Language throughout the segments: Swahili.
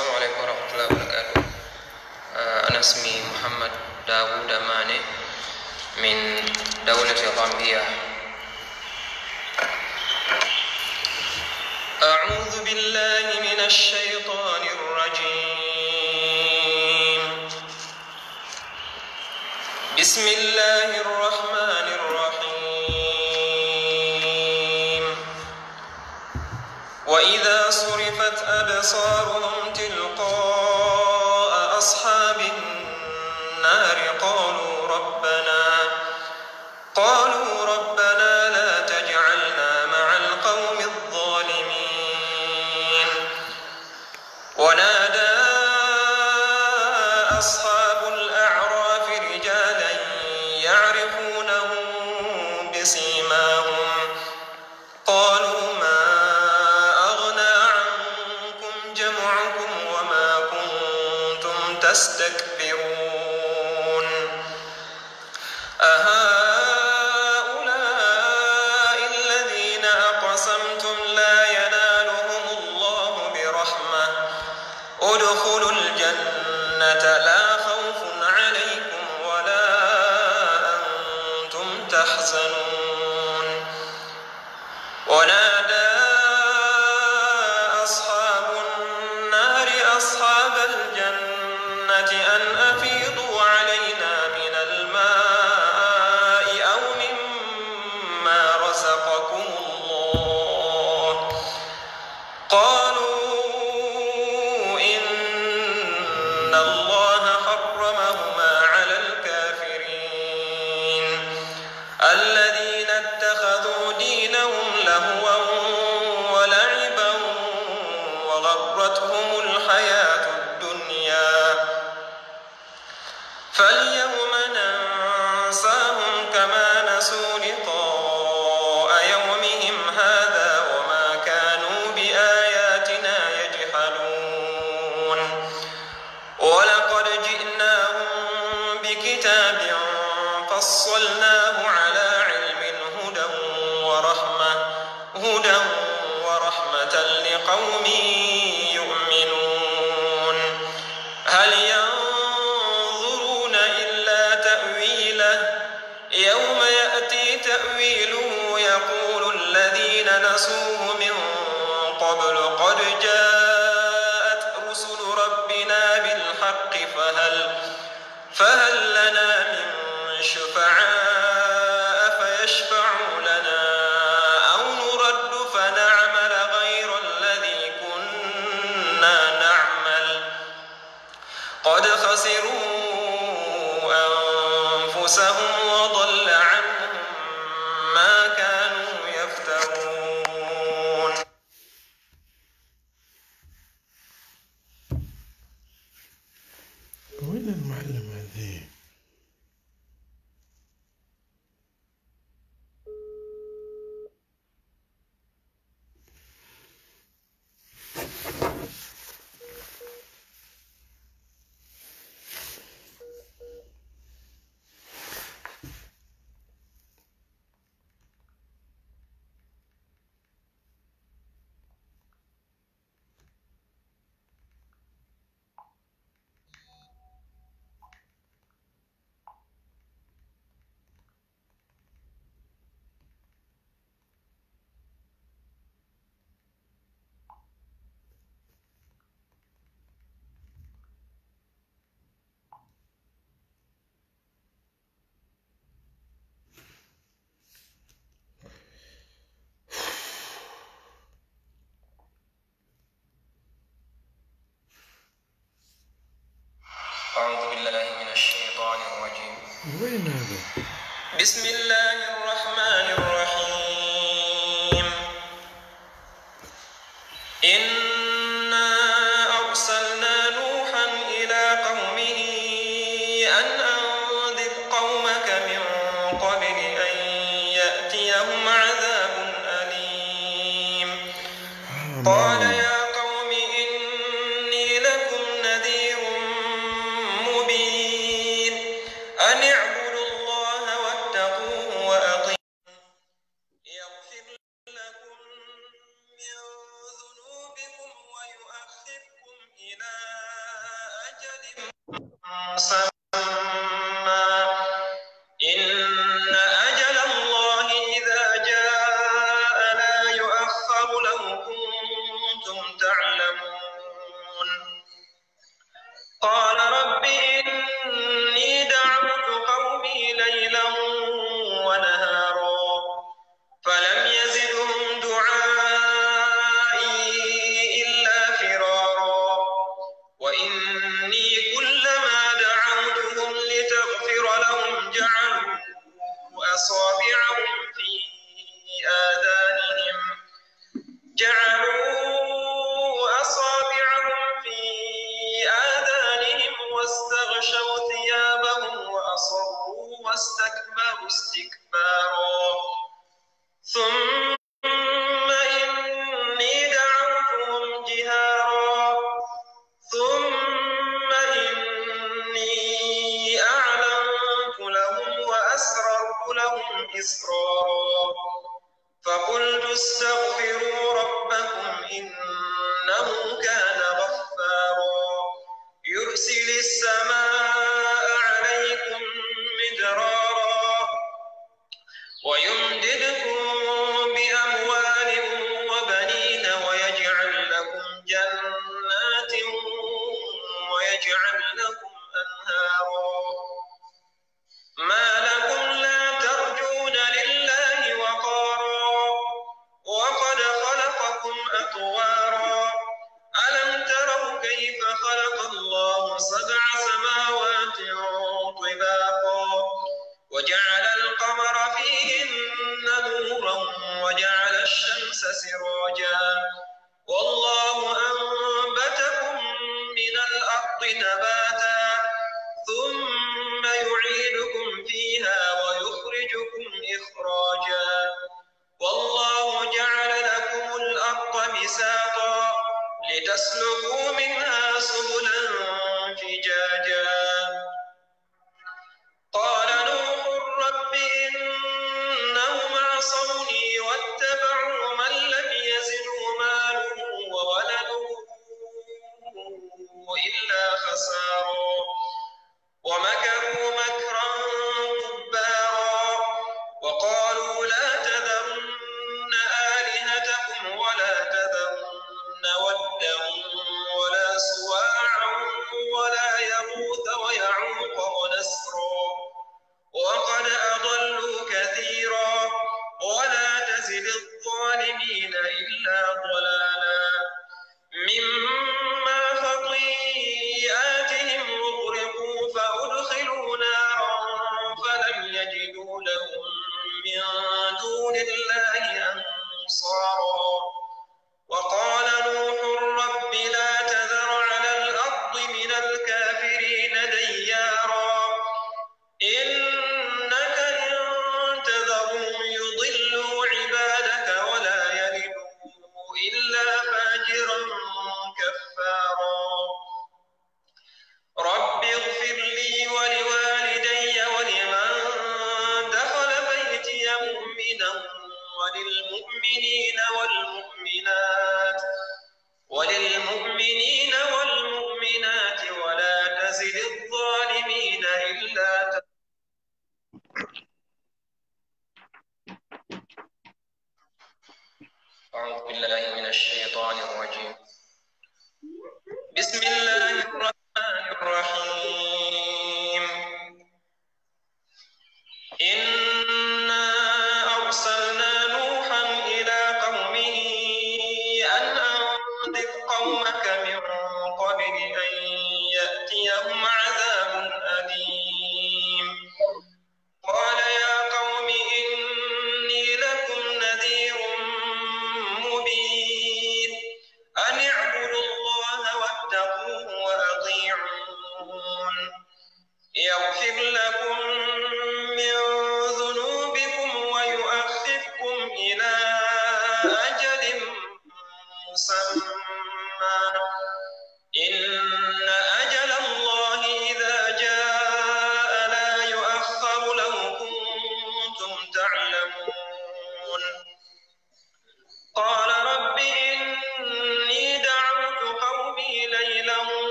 السلام عليكم ورحمة الله وبركاته آه، أنا اسمي محمد داوود أماني من دولة غامبيا أعوذ بالله من الشيطان الرجيم بسم الله الرحمن الرحيم وإذا صرفت أبصارهم تلقاء أصحاب النار قالوا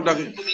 David.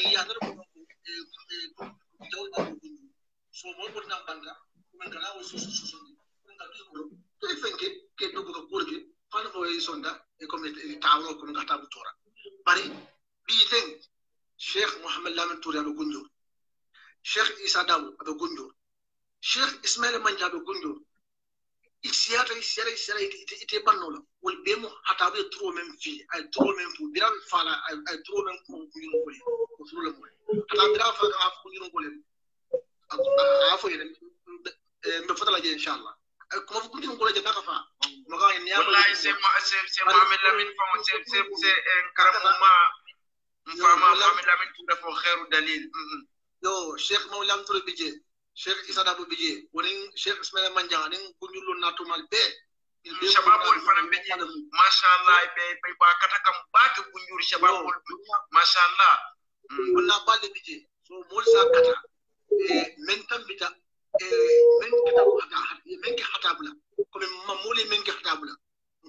sambita eh, menge hatabula komi mamuli menge hatabula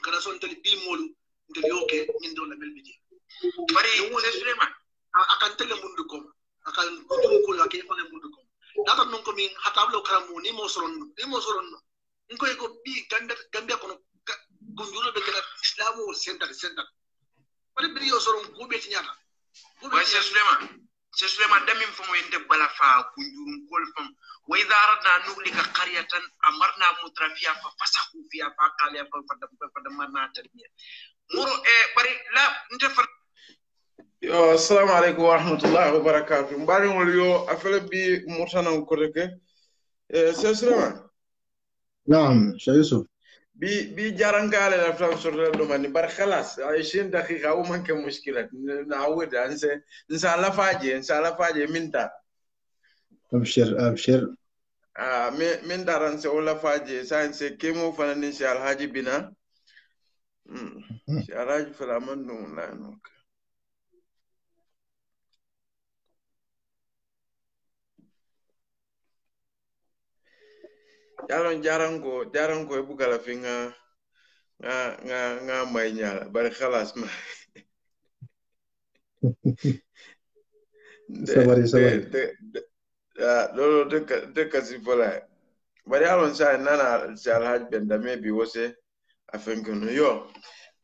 kala son tali bimolu ndel yoke ñindola belbidi arwunesurema akan tele mundu kom akan kutumkulu akefale e mundu kom datan non komin hatabula karamu nimo soronno nimo soronno nuhlika qaryatan amarna mutra fiha fa apa fiha fa qala pada mana tadmiya muru e bari la ndefar yo assalamu alaikum warahmatullahi wabarakatuh. wa barakatuh mbari ngol yo afele bi mutanan ko reke e eh, se naam sha yusuf bi bi jarangale la fam sur le domani bar khalas 20 dakika o manke mushkilat na awda nse nsa la faje nsa la faje minta abshir abshir Ah, me min daran se wala faje san se kemo fana ni se alhaji bina mm. se alhaji fala man dum la no jaron jarango jarango e bugala fi nga nga nga nga may ñaala bari xalaas ma sabari sabari lolo duka sifola bari alon sa nana si alhaj benda maybe wose afinkunu yo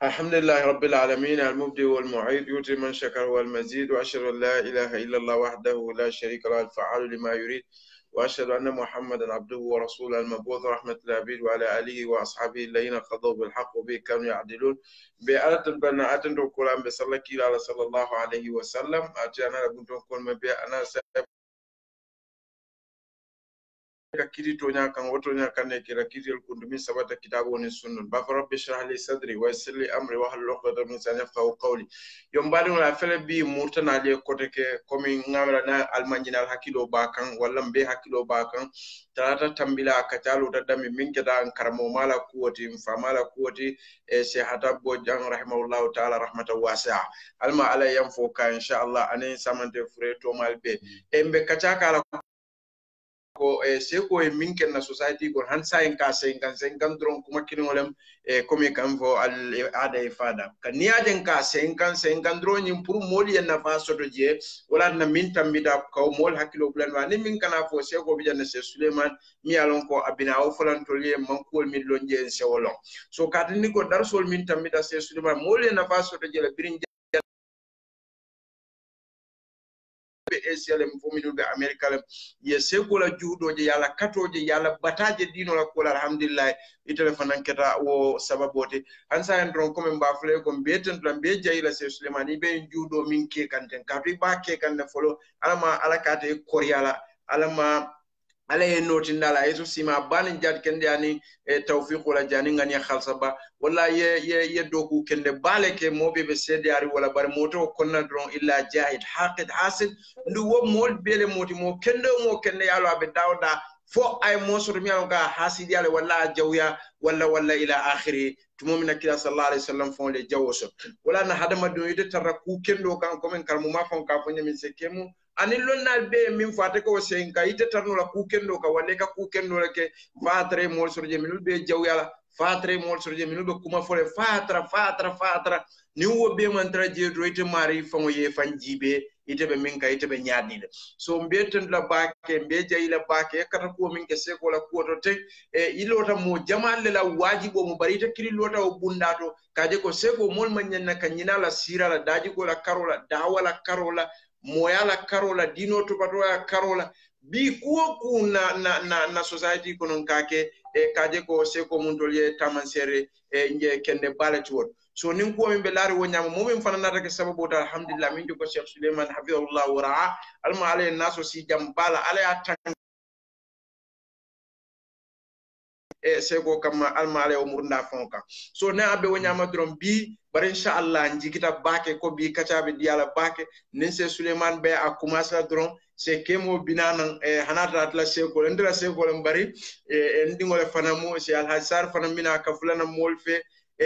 الحمد لله رب العالمين المبدئ والمعيد يؤتي من شكر والمزيد واشهد ان لا اله الا الله وحده لا شريك له الفعال لما يريد واشهد ان محمدا عبده ورسوله المبعوث رحمه العبيد وعلى اله واصحابه الذين قضوا بالحق وبه كانوا يعدلون بأرد البناءة أتندو كلام بسلك على صلى الله عليه وسلم أتي أنا كنت أقول ka kiritoña kan wotoña ne kira kiriyol kundumi sabata kitabu woni sunnun bafa rabbi shrah li sadri wa yassirli amri wa hal uqdatan min lisani yafqahu qawli yo la fele bi murtana ɗe kote ke komi ŋamira na al hakkilo ba kan walla mbe hakkilo ba kan talata tambila kacalo dami min keta n karamo mala kuwoti n famala kuwoti e cheikh hatabbo jang rahimahullahu taala rahmatan wasia alma ala yan fo ka inchallah anen samante fure tomal be e mbe kaca kala Eh, ko e seko e minken na society ko han sa en ka 50 kan dron kuma kinolem e eh, komi kan fo al eh, ada e fada kan ni aden ka 50 kan dron yin pour moli en na fa soto je wala na min da ko mol hakilo bulan wa ni min kana fo seko bi janna se suleiman mi alon ko abina o folan to liye man ko mi lon je se wolon so kadini ko sol min da se suleiman moli en na fa do je la birin ɓe asialem fominulɓe amérique alem ye segola juuɗoje yo allah katoje yo allah bataje ɗinola kuol alhamdulillahi itele fanan keta wo sababote han sahen ɗon komin mbafule ko mbiyetentulan mbiye jayila se souleymani ɓen juuɗo min kekanten kato i ɓa kekande folo alama ala kate koryala alama عليه النور تندى لا يسوع سيما بان جات كندي يعني إيه توفيق ولا جاني غني خالص با ولا ي ي يدوكو كندي بالك موبي بسيد ياري ولا بار موتو كنا درون إلا جاهد حاقد حاسد لو مول بيل موتي مو كندي مو كندي يالو بداو دا فو أي مصر ميالو كا حاسد يالو ولا جويا ولا ولا إلى آخره تمومنا كلا صلى الله عليه وسلم فون لجوسه ولا نهادم الدنيا تركو كندو كان كمن كرموما فون كافون يمسكمو ani lonnal be min fate ko sen ka ite tarnola kukendo ka walla ka la ke fatre mol sorje minul be jaw jawyala fatre mol sorje minul be kuma fore fatra fatra fatra ni wo be man mantara jeeto ite mari fango ye fan jibe ite be min ka ite be le so mbe tendla baake mbe jayila baake kata ko min ke se ko la ko to te e ilota mo jamal le la wajibo mo barita lota o bundato kaje ko se ko mol man manyanna kanyina la sira la daji ko la karola dawala karola moyala karola dino topatoya karola bi kuwo ku na, na, na, na society konon kake e kaje ko seko muntol ye tamansere e nje kende balati won so nin kuwo min be laari wo ñaama momin fana natake ta alhamdulillah min jogo cheikh suleiman hafidahullahu wa raa alma ala e naso si jam baala ala ya e sego kamma almaala o murnda fon kan so ne aɓe wo ñama doron bi bara inchallah jikita bake ko bi kacaɓe diyala bake nin se souleymane be a commence la doron se kemo binanan e hanata atla sekol endira sekolen bari e, e ndiŋole fana mu se alhaji sar fana mina ka fulana mool fe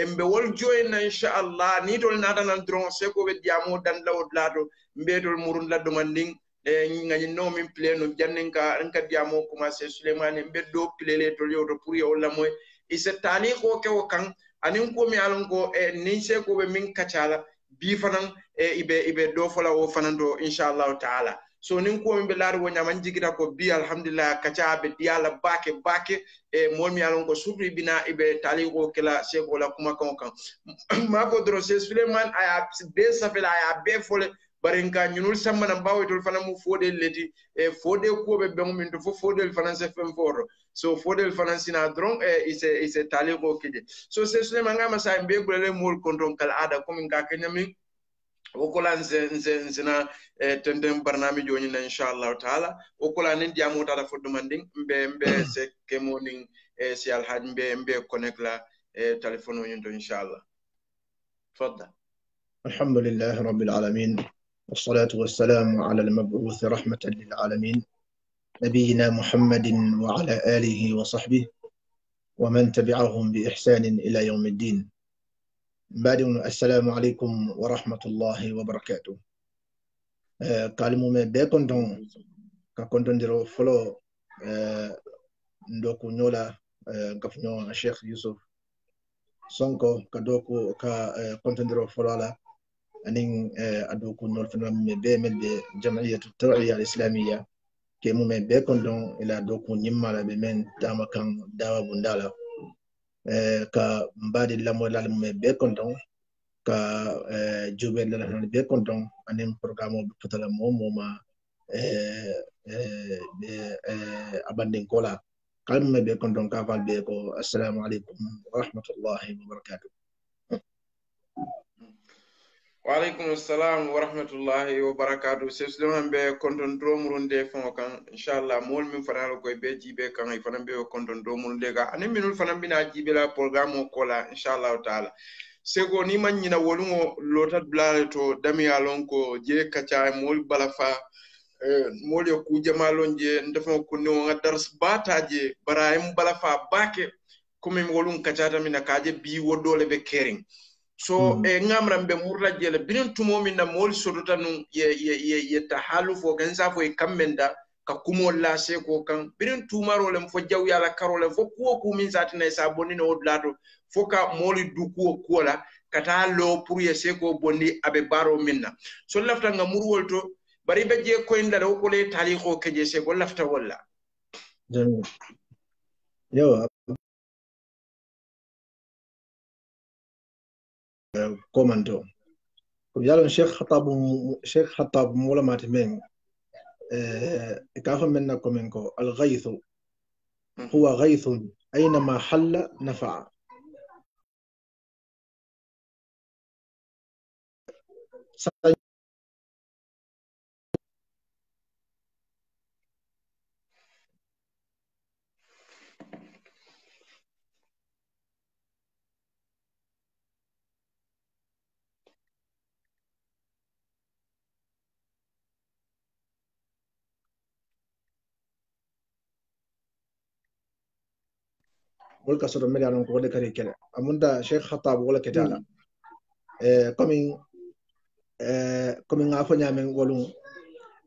mbe wol joyinna inchallah ni tol natanan doron sekoɓe diyamo dandlawo dulato mbetol murundla ɗuman ndin Eh, gañi nomi pleno jannen ka an ka diyamo commencé souleymane mbe do pilele to yewto pour yo lamoy ise tani ko kewo kan anin ko mi alon ko e eh, nin se ko be min kacala bi fanan e eh, ibe ibe do fola o fanan do inshallah taala so nin ko min be wo nyaman jigita ko bi alhamdulillah kaca be diyala baake baake e mol mi alon ko supri bina ibe tali ko kela se ko la kuma kan kan ma fo dro se suleiman aya be safela aya be fole barin ka ñunol samma nan mbawitol fana mu foɗel leti e foɗe kuoɓe ɓe mumin to fo foɗel fana se fen foto so foɗel fana sina dron e, ise taliko kije so se sulema ngama sa mbe gulale muwol konton kal aada commin ka keñamin okola nsina e, tenten barnami joñina inchallahu taala okola nin diyamu tata fodduman ndin mbe mbe se kemo nin e si alhaj mbe mbe connect la e téléphone uñinto inchallah fadda alhamdulillahi rabbil alamin والصلاة والسلام على المبعوث رحمة للعالمين نبينا محمد وعلى آله وصحبه ومن تبعهم بإحسان إلى يوم الدين بعد السلام عليكم ورحمة الله وبركاته كلمة آه، من بيكوندون ككوندون ديرو فلو آه، ندوكو نولا gafnyo Sheikh Yusuf Sonko ka doko ديرو فلو أنين آه، أدو كنا فينا بيمد بجمعية التوعية الإسلامية كم من بيكون دون إلى أدو كنا نما لبيمن تام كان دوا بندالا آه، كبعد الأمور لالم بيكون دون كجوبل آه، لالم بيكون دون أنين برنامج بفتح المو مو ما أبندن كولا كم من بيكون دون كافل بيكو السلام عليكم ورحمة الله وبركاته waaleykum assalam warahmatullahi wa barakatu chef souleymane ɓe konton domurunde fano kan inchallah mool min fanala koye ɓe jiɓe kan e fana ɓee konton domurunde ga anen minol fana mbina jiɓe la programme o kola inchallahu taala sego ni mañina wolugo lotat bilale to damiya lon ko jee kacca e mooli balafa mool yo kujama lon je ndefao kunde o gaddars bataje barahima balafa bake komin wolum kaccatamina kaje bi woddole ɓe kering so mm. e ngamran ɓe murra jeele binen tumomin na mowoli sodo ta nun ye tahalufo kan safo e kamɓen da ka kumol laseko kan binen tumarolen fo jawyala karolen fo kuwo kumin satina e sa bonnine wodulato fo ka mowoli du kuwo kuwola kata lo pour ye seko bondi aɓe baro min na so lafta nga murwol to bari ɓe je koyndal o kole taliko keje seko lafta wolla yo كوماندو يالون شيخ خطاب شيخ خطاب مولا مات ماتمين كافا منا كومينكو الغيث هو غيث أينما حل نفع wolka soto mele anon ko de kare kene amunda sheikh khatab wala ketala mm. eh coming eh coming afo nyamen wolun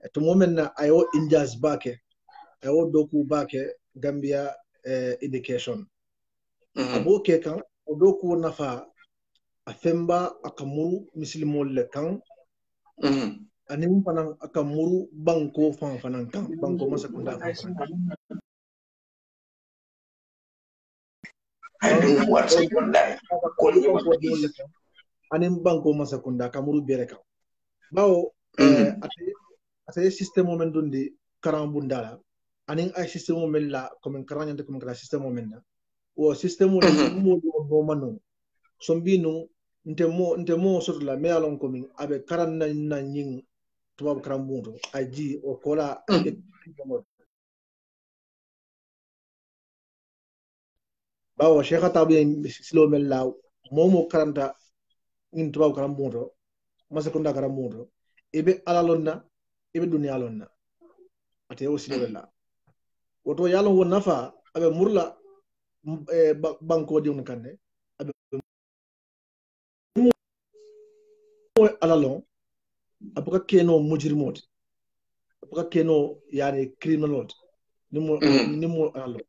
e, to momen na ayo injas bake ayo doku bake gambia e, education mm. abo ke kan o doku nafa a femba aka muru misilimol le kan mm -hmm. anin fanan banko fan fanan kan banko masakunda Alimuwar sekunda. Anin banko ma sekunda kamuru bere hmm. eh, ase Bawo ataye système men dundi karan bundala. Anin ay système men la comme karan nyante comme kala système men na. Wo la mo nung. manu. nung, nte mo nte mo sotu la me alon komin abe karan na na nying tubabu karan aji o kola hmm. bawo sheikh atabi silomel law momo karanta in tubaw karam mundo masakunda karam mundo ibe alalonna ibe duniya lonna ate wo silomel la woto yalon wo nafa abe murla eh, banko diun kanne abe alalon abuka keno mujrimot abuka keno yani criminalot ni mo ni mo alalon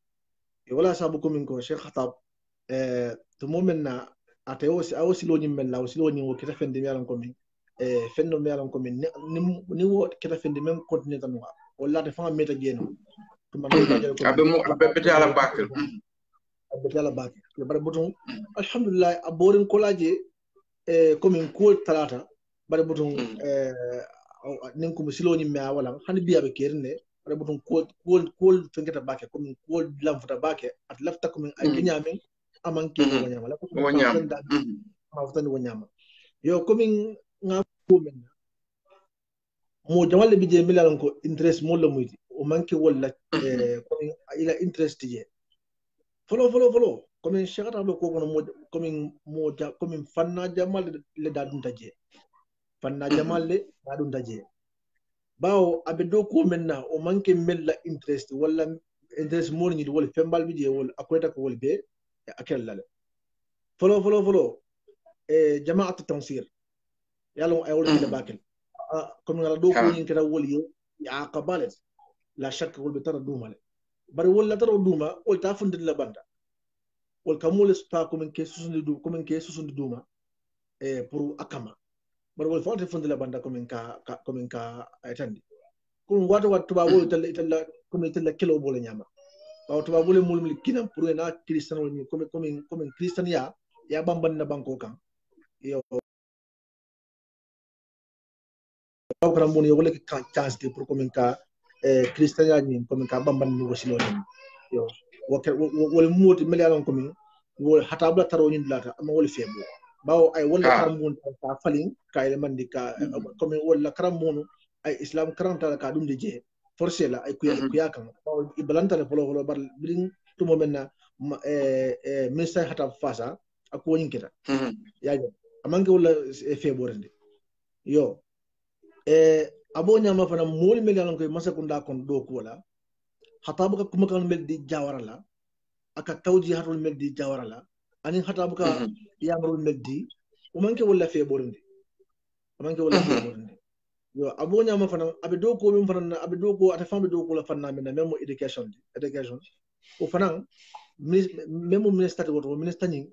ولا سابقو منكو شيخ خطاب آه، تمو منا اتي اوسي اوسي لو نيم ملا اوسي لو نيم و كتا فندي ميالون كو مين آه، فندو ميالون كو مين نيمو نيمو كتا فندي مين كونتيني تانوا ولا دفا ميتا جينو تما نيم جالو ابي مو ابي بيتي على باكر ابي بيتي على باكر يا بار بوتون الحمد لله ابورن كولاجي آه، كو مين كول تلاتا بار بوتون نينكو مسلو نيم ميا ولا خاني بيابي كيرني ada botum kuol kuol kuol fengeta bake comme kuol lamfuta bake at lafta comme ay ginyame aman ke mm-hmm. wonyama la ko wonyama ma futan mm-hmm. wonyama yo comme nga ko menna mo jamal bi je milan ko interest mo la muyti o manke wala comme mm-hmm. eh, ila interest je folo folo folo comme shekata be ko kono mo comme mo ja fanna jamal le dadum taje fanna jamal le dadum taje bawo abedo ko menna o manke mella interest wala interest moni ni wol fembal bi je wol akoyta ko wol be akel lale folo folo folo e jama'atu tansir yalo ay wol kila bakel comme ngala do ko ni kala wol yo ya qabalat la shak wol be tara duma bari wol la tara duma wol ta fundin la banda wol kamul spa ko men ke susundi du ko men ke susundi duma e pour akama bar wol fonte fonde la banda komin ka komin ka etandi eh, ko wato wato tuba wol talla talla komin talla kilo bolo ñama tuba tubabolu mulum kinam pour na christian wol ni komin komin komin christian ya ya bamban na banko kan yo bawo kan bon yo wala ka chance de pour komin ka eh christian ya ni komin ka bamban ni wosilo ni yo wol wol moti melialon komin wol hatabla taro ni dilata amma wol febo bawo ay ah. walla karam mun ka falin ka ile eh, mandi mm-hmm. comme walla karam mun ay islam karam tala ka dum de je forcé la ay kuya mm-hmm. kuya kan bawo ibalanta le polo bar bilin to mo eh eh minister hata fasa ako yin kita mm-hmm. ya ga amange walla eh, feborende yo eh abo nyama fana mol melian ko masakunda kon do ko la hatabuka kuma mel di jawara la aka tawji hatul mel di jawara la anin hatabuka mm-hmm. yamarol leddi omanke wolla feeɓorde omanke wolla feeɓorde mm-hmm. yo abo ñama fana aɓe dow ko min fana aɓe dow ko ata famɓe dow kola fannaminna même mo éducation o fanan même mo ministre tati woto ministre tañin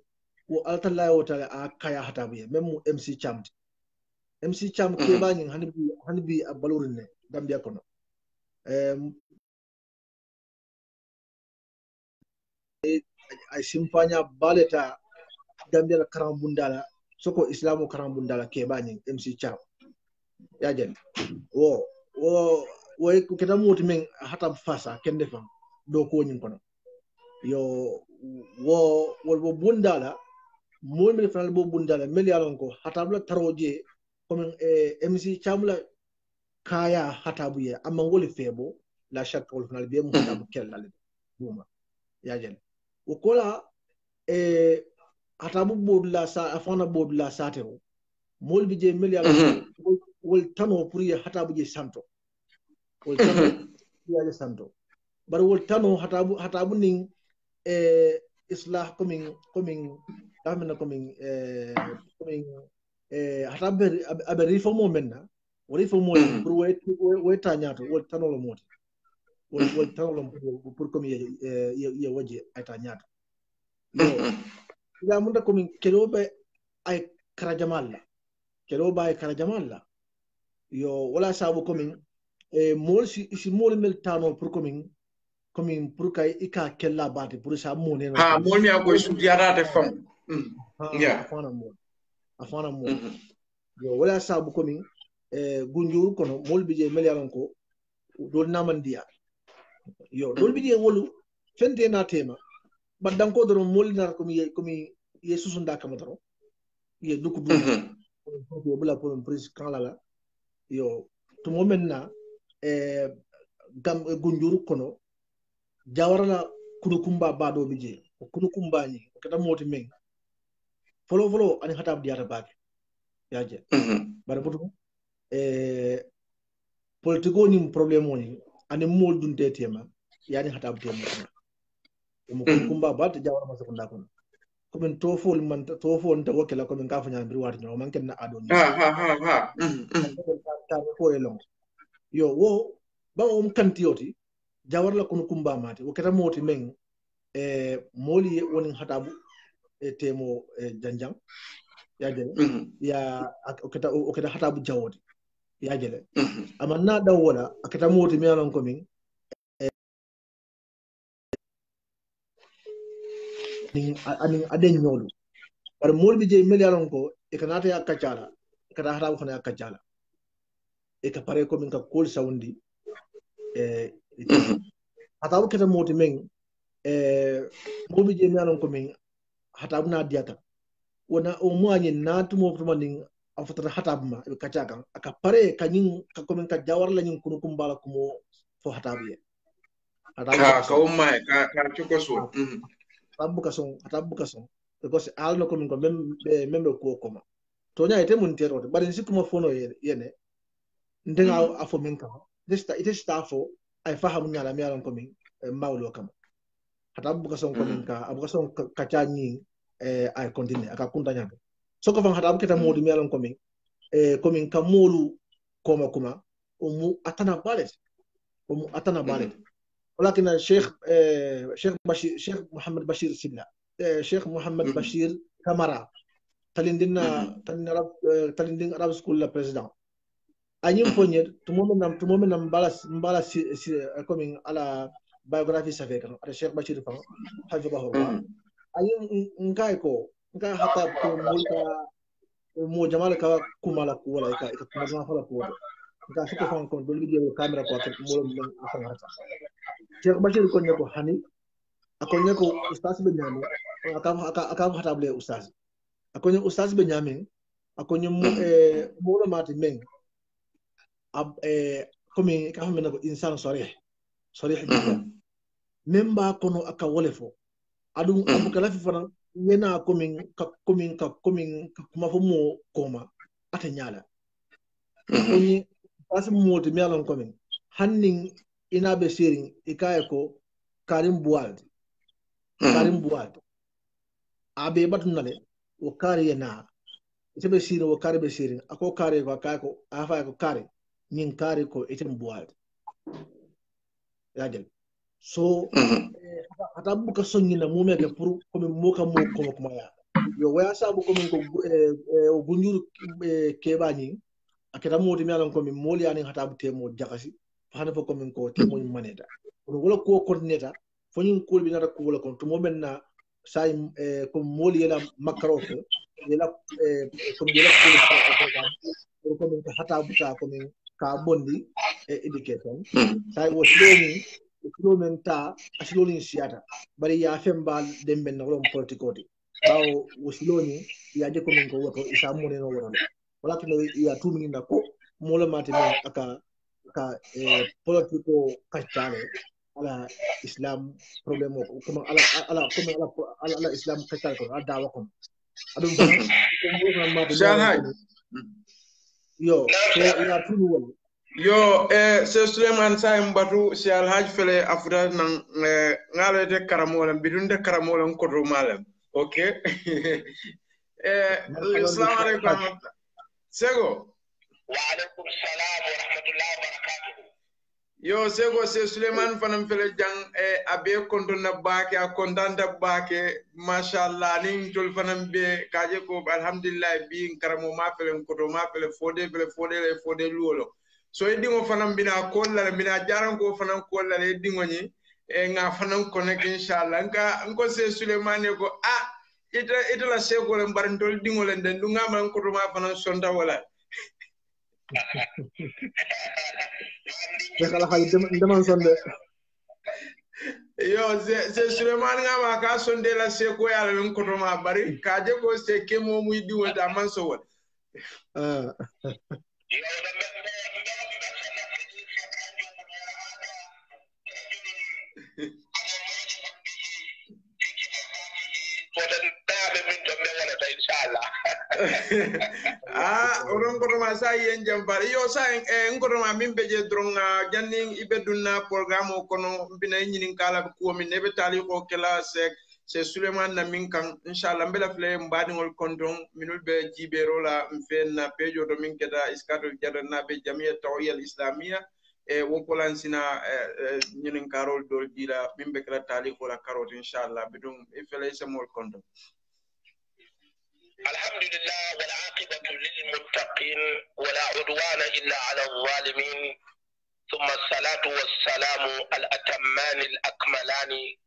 wo alatallahi wo taala a kaya hatabuye même mc camde mc cam mm-hmm. keɓañin hani bi hani bi a ne gambia kono asimfanya baleta gambia la karambundala soko islamu karambundala kebañing mc cham yajen wo wo wo keta muti men hatam fasa kende fam do ko nyin kono yo wo wol bo bundala mo mi fal bo bundala mel yalon ko hatam la taroje comme eh, mc cham la kaya hatabuye amma wol febo la shakka wol fanal be mo hatam kellal duma yajen o kola e eh, hatamu boodula afana boodula sate o molbi je milia mhm. wol tan o pour hatabu je santo wolaje mhm. santo bara wol tan o hatabu hatabu nin e eh, islah commin commin gamina commin e eh, commin e hatabu aber rifo mo menna o rifo mo pour way way tañato wol tanolo moti wol tawlon pour komi iya waje ayta ñaata yamunda komin keɗoɓe ay kara jamal la keɗoɓe ay kara jamal la yo wala saabu komin mool si mool mel tano pour komin komin pour kay ika kella baate pour sa monena ha mool mi agoy sudiyarade fam mm, afana mool afana mool mm-hmm. yo wala saabu komin gunjuru kono mool bije mel yaron ko ɗon namandiyaa yo dolɓiɗi mm. e wolu fente natema baddanko dono molinata komi komi ye susunda kama tano ye dukku duɓla pomin prise kanlala yo tomomen na e gam e gonjuru kono jawarana kudu kumba baɗoɓe je o kudu kumbañi kata moti men folo folo ani hatab diyata baake yaje mhm. bara botum e politique oñin probléme oñi ani moldunte tema yaani hata abte temu mo kumba ba ta jawar masa kunda kun ko min tofol man tofol ta wakila ko min kafa nyambi warti no man na adoni ha ha ha ha ta ko yelon yo wo ba o um kantiyoti jawar la kun kumba mate wakata moti men e moli woni hata bu e temo e janjang ya jele ya okata okata hata bu jawodi ya jele amanna dawola akata moti melon ko min nin anin aden ñoolu bare bi je mel yalon ko e ka naata ya kaccala e ka haramu kana ya kaccala e ka pare ko min ka kool sawndi e eh, mm-hmm. hatabu keta mooti men e eh, moolu bi je mel yalon ko min hatabu na diyata wona o moañi naatumo tuma nin a fotata hatabu ma eɓe kacca kan aka pare kañin ka komin ka jawarla ñin kunu kumbala kumo fo hatabu ye hatabu ka umma ka ka cokosuo mm-hmm abu kason atabu because al no kon ko mem mem ko ko to nya ite mun tero to barin sikuma fono yene ndenga mm. Mm-hmm. afo min kama desta ite stafo ay fahamu nyala mi alon ko min mawlo kama hata abu kason ko ka abu ka cha eh ay continue aka kunta nya so ko fan hata abu kita modu mm-hmm. mi alon eh ko ka molu koma kuma umu atana balet umu atana balet mm. ولكن الشيخ شيخ بشير شيخ محمد بشير سيدنا شيخ محمد بشير كامارا تلندنا تلندنا راب تلندنا راب سكول لا بريزيدون anyim fonyer tumomi nam tumomi nam mbala mbala si si comme ala biographie sa vekan ala cheikh bachir fam hafibahu allah anyim nkay ko nka hata ko mulka mo jamal ka kumala ko wala ka ka kuma fala ko nka fiko fam ko dolbi je camera ko ko mo mo asan harta Sheikh Bashir konyeko hani akonyeko ustaz be nyame akam akam hatable ustaz akonyo ustaz be nyame eh, eh, ko mu eh mu mati meng ab e ka nako insan sori sarih même ba kono aka wole fo adum abu kalafi fana ka ka ka kuma fo mo koma ata nyala akonyo ustaz mo te melon komin inaɓe sirin ikaye ko karim bowald hmm. karim bowald abe batunale wo kari ye naha iteɓe sirin wo kari ɓe sirin ako kari ko akaye ko afaye ko kari min kari ko item bowald yajel so hata buka soñina mumeke pour komin muka mo komo kumaya yo waya sabu komin ko eh, eh, gunjuru eh, keɓa ñin aketa muti mi alan komin moliyanin hatabu temo jakasi hana fo komin ko te moy maneta kono wala kuwo kontineta foñin kuol ɓe nata ko kono tumo men na sai ko eh, mooli yela makkaro ko yela komi eh, yela kuol komin ko ko hata buta min ka bondi e education hmm. say wo siloni ko men ta a silolin siata bari ya fem bal dem ben na wolon di taw wo siloni ya de ko min ko woto isa mo ne no wala kino ya na ko mola mate min aka hokka e politique o kaccitaare ala islam probléme o comme alaala comme ala ala islam kaccitaare kono addawa kom aɗum yo ya tunuwol yo e seu souleymane sahim batou si alhaji fele a fota nan e ngaloyde karamolem mbitunde karamolem koto malem ok e salamu aleykum ahmad sego waaleykum salam wa rahmatullahi wa barakatuhu yo seko se souleymane fanam fele jang e a be kontona baake a kontanta baake machallah nin tol fanam be kaje ko alhamdulillahi mbi karamo ma fele koto ma fele fode fele fodele fode luwolo so eddiŋo fanan mbina kollala mbina jaranko fanan kollala eddiŋo ñi e ŋa fanan konek inchallah nka nko se souleymane ko a ah, itala ita seekole mbarintol diŋo le nden ndu ŋa ma n kotoma fanan sonta wala Dakala hali ndeman sonde. Yo, se Suleiman nga ma ka sonde la se ko ya len ko ma bari ka je ko se ke mo mu di wata man so won. Ah. Yo, yala ah oron ko ma sa yen jambar yo sa en ko ma min be je dron janni ibe programme o kono bina nyinin kala ko mi ne be tali ko kala se suleiman na min kan inshallah mbela fle mbadi ngol kondon minul be jibero la mfenna pejo do min keda iskatul jadanna be jamiyat tawiyal islamia e wonkolansina ñinin e, e, karol dol jila min be kela taali kola karot inchallah bidum e fele semol kondo الحمد لله والعاقبة للمتقين ولا عدوان إلا على الظالمين ثم الصلاة والسلام الأتمان الأكملان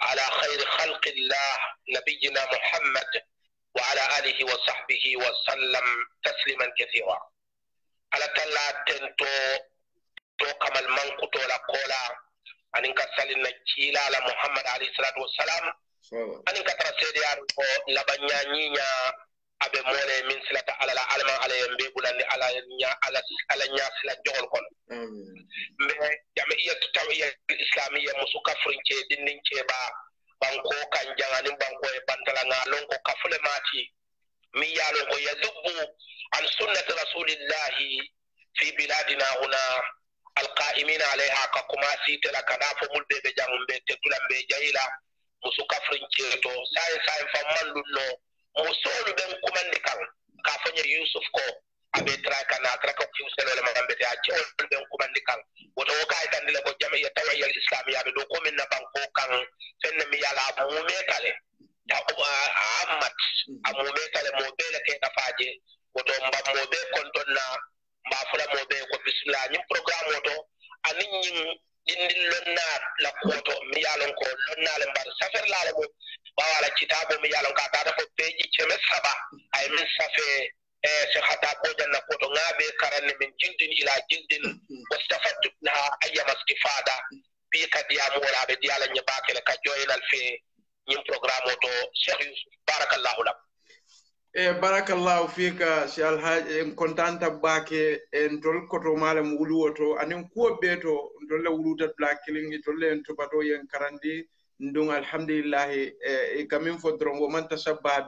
على خير خلق الله نبينا محمد وعلى آله وصحبه وسلم تسليما كثيرا على تلا تنتو to المنقطة ولا kola إنك سلنا salin على محمد ala muhammad alayhi ani katara sedeyar o labaña ñiña aɓe mone min silata alala alama alaye mbeɓunande alaala ña sila jogol kono mbe jama iya taw iya islamiya musu kafrince dindince ɓa ɓanko kan jangani ɓanko e bantala nga lonko kafule mati min yalonko yadubu an sunnati rasulillahi fi biladina huna alqa'imina alayha ka kuma sitela kada fo mulɓeɓe jangu mbe tetulamɓe jahila mo sukafrinceeto saye saye famman ɗum no mo sohlu ɓen kumande kan ka foña yusuf ko aɓe traka na traka fuselole mamɓete a ceol ɓen kumande kan woto wo kay e tandile ko jamaya tawayyal islam yaɓe dow commune na banko kan fenne mi yala mumetale um, a ammat a mumetale mo ɓele ke kafaje woto mbammo ɓe kon ton na mbafulamo ɓe ko bisimilla ñin programme oto anin ñin jinndin lonnaa la kooto mi yaalon ko lonnaale mbar safere laale mo wawaala citaabo mi yaalon ko a tata fof peeji ceme saɓa ay min safe e so hadda ɓoojanna koto ŋaabe karanne min jindin ila jindin o safattu ha ayyamaski faada ɓi kadiyamu woraɓe diyalanñe baakele ka joyinal fe ñin programme o to cheikh yousuf barakallahu lam e barakallahu fika si alhaji en eh, kontanta bake en eh, tol koto malam wuluwo to anen kuwo be to tolle wuluta black killing e tolle en tubato yen karandi ndun alhamdulillahi e kamin fo doron wo man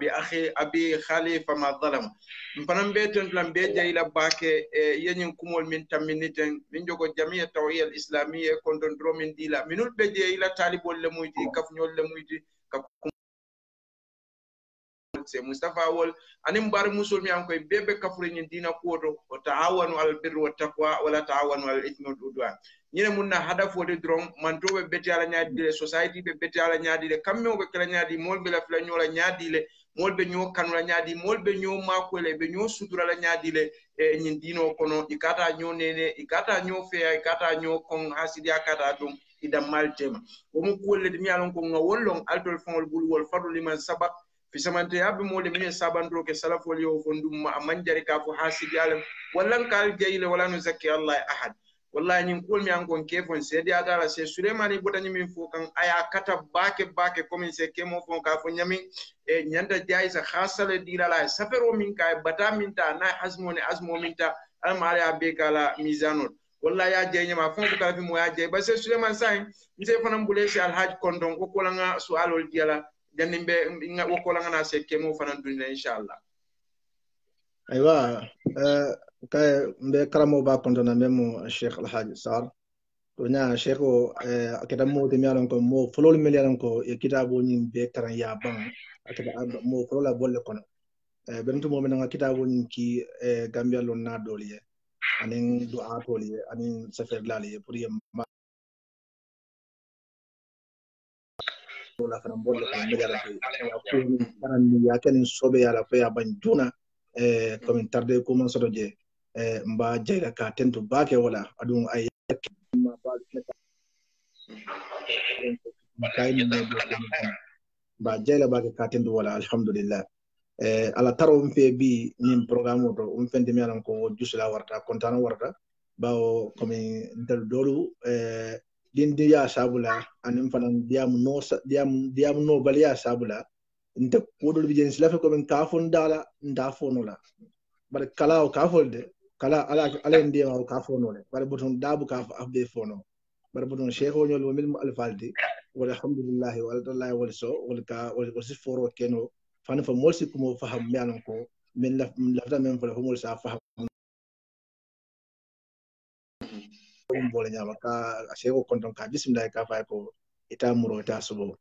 bi akhi abi khali ma zalama mpanan be ten tulan be bake e yenin kumol min tamminiten min jogo jamiya tawhiyal islamiyya e konton min dila minul be jeyila talibol le muyti kafñol le muyti se mustafa wol anin bar musul mi an koy bebe kafure ni dina kodo o taawanu al birru wat taqwa wala taawanu al ithmi wal udwan ñine mun na drom man tobe beti ala nyaadi de society be beti ala nyaadi ñaadile kamɓe o kala nyaadi mol be la fla nyola nyaadi le mol be fila ñola ñaadile molɓe ño kanula ñaadi molɓe be makoyle sudura la nyaadi le e ñin dino kono i kata ño nene i kata ño feya i kata ño kon hasidiya kata ɗum idan maltema womo kuwollede mi alon ko ngawol long altol bul wol fardu liman sabak fisamanteya be moolu minnu ye sabantoo kɛ salafolu ye o fo ndum ma a man jari k'a fo hasidiyalem wallan kaal jeyile wala nu zakki allahi ahad wallahi ñin kuol mi an kon kefon seediyata la se suleimani botani min fo kan a ya kata baake baake commin se kemo fon ka fo ñamin e ñanta jaysa hasale diilala e safero min ka e bata min ta na hasmo ne asmo min ta alama ala ya be kala misanol wallahi ya jey ñama fon fo kala fi mo ya jey ba se suleiman sahin mi se fanan mbule si alhaji kondon ko kolanga sualol diyala janni mbe wokkola ngana sekke kemo fanan dunde inchallah aywa eh, kay mbe karamo ba kontona memo cheikh alhaji sar to nya cheikh o eh, akata mo de mi alon ko mo folol mi alon ko e kitabo ni be karan ya ban akata mo folola bolle kono e ben to mo men nga kitabo ni ki gambia lon na doliye anin du'a toliye anin safar laliye pour yemma la fana bɔra la k'a mɛn yarabi ko nin kana nin y'a kɛ nin so bɛ yarabi a ban joona tarde ko man sɔrɔ jɛ n b'a jɛra k'a tento ba wala a dun ma ba ba jɛra b'a k'a tento wala alihamudulila ala taara n fɛ bi nin programme dɔ n fɛn dɛmɛ ko jusula warata kɔntanna warata bawo kɔmi n dalu dɔlu din de ya sabula anin fanan diam no diam diam no bal ya sabula nte kodol bijen silafe ko ben kafon dala nda fonola bar kala o kafol de kala ala ala ndi o kafono le bar buton dabu kaf afbe fono bar buton sheikho nyol mo mil al faldi wala alhamdulillah wala tallahi wala so wala ka wala si foro keno fana fa molsi ko mo faham mi anon ko min lafta men fa mol sa faham mbole nyama ka asego konton ka bisimila ka fay ko ita muro ita subo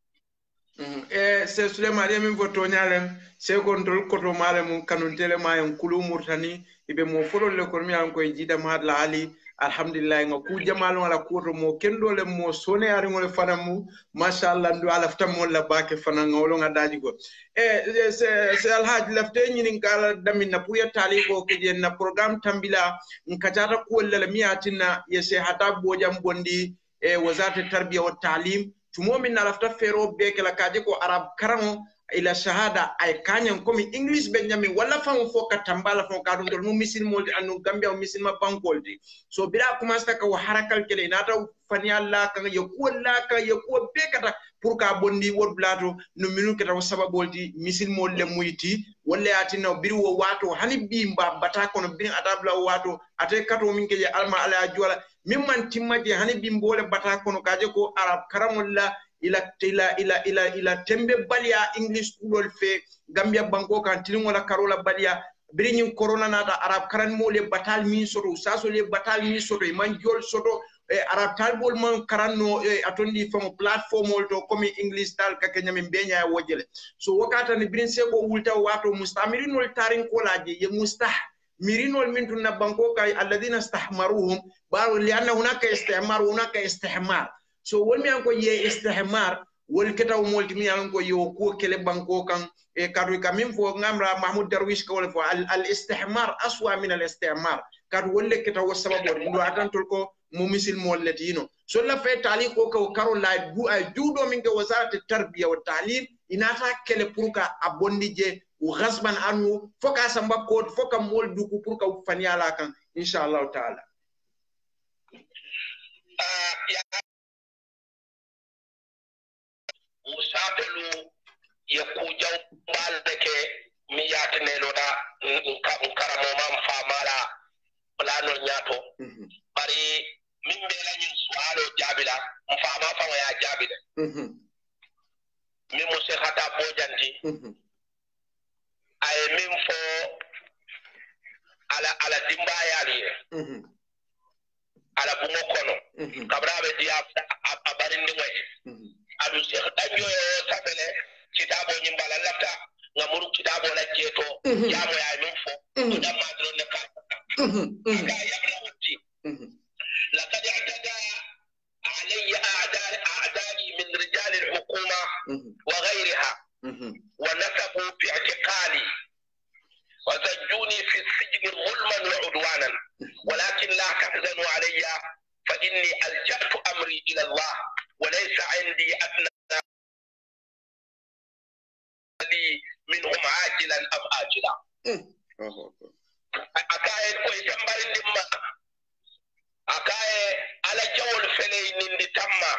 mm. e eh, se sule mariam min voto nyalem se kontol koto mun kanun tele mayen kulu murtani ibe mo folol le kormi an ko jida mahad la ali alhamdulillahi nga ku jamalo ala kuwoto mo kendo le mo sone ari ngole fana mu machallah ndu ala fta mo la bake fana nga wolo nga daji go e, e se se alhaji lafte nyini kala damin na puya tali ko ke na program tambila nkatata ko le mi atina ye se hata bojam bondi e wazarte tarbiya wa taalim tumo min na lafta fero be kala kaje ko arab karamo ila sahada ay kañen komi english ɓe ñami walla fam fo katta mbala fo ka ɗum ɗol nu misilmolde anno gambia o misilma bankolde so mbiɗa commencé taka o harakal kele nataw faniya laka yo kuwo laka yo kuwo be kata pour ka bonndi wodblato no minut keta o sababolde misilmolle muyti walla yatinna o biri wo wato hani mbimba mbata kono birin adabla o wato atai kato min keje alma ala a juwala min man timmaje hani mbimbole mbata kono kaje ko arab karamolla ila ila ila ila ila tembe baliya english school fe gambia banko kan tiliŋola karola baliya biri corona korona naata arab karan mole batal miŋ soto saasol le batal miŋ soto eh, man jol soto e arab talbol man karanno no eh, atondi platform platformol to comme english tal ka ke ñamin benya wojele so wakata ni birin seko wulta wato tarin tarinkolaje ye mustah mirinol min tunna banko kay alladina stahmaruhum baro li anna hunaka istihmar hunaka istihmar so wol mi ko ye istihmar wol ketaw molti mi ko yo ko kele banko kan e kadu ka min fo ngamra mahmoud darwish ko wol fo al, al istihmar aswa min al istihmar kadu wol le ketaw sababu do atantul ko mo misil mo letino so la fe tali ko ko karo la bu ay judo min ke wasarati tarbiya wa ta'lim ta kele pour ka abondije o ghasban anu foka samba ko foka mol duku pour ka fanyala kan inshallah taala uh, ya wusaatelu yo kuujaw mbaaldeke mi yaatineloɗa karamo mam faamaɗa lano ñaato mhm. bari min mbelañin suwaalo jaabila mfaama fawaya jaabile mhm. min musekhata bojanti mhm. aye min fo ala ala dimbayaali ye ala bumo kono kabra ɓe diya a barindi ngoye aɗum ɗaƴƴoyo saɓele sitabo ñimbala lafta ngam kitabo lajje to mhm. jamoya e non fo to mhm. ne ka ka yamna wotti لقد اعتدى علي أعداء أعدائي من رجال الحكومة وغيرها ونسبوا باعتقالي وسجوني في السجن ظلما وعدوانا ولكن لا تحزنوا علي فإني ألجأت أمري إلى الله وليس عندي أدنى لي منهم عاجلا أم آجلا akaye koy tambarin dimma akaye ala jawol feley nindi tamma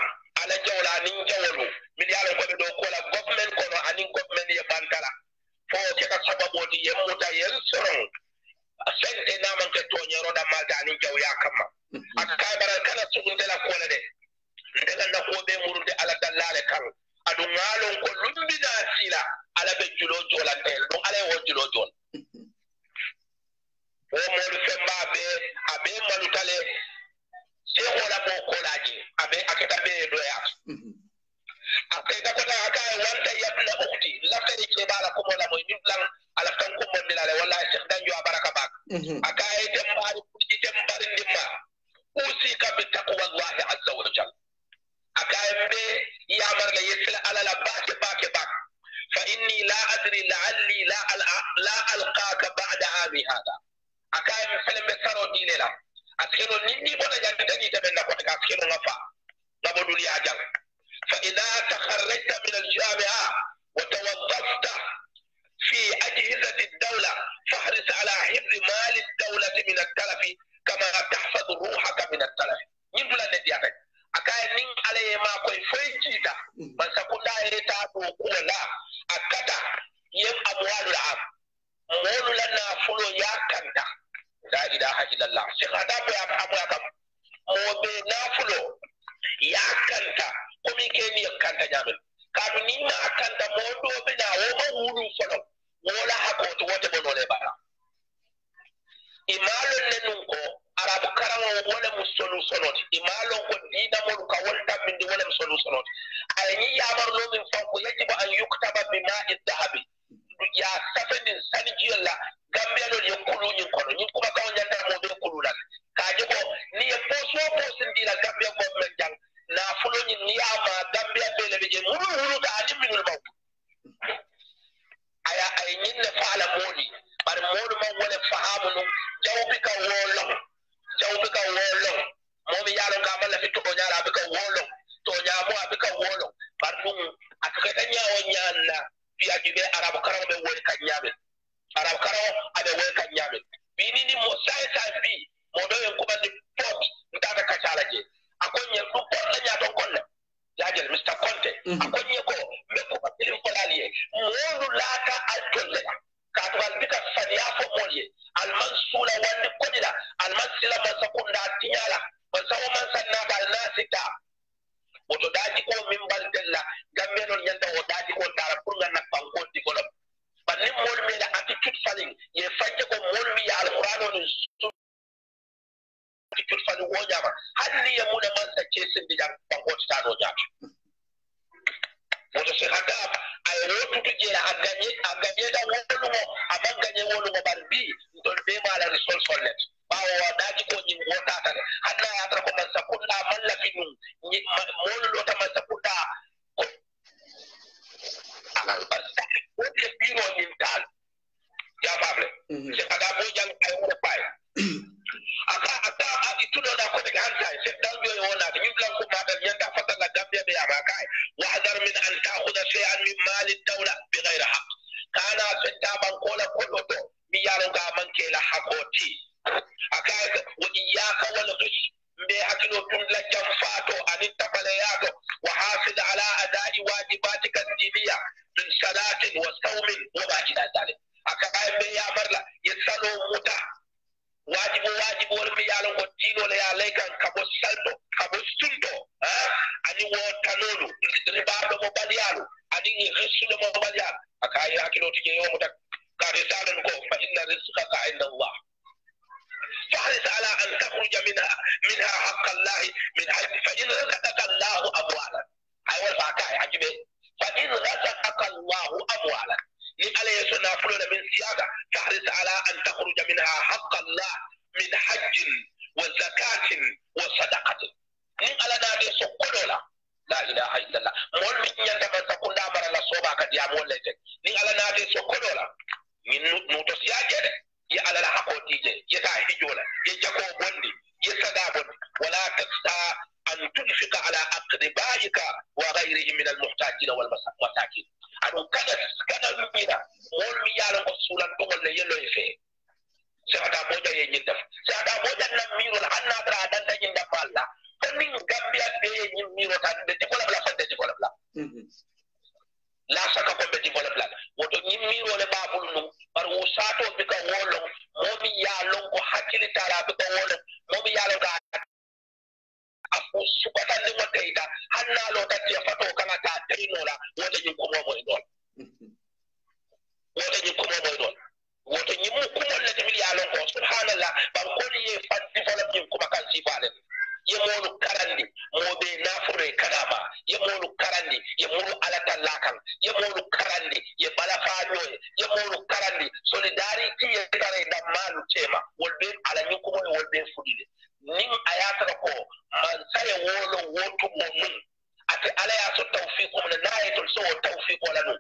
ala jawla anin jawolu min yalan koɓe ɗo kola government kono anin government ye bantala fo keka sababoti yen muta yen soron sente namanke toñeroɗa malta anin jawya kamma akaye baral kana suguntela kola de mbela nafooɓe murude alah dallaale kan aɗu ŋaalon ko lumbina sila ala ɓe julo jolantel ɗum ala e wo julo jon wo moɗu femba ɓe aɓe malutale se hola mo kolaji aɓe aketa ɓe doya aseta kota aka e wanta yabla ukti laftere keɓala komo lamoy min lan ala tan ko mondilale walla chekh danjowa baraka bak mhm. aka e dembari ɗi dembari ndimma usi kamɓe takuwallahi azza wa jalla أكايمبي يامر لا يسلا على لا باك باك فإني لا أدري لعلي لا لا ألقاك بعد عامي هذا أكايم سلم بسرو دي أسكنو نيني بنا جانتني تبنا كونك أسكنو نفا نبدو لي أجل فإذا تخرجت من الجامعة وتوظفت في أجهزة الدولة فاحرص على حفظ مال الدولة من التلف كما تحفظ روحك من التلف. ينبلا نديا akaye nin alayema koye foye jiita mm. bar sakunda yeta ɗo kulala a kata yen amowalula am molula nafulo ya kanta la ilaha illallah sek adape amoya kam moɓe nafulo ya kanta komi keni yen kanta ñamen kadu ni na kanta moɗoɓe na woma wulu folo wola hakoto wote bonole bara imalo nenun ko arabu karan o wolemu solutionoti imalon ko dinamolu ka woltan min ndi wolemu solutionoti ayeyi yamarunomin fanko yajibu an yuktaba bima i dahabi ya safe ndin sanijiyolla gambiyalol ye kuluñin kono ñin kuma kawo ñandara moɓe kululan kaje ko ni ye poso posindina gambiya gomen jan nafuloñin niyama gambiya beleɓe je mulul huluta anin minul maw aya aye ñinne faala mooli bare moolu man wole fahamu num jawbi kan wo lom jawmi kan woolong momi yaalon ka balla fitto o ñaala mi kan woolong to ñaamo ami kan woolong par ɗum akkata ñawo ñaalla fiya juɓe arabu karao ɓe woni kan ñaamen arabu karao aɓe woni kan ñaamen ɓinini mo sae sa bi moɗo en kuɓanni pot mitata ka sala je akoñe ɗum ponɗa ñaton kolle jajel mista conte mm-hmm. akoñe ko mi kuɓa ilim polalie moolu laata a tolleɗa katugal bika saniya fo mol ye alman sula wandi kodila alman sila mansa kunda tiñala mansa wo mansa nakal na sita woto daji ko min baltella gambenon ñanta o daji ko dara pour nga nakkan konti kolom banni mol mi la attitude falling ye fajje ko mol mi ya alqur'ano ni attitude falling wo jama hanni ye muna mansa cesin dijan bankoti tano jama woto si hakaaf aye wottutu ƴeeya a gaie a gañeeɗa wollumo aman gañe wollumo ɓan mbi ɗon ɓe maalani sol sollet ɓaawo waɗaaki ko ñim wotaatane hanna yatata ko man sakkunɗa mallafi ɗum moolulo ta man sakkunɗa wonde biro ñimtaal jafable mhm. si hagaa bo jang ay wone paye aka ata adi tudo da ko daga hanka sai dalbiyo ya wala da biblan ko ma dan yanda fatala gambe be ama kai wa hadar min an ta'khudha shay'an min mali dawla bi ghayri haqq kana fitta ban kola kullu to mi yaron ga man ke la hakoti aka wa iyyaka wal ghish be hakilo tun la jam fato anin tabale yato wa hafiz ala ada'i wajibatika diniya min salatin wa sawmin wa ba'ida zalik aka kai be ya marla ya salo muta waajibo waajibo wonmi yaalo ngo diinol yaa ley kan kabo salɗo kabo sunɗo a ani wotanolu ribaɗo mo ɓaliyalu ani risuɗo mo ɓaliyal aka ayi hakkiloti jeyomo tak ka e risalan ko fa inna risqa ka inda llah fahris ala an takruja minha minha haqa llahi min hajdi fa in rasakaka llahu amwalan ay wol fa kaye hajuɓe fa in rasakaka llahu amwalan لألا يتنافلون من سيادة تحرص على أن تخرج منها حق الله من حج وزكاة وصدقة من ألا نادي سكولولا لا إله إلا الله مول من يندم سكون دابر الله صوبا قد يامون لجك من ألا نادي سكولولا من نوتو سياجة يا ألا لحقو تيجي يتاهي جولا يجاكو بندي يسدا بندي ولا تستا أن تنفق على أقربائك وغيرهم من المحتاجين والمساكين أنو كذا كذا مبينا مول ميالا قصولا بقول لي يلو يفي سيغدا موجا ينجدف سيغدا موجا نميرو لأنا أدرى أدن ينجدف مالا تنين غامبيا بي ينميرو تنين تقول بلا فندي تقول بلا la saka ko be dimbala bla woto nyimmiro le babul nu bar wo sato bi ka wolo mo mi ya lon ko hakili tara bi ka wolo mo ko ɓannde makka yita hannaalo tan tiya fato kala ta tayimola wota ñim kumomo e ɗon wota ñim kumomo e ɗon woto ñimu kumolle te mbiɗa yalon ko subhanallah ɓan koliye fanti folam ñim kuma kan sifaalen yemolu karandi moɓe nafure kadama yemolu karandi ye muru alatalla kan yemolu karandi ye ɓala faañoye yemolu karandi solidarité ye tare dammalu tema من من على يا سو التوفيق من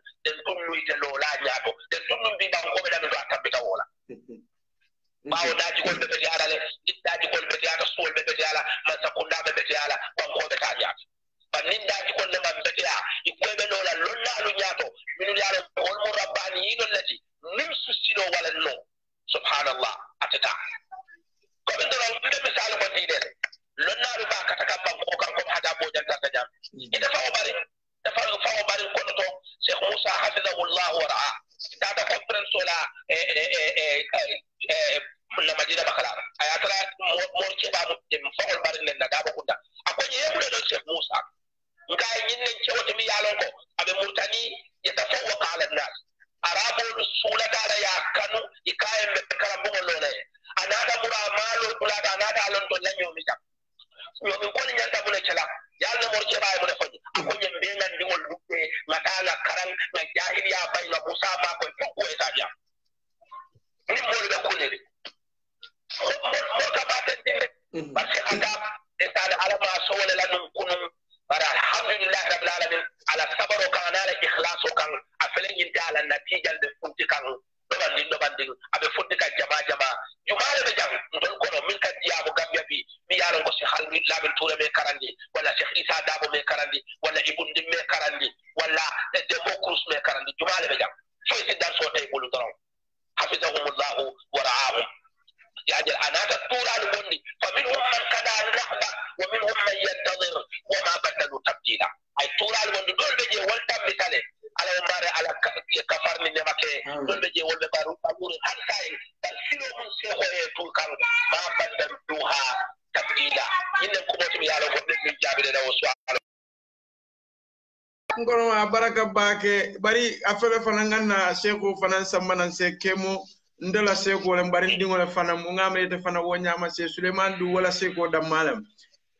kɛ bari afele fɛn fana ka na seko fana sanbana se kemo n dala seko la bari dingo la fana mu ŋa fana wo ɲama se suleman du wala seko damma la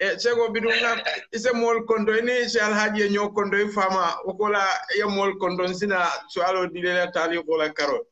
e seko bidu ŋa ise mol kondo ni se alhaji ye ɲɔ kondo i fama o ko la ye mol kondo n sina so alo dile la karo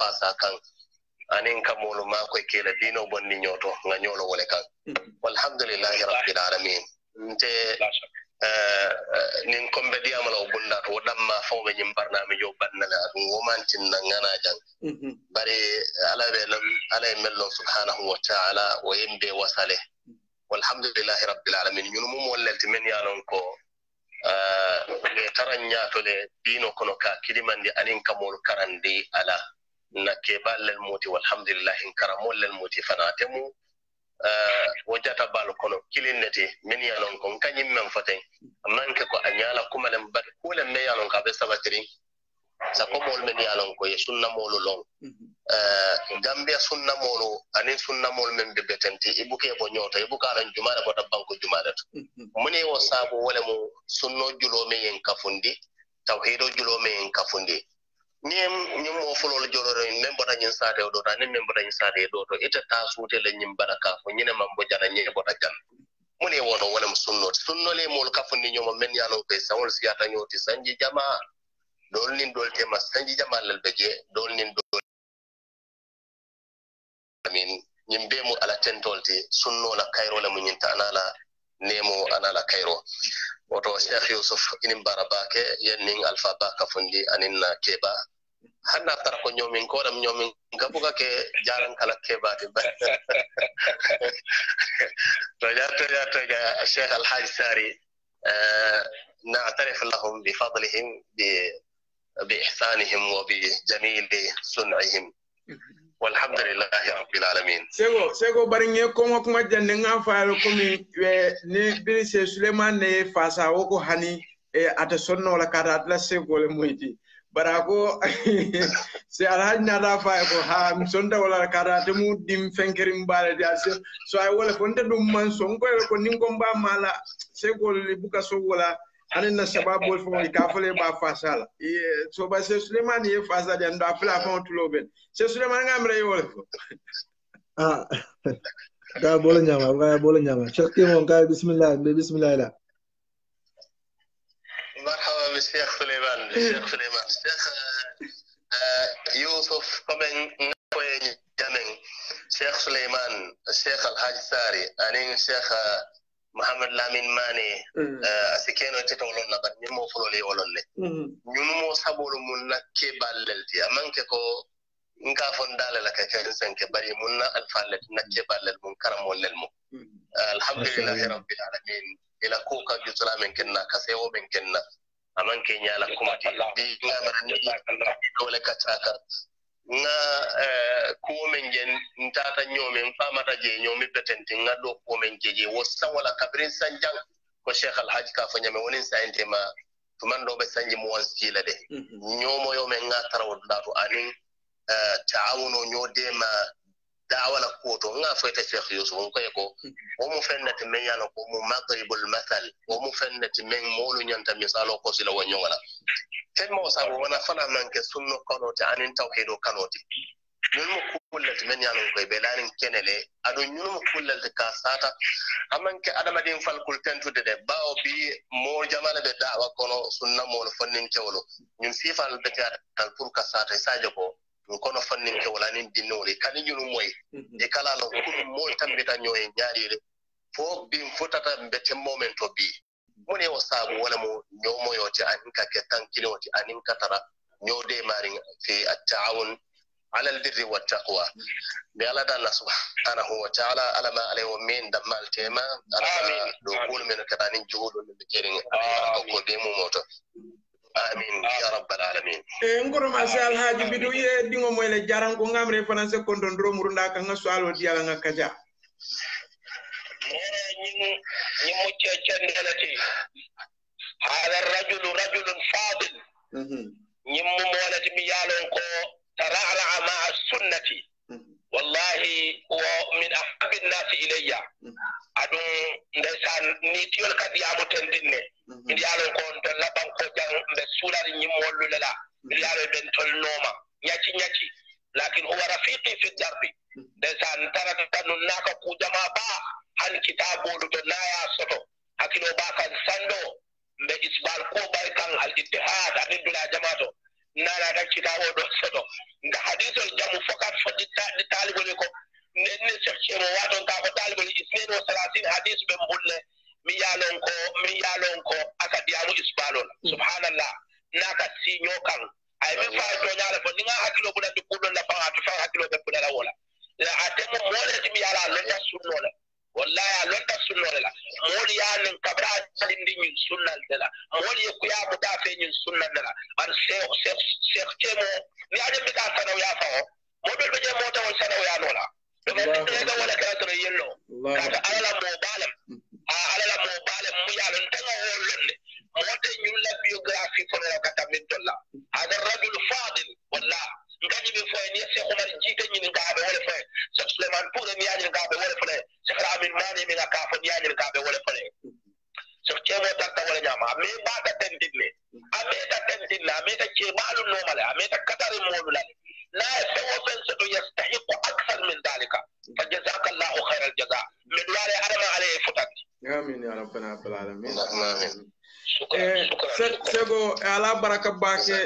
fasa kan anin kam molu mako e kela dino bonni ñoto ga ñolo wole kan walhamdulillahi rabbil alamin nte eh, nin kombe diyamala o bunda to wo ɗamma fawɓe ñim barnami jo bannale aɗum womantinnan gana jan mm-hmm. bare ala ɓe non ala e mellon subhanahu wa taala o yembe wasale walhamdulillahi rabbil alamin ñunumumolelti men ya non ko ɓe eh, taran ñatole dino kono ka kilimandi anin kamolu karandi ala nakke ɓallel muti walhamdulillahi n karamollel muti fanaate mu eh, wo jata balo kono kilinnete min yanon kon kañim men foten manke ko a ñala kumalen bat kuulen me yanon ko aɓe sabatiri sakomol men yanon ko ye sunnamolu lon eh, gambia sunnamolu anin sunnamolu men bibetenti ibuke ko ñoto ibuka alon jumaɗe ko dabbanko jumaɗe to mhm. muni wo saabu wole mu sunno julomen yen kafundi tawhido julomen yen kafundi ni ñum mo fulo la jolo re men bota ñin saate do ta ne men bota ñin saate do to ita ta suute la ñin bala ka fo ñine mam bo jana ñe bota jan mune wono wala mu sunno sunno le mol ka fo ni ñoma men yalo be sawol si ata ñoti sanji jama dol nin dol tema sanji jama lal be je dol nin dol amin ñim be mu ala tentolte sunno la kayro la mu ñin ta anala nemo anala kayro woto cheikh yusuf inin bara bake yennin alpha ba kafundi anin na keba hanna tara ko ñomin koɗam ñomin gabuga ke jaran kala kebaati ba toja toja toja cheikh alhaji sari نعترف لهم بفضلهم بإحسانهم وبجميل صنعهم walhamdulillahi rabbil alamin sego sego bari ŋe kɔngɔ kuma jande ŋa fayalo komi ni birise suleman ne ye fasa wo ko hani e, ate sonnoo la kata atila sego le moyti bara ko se alhaji nata faye ko ha mi sonta wala kata ate mu dim fenkerim baale de ase so ay wala ko nte man son koye ko nin gomba mala segol buka so wala ani na sababu wol fo ka le ba fasala e so ba se Suleiman ye fasa de ndo afla fo tulo ben se Suleiman nga mre wol fo ah ga bolo nyama ga bolo nyama chakki mon ga bismillah be bismillah la مرحبا بالشيخ سليمان الشيخ سليمان الشيخ يوسف كمن نفوين جمن الشيخ سليمان الشيخ الحاج ساري Ani الشيخ mahamad lamin mane mm. eh, asi kenoteto olon nabat ñimmo fulole olon mm. ne ñunumo sabolu mum nakke ballelti amanke ko nka fon dalala ke kensenke bari mum na alfallet nakke ballel mum karamollel mum mm. eh, alhamdulillahi rabbil alamin ila kuka jutora men kenna kase o men kenna amanke ñala kumati bigamaranni dole kacakar nga eh, koomen je ntata ñoomen famata je ñoomi petenti nga ɗo koomen jeje wo sawala kabrin sanjang ko cheikh alhaji ka fo ñame wonin sayintema tumanɗoɓe sanji mo wan siila de ñoomoyomen mm-hmm. nga tarawodɗa to anin eh, taawuno ñoodema da'wa la kuwoto n ŋa fo ite cheikh yusuf n koye ko wo mu feŋ nati meŋ ye a la ko mu madribul mathal wo mu feŋ nati meŋ moolu ñanta misalo kosi la wo ñoŋo la femmoo sabu wona fana maŋ ke sunno kanoo ti aniŋ tawhido kanoo ti ñun mu kullal ti men ye a loŋ koye bee laaniŋ kene le aduŋ ñun falkul tentude de bi moo da'wa kono sunna moolu ɗum kono fannin hewlanin dinnore kaniñunu moye mhm. e kala lo kuɗum mooy tammitaño e ñaarire fo bin fotata mbetemmomen to bii moni o saabu wala mo ñowmoyote anin ka ke tankinote anin katara ñowde maari fe attaawun alal birri wa taqwa mi aladalla subhanahu wa taala alama alay o min dammal tema alama ɗo kuulu men keɗanin jogoɗo ne ɓe ceeri aɗo ko be mumoto amin ya rabbal alamin eyi nguro masal haaji mbiɗo wiye ɗiŋo moyle jaran ko ngam référencé e kondon romuru nda kanga soalo diyala ga kadia mora ñin ñin mucce cendelati haala rajulu rajulun fadil ñin mhm. mu molati mi yaalon ko taralaa ma a sunnati mhm. wallahi wo min ahabinnasi ilayya aɗum mhm. ndesan ni tiyol kadi yamu tendinne min yaalon ko on to labban ko jan ɓe suulani ñimmo wollulela mbiyaaɓe ɓen tolnooma ñacci ñacci lakin huwa rafiqi fi darbi nden so an tarata nun naaka kuujama baa han kitaa booluɗo naayaa soto hakkiloo baa kan sanɗo mbe isbal ko ɓay kan al ittihad anin dula jama to nana tan kitaa o ɗo soto nde hadisol jamu fokat foɗɗi taaligole ko nenne sehceemo waaton kaa ko taaligole isneni o salasine hadise ɓen bulle mi yaalon ko min yaalon ko asadiyamu isbalol mm. subhanallah naka siño kan ayme faa coñala fo ni ga hakkilo ɓuɗandi kuɗo nafaa to fan hakkilo ɓe ɓuɗala wola eh, a temo moletimi yala lonta sunnole wallahi a lonta sunnole la mooli yanin kabra alindi ñin sunnal de la mooli yekkuya ɓuta fe ñin sunnal de la ɓan seeh cemo ni ajembita sanawya fao moɓel ɓe je motawol sanawyanola ɗumaɓiɗega wola kratoro yello kaa alala mo balem a alala mo balem muyalon tenga o londe mawde ñulla biographie fonera kata min tolla hada rajul fadil wallah ngañi min foye ni cheikh oumar jiite ñini ngaaɓe wole foye cheikh souleymane poure mi yañir ngaaɓe wole fole cheikh ramin mane min a ka fo mi yañir ngaaɓe wole fole cheikh ceemo tarta wole ñama a mais mbaɗa tendinne a meeta tendinne a meeta ceemaalum nomale a meeta katare molulale na fewo fen soɗo yastahiqu akthar min dalika fa jasaka llahu hayra al jasa min waare adama alaye fotandi amin ya rabbana rabbil alamin amin Eh, sego ala baraka bake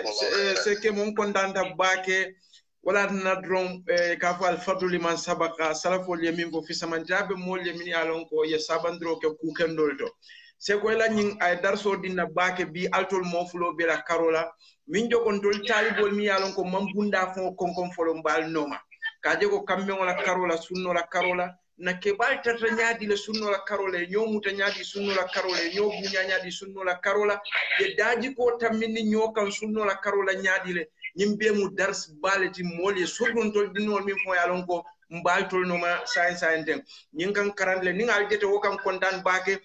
seke eh, mon kondanta bake wala tana dron eh, k'a fɔ alifatu liman sabaka salafol ye min fɔ fisaman jaabi moolu ye min ye a ko ye sabandiro ke kuu kɛ ndol to seko ila ñin a ye dinna baake bi altol mo fulo bela karo la min jogon tol taalibol min ye a ko man bunda konkon folo mbaal noma k'a jego ko la karo la sunno la karo la na kebal tata ñaadi le sunno la karola e ñoomuta ñaadi sunno karola e ñoo buña sunno sunnola karola ye daaji ko tammini ñoo kan sunnola karola ñaadi le ñin be mu dars baaleti mool ye sorɗontol ɗinnool min fo yalon ko mbaalitolnoma sayen sayen ten ñin kan karande ni nin aldete wo kan kontan baake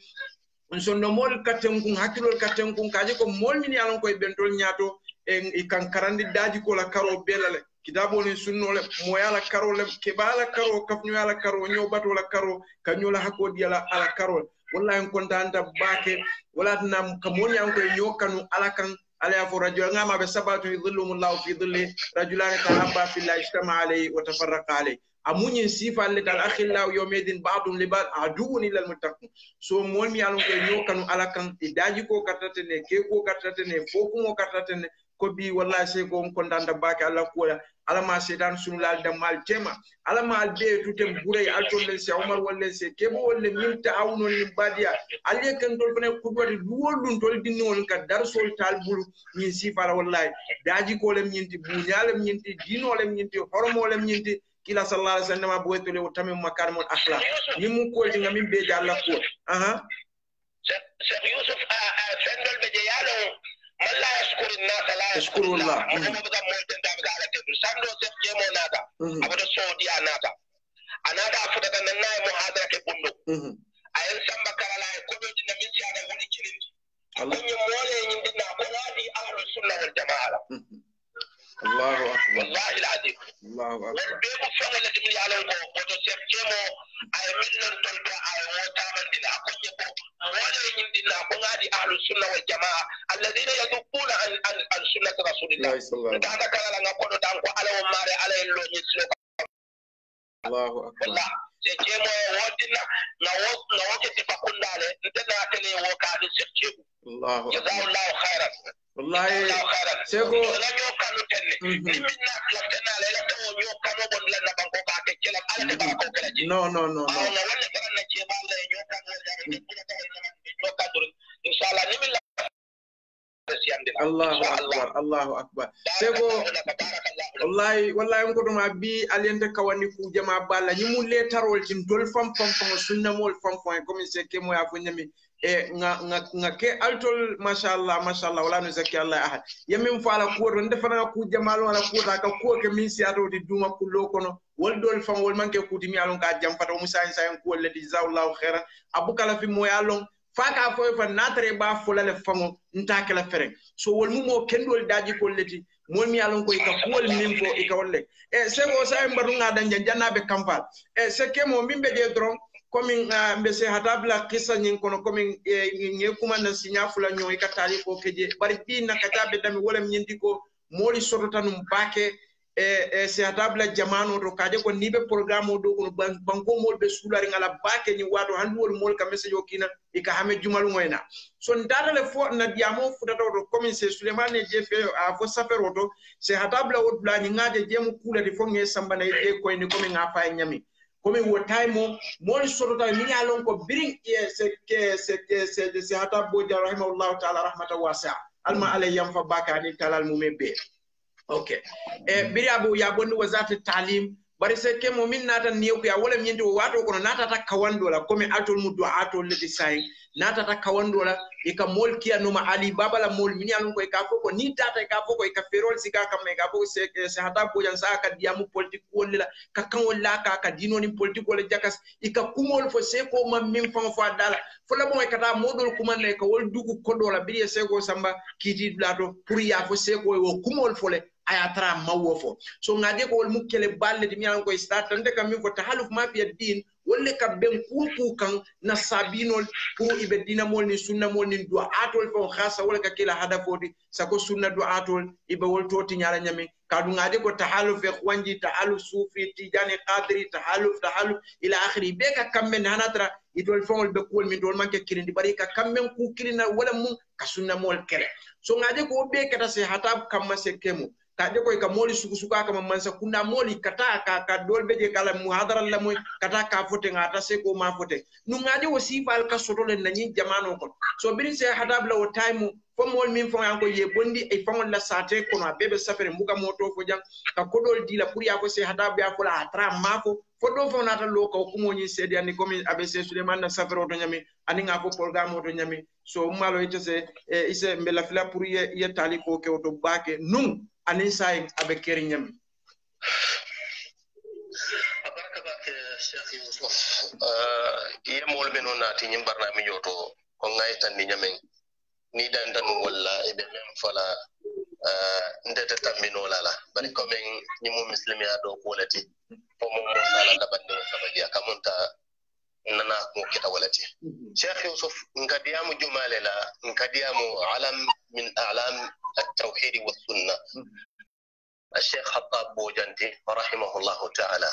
sonno mool katten kun hakkilol katten kun kaaje ko mool min yalon e ɓentol ñaato e, e kan karandi daaji la karo beela le kitabu ni sunno le mo moyala karo le kebala karo kafnyola karo nyobato la karo kanyola hakodi ala ala karo wallahi kontanta bake wala na kamonya ko kanu ala kan ala ya fo rajul ngama be sabatu llahu fi dhilli rajulan tarabba fillahi istama alayhi wa tafarraqa alayhi amunyin sifa le dal akhilla yawmidin ba'dum li ba'd aduun ila muttaqin so mon mi alon ko kanu ala kan daji ko katata ne ke ko katata ne ko mo katata ne ko bi wallahi sey ko on kontanta bake ala ko alama sedan sunulal dammal tema alama albe tuten buray altonlen se omar wallen se kebo wolle minta awnolin badiya alle kentol fene kuduwade luwollum tol dinnoon ka darsol talbulu min sifara wallahi dajikolem ñinti buñalem ñinti dinolem ñinti hormolem ñinti kila sallah alah sallama boytole o tame makar mon akla min mum kolti ga min beje allah kuwo ahan sheikh yusuf a sendolɓe jeyalo malla eskuri naata la eskurulla mamaɓeka moyten daɓeka ala tedu sanɗo sef jemo naata mm-hmm. abaɗa soodi a naata a naata a fotata nanna e mo hadra ke ɓunɗo mm-hmm. a yen samba kala la e koɓeji na min si aɗa woni kilindi a kuñe moole e ñindinna ko waadi ahlu sunna wal jama ala mm-hmm. الله أكبر والله العظيم الله أكبر بيبو فهم الذي سيف جيمو أي من أي أكو غادي أهل السنة والجماعة الذين عن عن سنة رسول الله صلى الله عليه وسلم دانكو على على الله أكبر te ceemoo wootinna na wo na woke sifa kunndaale ntenaa tene wo kaali sir ceegu jasaullahu hayran ayran ñoo kanu tenne ni min naa lam tennaale latewo ñoo kano bon la na banko ka ke celam ala de baa ko kelaje no no no no na wonne garan na ceemaalla e ñoo kan wo ñoo kandurin inchallah ni min la allahuakbar allahu akbar seko wallahi wallahi on koto ma bi aliyente kawani fujama balla ñimu letarol tin dol fam fampon sunnamol fampon e commi se kemoya fo ñami e nga ke altol machallah machallah wala no zakki allah ahad yamin faala kuoto ndefanaga kujamalon ala kuota ka kuoke min si atowdi duma kullo kono wol dol fam wol manke kuuti mi alon ka jam fata omusahin sahin kuwol ledi zaullahu heran abou kala fi moya long faka fo e fa natare ba le famo nta la fere so wol mumo kendol daji ko leti mo mi alon ko e ka kuol min fo e ka wolle e se bo sa en baru ngada janjanna be kampal e se ke mo min be de dron komi mbe se hata bila kisa nyin kono komi e, nye kuma na sinya fula nyoy ka tari ko keje bari bi na ka tabe dami wolam nyindiko ko moli soto bake e eh, eh, sehatabla jamanu to kaje ko nibe programme do kono bangomol be sulari ngala bake ni wato handuwol mol ka message o kina e ka hame jumal ngoyna so ndata le fo na diamo futata to comme c'est Suleiman jefe a fo safer oto sehatabla wot bla ni ngade jemu kula di fonge sambana e ko ni comme ngafa e nyami comme wo taimo mol sorota ni alon ko biring e se ke se ke se sehatabbo jarahimahullahu ta'ala rahmatan wasi'a alma alayhi yamfa baka ni talal mumebe ok e eh, biri abu ya bonni wazarati talim bari se ke mo min nata niyo ya wala nyindi o wato kono nata ta kawandola la comme atol mu do atol le design nata ta kawandola la e ka mol kiya no ma ali baba la mol min yalon ko e ka foko ni tata e ka foko e ka ferol siga kam e ka foko se eh, se hata ko jan sa ka diamu politique wol la ka kan wol la ka ka dino ni politique wol jakas e ka kumol fo se ko ma min fan fo dala fo la bon e kata modol kuman le ka wol dugu kodo la biri se ko samba kiti blato pour ya fo se ko e wo kumol fo le ayatra mawwo fo so ngade ko wol mukkele balle di miyan ko start tante kam min fo tahaluf ma fiya din wolle kam ben kuuku kan na sabinol dina mol ni sunna mol ni do atol fon khasa wol ka kila hadafodi sako sunna do atol ibe wol toti ñala ñamin kadu ngade ko tahaluf e khwanji tahaluf sufi tijani qadri tahaluf tahaluf ila akhiri be ka kam kamɓen hanatara itol wol be kuwol min dol manke kirindi bari ka kam men ku kirina wala mum ka sunna mol kere so ngade ko ɓe kata se hatab kam ma se kemu kaje koy ka moli suku suka ka mamansa kuna moli kata ka ka dolbe je kala muhadara la moy kata ka fote ngata se ko ma fote nu ngaje wasifa ka kasoto len nani jamano ko so birin se hadab la o time fo mol min fo an ko ye bondi e fangol la sate ko na bebe safere muka moto fo jang ka kodol dila pour ya ko se hadab ya ko la tra ma ko fo do fo na ta lo ko ko kumo ni sedi ani komi abc suleman na safere to nyami ani nga ko programme to nyami so malo ite se e, ise mbela fila pour ye ye tali ko ke o to bake nung anin sa aɓe keri ñami yemol ɓe noo naati ñin mbarnaa mi ñooto ko ngay tanni ñamen ni dandanu walla e ɓe men fala eh, ndete tamminoolala bari ko men ñimu muslimi a ɗo kuwalati fo momosala labande sabadi a kamunta nanaa kokita walati mm-hmm. cheikh yusuf nkadiyamu jumalela nkadiyamu alam min alam altawhidi wasunna acheikh khatab bojanti rahimahullahu taala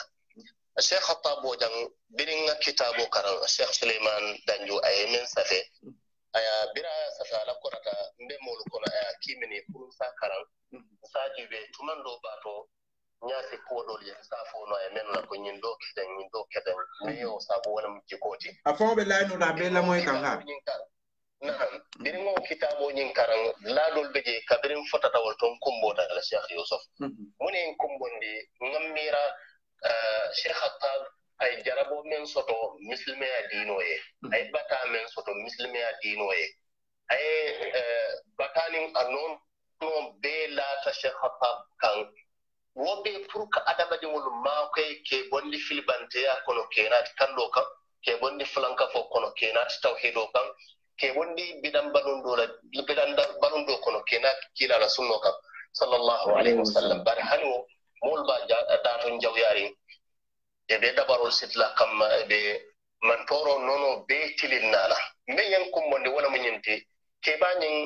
acheikh khatab bojan biringa kitabu karan acheikh suleiman danju aye min sate aya biraya sate ala korata mbemolu kono aya kimini pulu sa karan sa juɓe tuman ɗo bato ñaasi kuwoɗol yeh sa fono aya menna ko ñin ɗo keɗen ñin ɗo keɗen mayo sabu wonam jikoti a fonɓe laynoɗa be lamoye kan haa naan mbirin ngoo kitaabooñin karan laaɗol ɓe jee ka mbirin fotatawol toon kumbootala cheikh yusuf muni mhm. en kumbondi ngammira eh, cheikh attab ay jarabo men soto muslimé a diino ye mhm. ay bata men soto muslimé a diino ye aye eh, batanin a noon noon bee laata cheikh attab kan woɓe pour que adamadiŋol maakoye ke bonndi filibanteya kono kenaati kan ɗo kam ke bonndi flanka fo kono kenaati taw hedo kan ke wondi biɗan balon ɗo biɗan balon ɗo kono ke na kiilala sunno kam sallllahu alayhi wasallam bare hani o molba ɗaton jawyari e ɓe ɗaɓarol sitla kam ɓe e man toro nono be tilinnala mbe yan kummonde wona mo ñemte keɓañin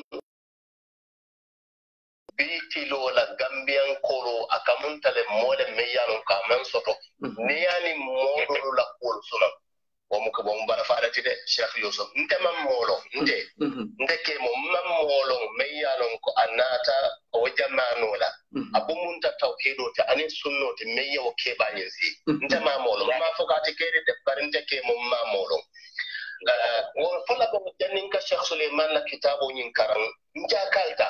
bitilola gambiyankolo akamuntale mole meyyanon ka man soto mhm. neyani moɗolula kuwol sunan womuka bomu mbaɗa faɗati de chekh yusuf nde mam moolo nde ndeke mo mam moolon meyya non ko a naata o jammanola a mhm. bomunta taw heɗote anin sunnote meyya o keɓañin si mhm. ndema moolo ma fokati keyde deɓɓare ndeke mo ma moolon won fala bomo janninka chekh souleymane la kitabuñin karan njakalta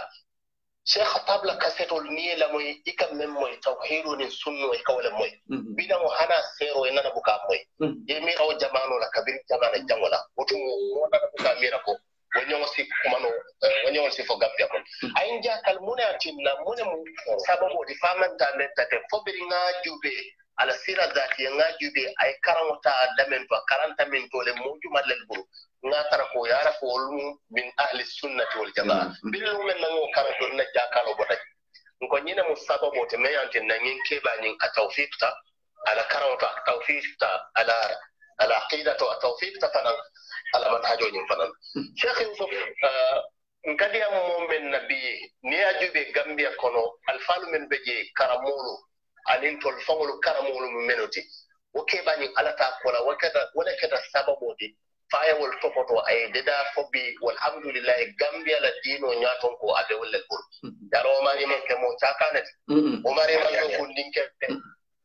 cheikh tabla kasetol ni la moy ikam mem moy tawhidu ni sunno e kawle moy mm-hmm. bina mo hana sero e nana buka moy mm-hmm. e mi raw jamano la kabir jamana jangola wotu mo nana buka mira ko wonyo si kumano eh, wonyo si fo gambia ko mm-hmm. ayin ja kal muna tinna mune mu sababu di famanta ne tate fo biringa jube ala sira dhati nga jube ay karanta damen to karanta min to le muju malal buru nga tara ko yara ko lu min ahli sunnati wal jamaa mm. bil men na ngo karanto na jakalo bota ko nyina mu sababu te meyante na ngin keba nyin ka tawfiqta ala karanta tawfiqta ala ala aqidatu tawfiqta fanan ala manhajo nyin fanan mm. sheikh yusuf uh, nkadiya mu men nabi ni ajube gambia kono alfalu men beje karamulu anin tol faŋolu karamoolu mu menoti wo keɓañin ala kola wala keta sababo de fayawol topoto aye deda fobi walhamdulillahi gambia la dino ñaton ko aɓe wollel ɓur mm-hmm. yaro omari men ke mo cakanati mm-hmm. omari man ɗo kundinke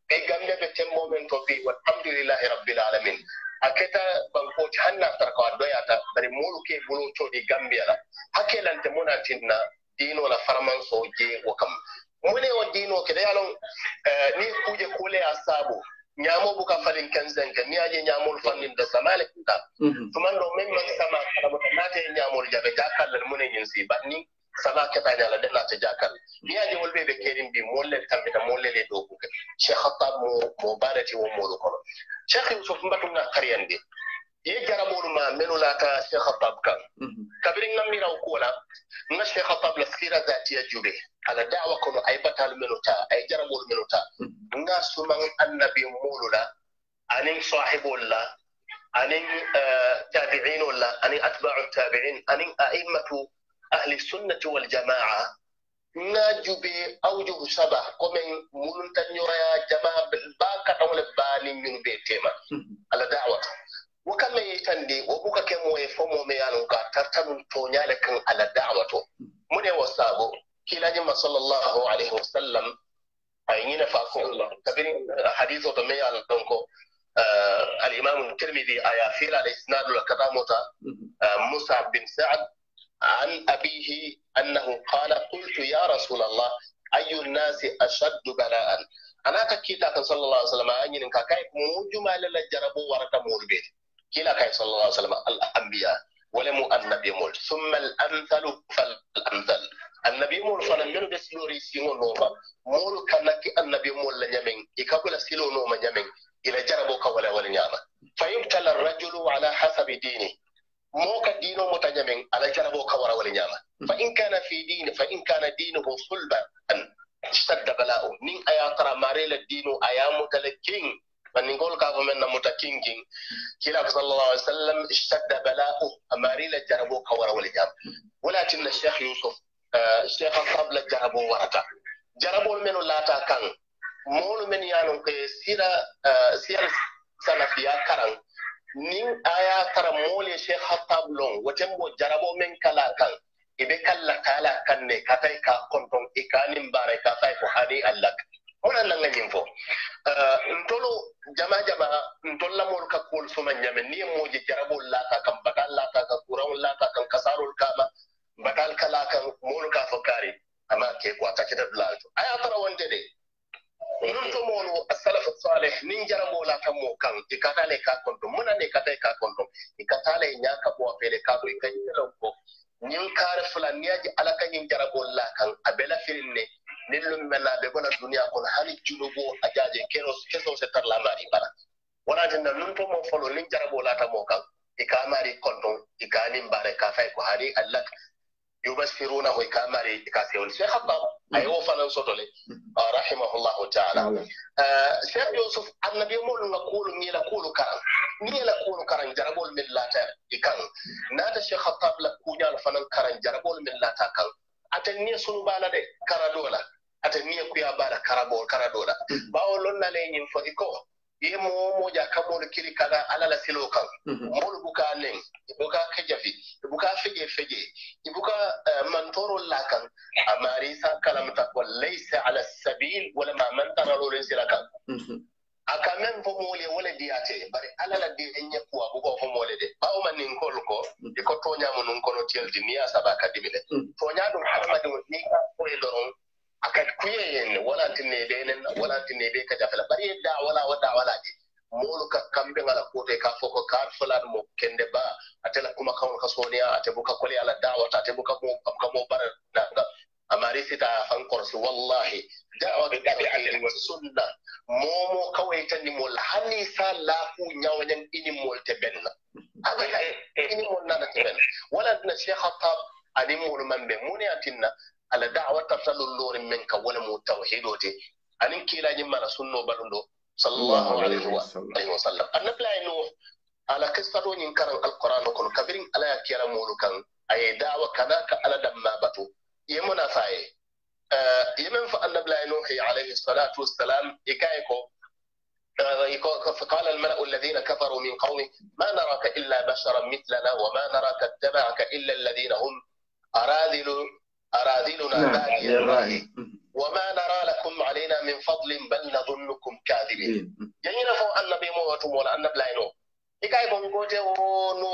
ɓe gambia ɓe temmomen to bi walhamdulillahi rabbil alamin a keta bankoti hanna tara ko a doyata bari molu ke bolocoɗi gambia la hakkilante monatinna dino la faramanso je wo kam mone on dino kede yalon eh, ni kuje kule a sabo ñamobu ka falin kensenke ni aje ñamol fannin de samale kuta mhm. tumanɗo men man sama kalamoto nate e ñamol jabe jakallel mone ñin si banni sama ketañala de nate jakalle ni aje wol ɓeɓe kerin mbi mollel tambita mollel e dow kuke cheikh hattab mo mo barati wo molu kono cheikh yousouf mbatunga kariyan de ye jarabolu ma menu la ka sheikh khatab kan kabiri ngam miraw kola nga sheikh khatab la sira zatiya jube ala da'wa kono ay batal menuta ay jarabolu menuta nga suman annabi mulula anin sahibulla anin tabi'in wala anin atba'u tabi'in anin a'immatu ahli sunnati wal jama'a na jube awjuhu saba komen mulunta nyoya jama'a ba ka tawle ba ni nyun be tema ala da'wa wokalla yeytande wo buka ke moye fo mo me yalon ka tartanun toñale kan ala da'wato mune wo sabo kilañima sallallahu alayhi wa sallam ay ñina fa ko kabiri hadise o to me yalon ɗon ko الإمام الترمذي آية في الإسناد لكرامته موسى بن سعد عن أبيه أنه قال قلت يا رسول الله أي الناس أشد بلاء أنا تكيتا صلى الله عليه وسلم أني نكاكاي مو جمال الجرب ورقة موربين kila kay sallallahu alaihi wasallam al anbiya ولم النبي مول ثم الأمثل فالأمثل النبي مول فانا من بسلوري سيمو نوما مول كانك النبي مول لنيمين إكابل سيلو نوما نيمين إلى جربوك ولا ولا نياما فيبتل الرجل على حسب دينه موك دينه متنيمين على جربوك ولا ولا نياما فإن كان في دين فإن كان دينه صلبا اشتد بلاؤه من أيا ترى ماريل الدين ايام متلكين bani ngolkaako men namuta kinkin kilaako salllah alih w sallam istadda balau amarila jarabo ka warawole jam wolatinna cheikh yusuf cheikh eh, asabla jarabo warata jarabol men o laata kan molu men yanon koye sira eh, sira sanafiya karan nin aya tara mole cheikh hattab lon wotenbo jarabo men kala kan ibe kallatala kanne katay ka konton ikanin e bara ka fay ko hani allah onan nanŋajin fo uh, ntolu jama jama ntollamol ka kuol soma ñame niŋ e moje jarabol laka kan batal laka kan kuraŋo laka kan kasarol kama batal ka lakan molu ka fo kari ama ke ko atakete dulato aya farawonte de nun to molu asalafu saleh niŋ jarabo laka mo kaŋ i katale ka kondom muna ne kata ka kondom i katale ña ka bo afele kato i ka ñinelon ko ñiŋ kare fula niŋ aje ala ka ñiŋ jarabol lakaŋ abe la firin ne nillumi men naaɓe bona duniya kon hani junubo a jaaje kesose tar lamaari bala wonatinna num to mo folo nin jarabo laatamo kan i kamaari konton i gaani mbaare ka fay ko hani allah yubasfiruna ho kamaari ka sewli se habbam ayewo fanan sotole mm. ah, rahimahullahu taala ah, cheikh yusuf annabie molunga kuulu ñiila kuulu karan ñiila kuulu karan jarabol min laata i kan naata cheikh habbab la kuñaalo fanan karan jarabol min laata kan aten ni sunu baala de karadoo la ate niŋ mm-hmm. ye kuyaa baala karaboo karadola bawo loŋ na le ye ñiŋ fo i ko ye moo mooja kamoolu kili kana ala la siloo kaŋ moolu mm-hmm. buka leŋ i buka kejafi i buka feje feje i buka eh, mantorol la kaŋ a maari sa kalamta wa laysa ala sabil walama mantaralolen sila kaŋ mm-hmm. a ka meŋ fo moolu ye wo diyaate bari ala la diya ñe kuwa buka fo moolu de bawo ma niŋ kolu ko i ko tooñaa mu nuŋ kono tiyel ti niŋ ye a saba ka dimi le tooñaa duŋ hadamadiŋo niŋ ka fo doroŋ akad kuyeyen wala tinne be nan wala tinne be ka jafala bari da wala wada wala ji molu ka kambe ngala kote ka foko ka fulan mo kende ba tala kuma kan ka soniya tabu ka kole ala ta tabu buka mo ka mo bar na amari sita fan korsi wallahi da'wa bi dabi'atil wa sunna momo kawai tan ni mol hani sa lafu nyawanyan ini mol te benna ini mol na te benna wala na shekha tab ani mol man be mun ne atinna ala da'wa tasalul lorin men ka wala mu tawhido te anin kila jin mala sunno balundo sallallahu alaihi wa alihi wa sallam annabi la no ala qissatu nyin karan alquran ko kabirin ala ya kiyala mulu kan ay da'wa kada ka ala damma batu yemuna saye يمن فأنب لا نوح عليه الصلاة والسلام إكايكو فقال الملأ الذين كفروا من قومه ما نراك إلا بشرا مثلنا وما نراك اتبعك إلا الذين هم أراذل wama nara lakum alayna min fadlin bal nadunnukum kadibin yanyina fo annabi mo watu wala annab layno ikay bon gote o no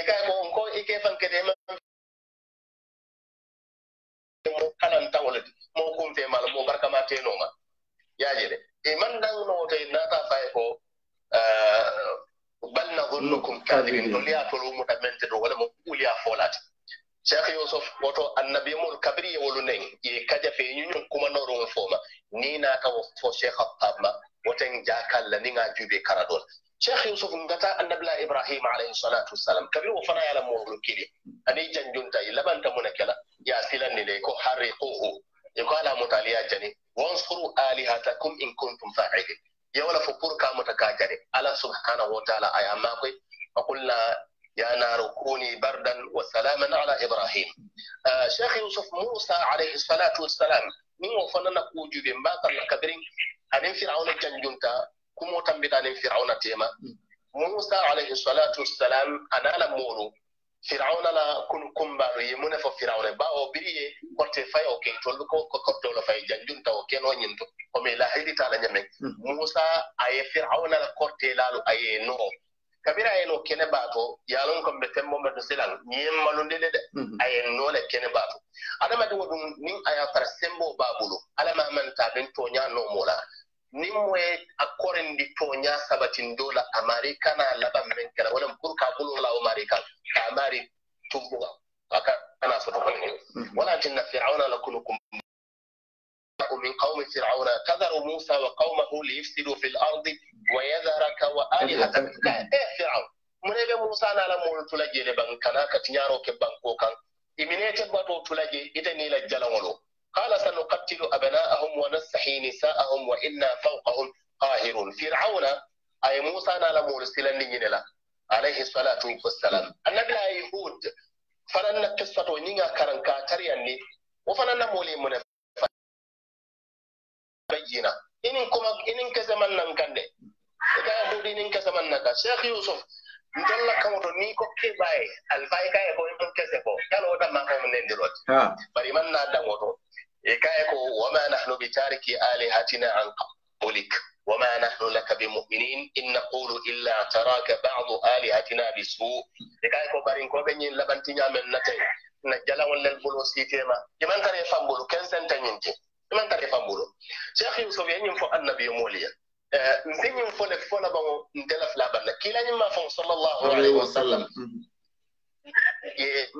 ikay bon ko ike fanke de ma mo kanan tawle mo kumfe mal mo barka ma te no ma yaje de e man dang no te nata fay ko bal nadunnukum kadibin to liya to lumu tamente do wala mo uliya folati cheikh yusuf woto annabi mun kabri yewolu nen ye kadia feñuñum kumanorun fooma ni naata fo cheikh abtabma woten jakalla ni a juuɓe kara ɗon cheikh yusuf ngata annabila ibrahima alayhi salatu wassalam kabri wo fana yala moolu kili ani janjunta i laɓanta muna kela ya silanni ley ko hariquhu e ko alamutaliya jani wanskuru alihatakum in kuntum faidin yewala fo pour kamuta ka jani ala subhanahu wa taala aya makoy a qulna yanarukuni bardan wasalaman ala ibrahim cheikh yusuf moussa alayhi salatu wassalam min o fanana kujuɓe mbakalla kabirin anin firauna janjunta kumo tambita anin firauna tema moussa alayhi salatu wassalam anala moro firauna la kun kumbaɗo yemune fo firaune ba o biriye korte fay o ken tol kortolo fay janjunta o ken oñinto omi lahiditala ñamen moussa aye firauna la korte laalu aye noo kabira ye no kene baato yalon ko be tembo be to silan nyem malunde de mhm. aye no kene baato adamadiŋo de niŋ a ye fara sembo babulo ala ma man ta ben to nya no mola mo ye akoren di to nya sabatin dola amerika kana laba men kala wala kur ka bulo la amerika amari tumbuga aka ana so to mhm. wala tinna fir'auna lakunukum من قوم فرعون كذروا موسى وقومه ليفسدوا في الارض ويذرك والهتك ايه فرعون من ابي موسى انا لم تلجي لبن كان كتنيارو كبن كوكان امنيت بطو تلجي اتني لجلولو قال سنقتل ابناءهم ونستحيي نساءهم وانا فوقهم قاهر فرعون اي موسى انا لم ارسلني عليه الصلاه والسلام النبي يهود فلن نكسر ونينا كرنكا تريني وفلن نمولي من bayyina inin kuma inin kese mannan kande ka hudi inin kese manna ka sheikh yusuf ndolla kamoto ni ko kebaye alfay e kaye ko imon kese ko kala wota mamomo nendirode bari man na dango to e kaye ko wama nahnu bi tariki alihatina an qablik wama nahnu laka bimuminin in naqulu illa taraka badu alihatina bi suu e kaye ko barin ko ɓe ñin laɓantiñamen natay na jalawol lel bolo sitema imantare fambolu ken sentañinte nan tare fambulo cheikh yusuf yenyim fo annabi moliya mpenyim fo le fo la bango ndela fla ki la nyim ma fon sallallahu alaihi wasallam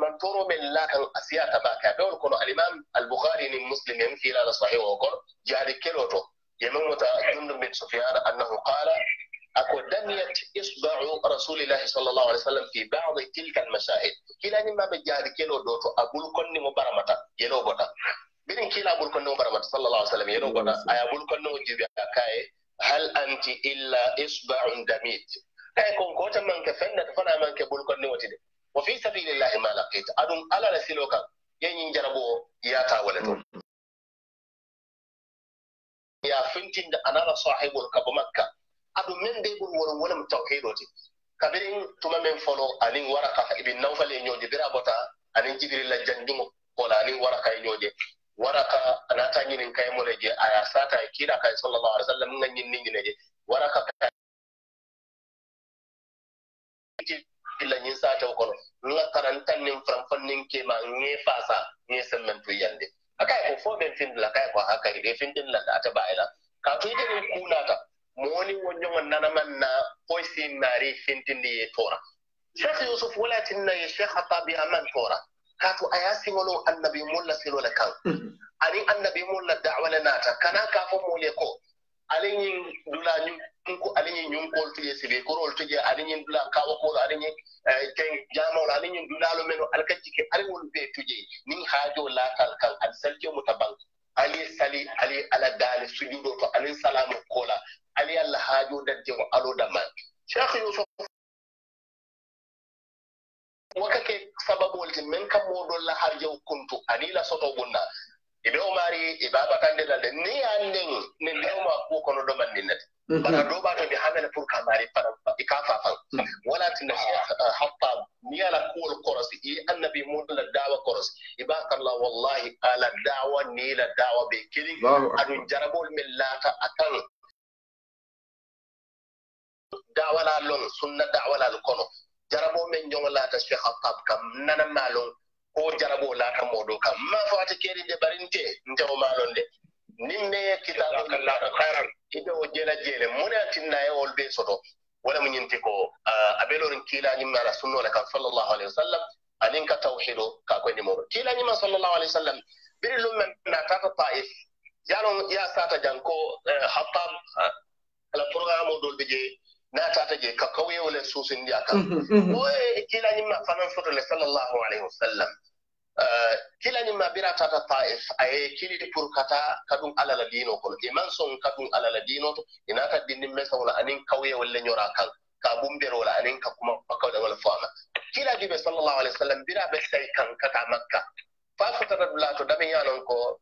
man toro men la kan asiya ta ba ka be ko no al-imam al-bukhari ni muslim yem fi la la sahih wa qol jari keloto yemen mota jundum bin sufyan annahu qala أكو دميت إصبع رسول الله صلى الله عليه وسلم في بعض تلك المشاهد كلا نما بجاد كيلو دوتو أقول كوني مبرمتا يلو بوتا mbiɗen kiila ɓurkonnoo barmat sallallah sallam yeno goɗa aya ɓurkonnoo jiwiya kaye hal anti illa isbaun damit kaye kon gota manke fenndata fana manke ɓurkonnowoti de o fi sabilillahi ma laqita aɗum alala silo kam yeñin jarabu o yata wole toon mm. ya fintinde anala sahibul kabo makka aɗum min de ɓur wol wolem tawhidoti kabirin tuma min folo anin waraka ibin nawfal e ñooje birabota anin jibirilla janndugo kola anin waraka e ñooje waraka anata ñinin kay mo leje aya sata e kiila kay sallallahu alih w sallam nga ñin niñi leje waraka illa ñin satew kono nga karan tannin fran fannin kema nge fasa nge semmentu yande akay ko fo ben tin la kai ko haka ha kay la ta ba ila ka ta moni wonyo won ñogon man na foy sin naari fintindi ye tora Sheikh yusuf wala tinna ye Sheikh hatabi aman tora kaa to a yaa siŋoloo annabi mulla sirole mhm. eh, kaŋ aniŋ annabi mulla dawale naata kana kaa fo moolu ye ko aliŋiŋ dulaa ñunku aliŋiŋ ñunkoolu tuje sibi koroolu tuje aliŋiŋ dulaa kawokoolu aliŋiŋ teŋ jaamoolu aliŋiŋ dulaalu menu ala ka jike aliŋolu bee tuje niŋ haajoo laatal kaŋ ali salike muta baŋ ali ye sali ali ye ala daali sujudoo to aniŋ salaamu koola ali ye alla haajoo dadjeŋo aloo damaa cheikh yusuf wakake sababol ti min kam moɗolla har jaw kuntu anila soto gunna e ɓe o maari e babakande lalde ni annden ne ndewma fo kono ɗo manndinnati mhm. bana doɓaɗo ɓe hamene pour ka maari paae ka fafan mhm. wala tino eh, happa miyala kuwol korosi i annabi muɗolla dawa korosi ibakallah wallahi ala dawa nila dawa ɓe keli anu jarabol min laata a tan dawalalon sunna dawalal kono jarabo men jogolaata cheikh alkab kam nana maalon ko jarabo laata moɗo kam ma fata keri nde ɓarinte ntewo maalon nde nin meye kitaɓoaran iɓe o jeela jeele mone antinna e ol ɓe soto wala mu ñinti ko aɓeloren kiilañima ala sunnole kam sallllahu alahi wa sallam anin ka tawhido kakoye ndemoɗo kiilañima sallllahu alahi wa sallam wiya kam mm-hmm, mm-hmm. o kilanima fanan fotole salllahu alayhi wasallam euh, kilanima biratata taif aye kilii pour kata kadum alala dino kon imanson kadum alala dinoto inata dinimmesawla anin kawye walle ñora kan ka bumberola anin ka kuma kawɗewal fama kilajuɓe salllahu alah wa sallam biraɓe say kan kata makka fa fotata dulato dame yanon ko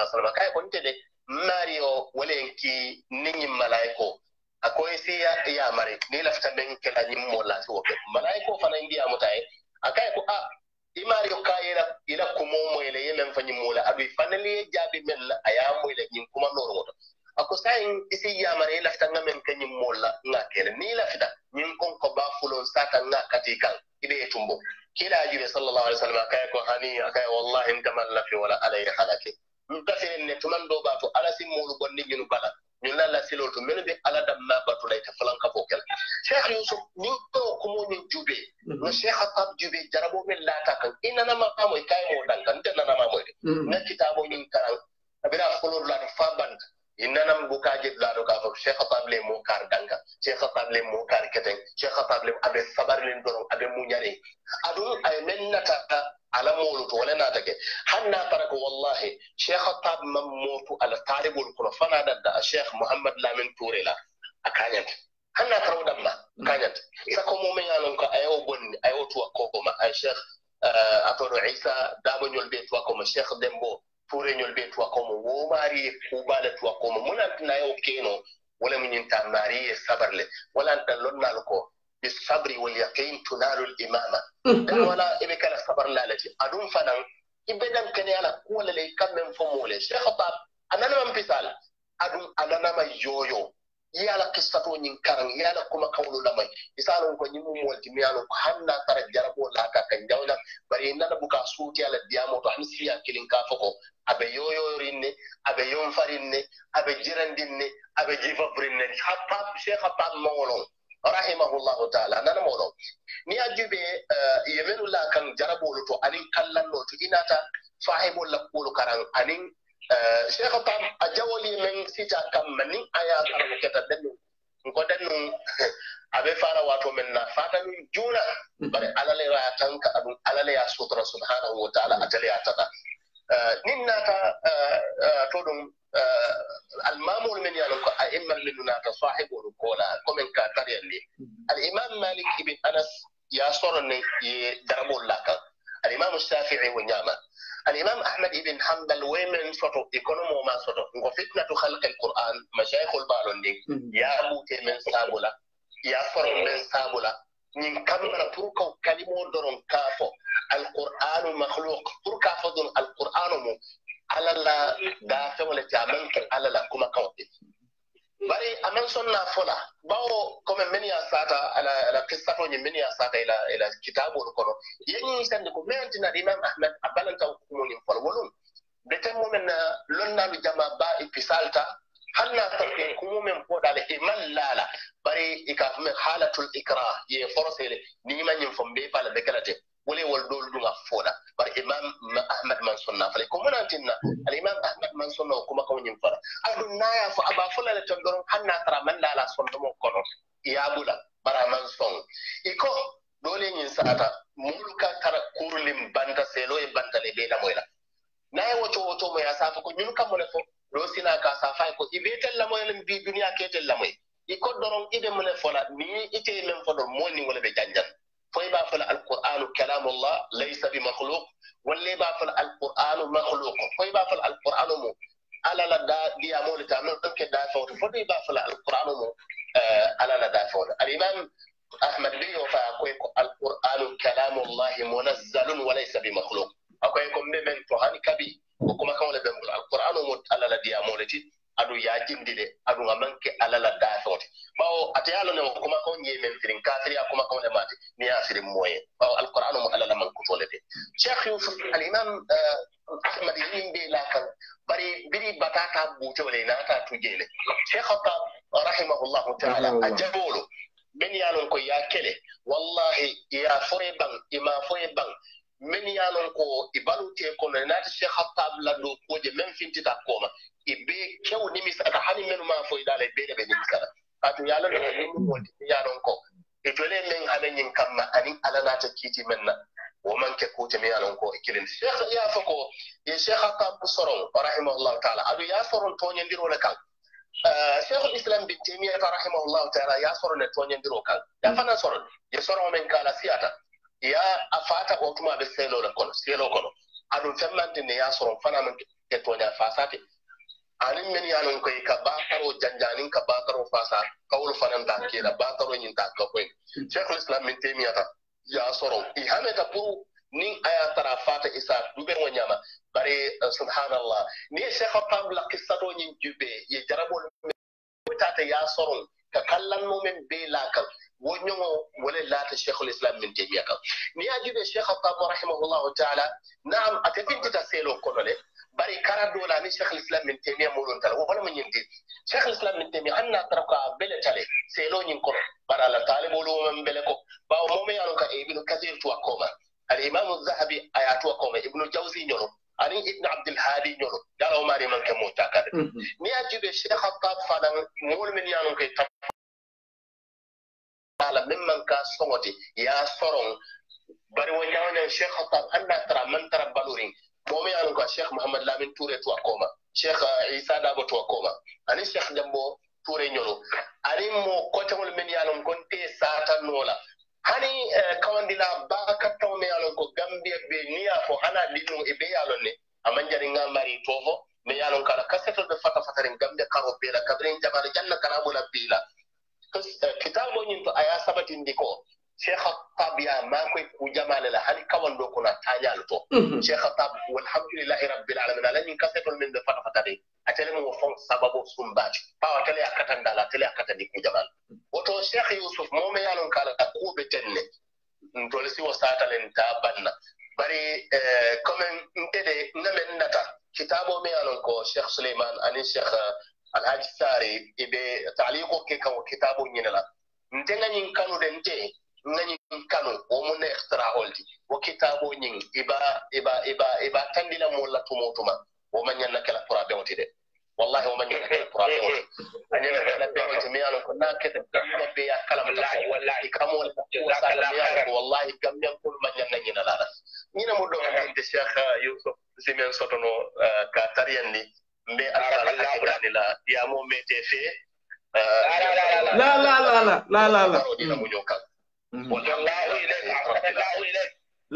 ら、その若い子にてで ahmad na fale ko munantinna alimam ahmad manson no kuma ko nyim fara adu naya fo aba folale ton ɗoron hanna tara man la la son mo ko sondomo ya bula bara manson son iko dole ñin sata mulu ka tara kurlim banta selo e le bantale ɓe lamoyla naye woto woto mo ya safa ko ñun kammone fo ɗo sina ka safa ko iɓetel lamoyelen bi duniya ketel la lamoye iko doron ide mo le fo la ni ite le fo do moni wala be janjan فوي بافل القران كلام الله ليس بمخلوق واللي بافل القران مخلوق فوي بافل القران مو على لا دا دي امول تام انك دا فوت فوي بافل القران مو على آه، لا دا فوت الامام احمد بن يوفا كويكو القران كلام الله منزل وليس بمخلوق اكو يكون ميم توهاني كبي وكما كان القران مو على لا دي امول تي aɗu yajindide aɗum a manque alala daafeote ɓawo ate alone o kuma kaw ñiye men sirin kasiri a kuma kawne mate ni ya sirin moyen ɓawo alqouran omo alala mankutole de cheikh yusuf alimam eh, ahmad yimɓe la kan bari biri batata buutewole naata tujele cheikh ata rahimahullahu taala a jabolo ɓen yalon ko ya kele wallahi ya foye ban ima foye ban min ye a lon ko i balute kono e naati cheikh hattab lanɗo koje men fintita kooma e bee kew nimisata hani menu ma foye ɗaala e beeɗe ɓe nimisata kaatu yo alon ɗoɗumode mi ye a lon ko e jole men ala ñin kamma anin ala naata kiiti men na womanke kuute mi ye a lon ko e kilin cheikh ya fo ko ye cheikh hattab soron rahimahullahu taala aɗu ya soron toñondirole kan شيخ الاسلام بن تيميه رحمه الله تعالى يا سورن تونين ديرو كان يا فانا سورن يا سورن من قال سياتا ya a fata o tuma be selo le kono selo kono aɗum femmanti ne ya soron fana men kettoña fasate anin men yanon kai ka bataro janjanin ka bataro fasa fana kawol fananta kela bataro ñinta ka koyen cheikhul islam min temiyata ya soron i hameta pour nin aya tara fata isa duɓergo ñama bare eh, subhanallah ni cheikha e pamla kissatoñin juɓe ye jarabol ta ya soron ka kallan kallannomen be lakal ونمو وللات الشيخ الاسلام من تيمية نياجي الشيخ القامو رحمه الله تعالى نعم اتفين تتسيلو كله باري كاراد ولا مي شيخ الاسلام من تيمية مولون تلا وانا من ينتي شيخ الاسلام من تيمية انا ترقى بلا تالي سيلو ينكر برا لطالب ولو من بلكو باو مومي عنك ابن كثير توقوما الامام الذهبي ايات توقوما ابن جوزي نيرو أني ابن عبد الهادي نيرو دارو ماري من كموتاكد نياجي الشيخ الطاب فانا مول من يانو كي taala min man ka soŋoti ya a bari wani ñawanen cheikh hatab anna tara man tara ko moo an ka a loŋ ko cheikh lamin ture tuwa koma cheikh eh, isa dabo tuwa koma ani cheikh jambo ture ñolu aniŋ mo koteŋolu min ye a sata ko nte hani eh, kawandila ba ka mi ye yalon ko gambia be niya fo hana dinu e be yalon ne a maŋ jariŋ ŋa mari to fo mi ye a loŋ ko kasetol be fata fatariŋ gambia karo be la kabiriŋ jabaro janna kana bo la kitabu ñinto aya sabatindi ko sheikh khattab ya makoy ku jamale la hani kawando ko na tajal to sheikh khattab walhamdulillahi rabbil alamin ala ñin kasetol min de fata fata de atele mo fon sababu sumbati pawa tele akatan dala tele akatan di ku jamal woto sheikh yusuf mo me yalon kala ta ko be tenne ntole si wasata len ta banna bari comme ndede ngamen nata kitabo me yalon ko sheikh suleiman ani sheikh alhaji sare i be taliko ke kan o kitabo ñine la nte kanu de nte ŋa kanu wo mun na holdi ti wo kitabo nyin iba iba iba iba tandila mola la tumo tuma wo ma kala na kela pura de wallahi wo man ñaŋ kala kela pura beŋo ti a kala na kela beŋo ti miŋ ye a be ya kala kalamta wallahi i ka moolu la ko wallahi gambiyankolu ma ñaŋ na ñina la la ñina cheikh uh, yusuf simen sotono uh, ka tariyandi mbe aaaanila yamo mete fe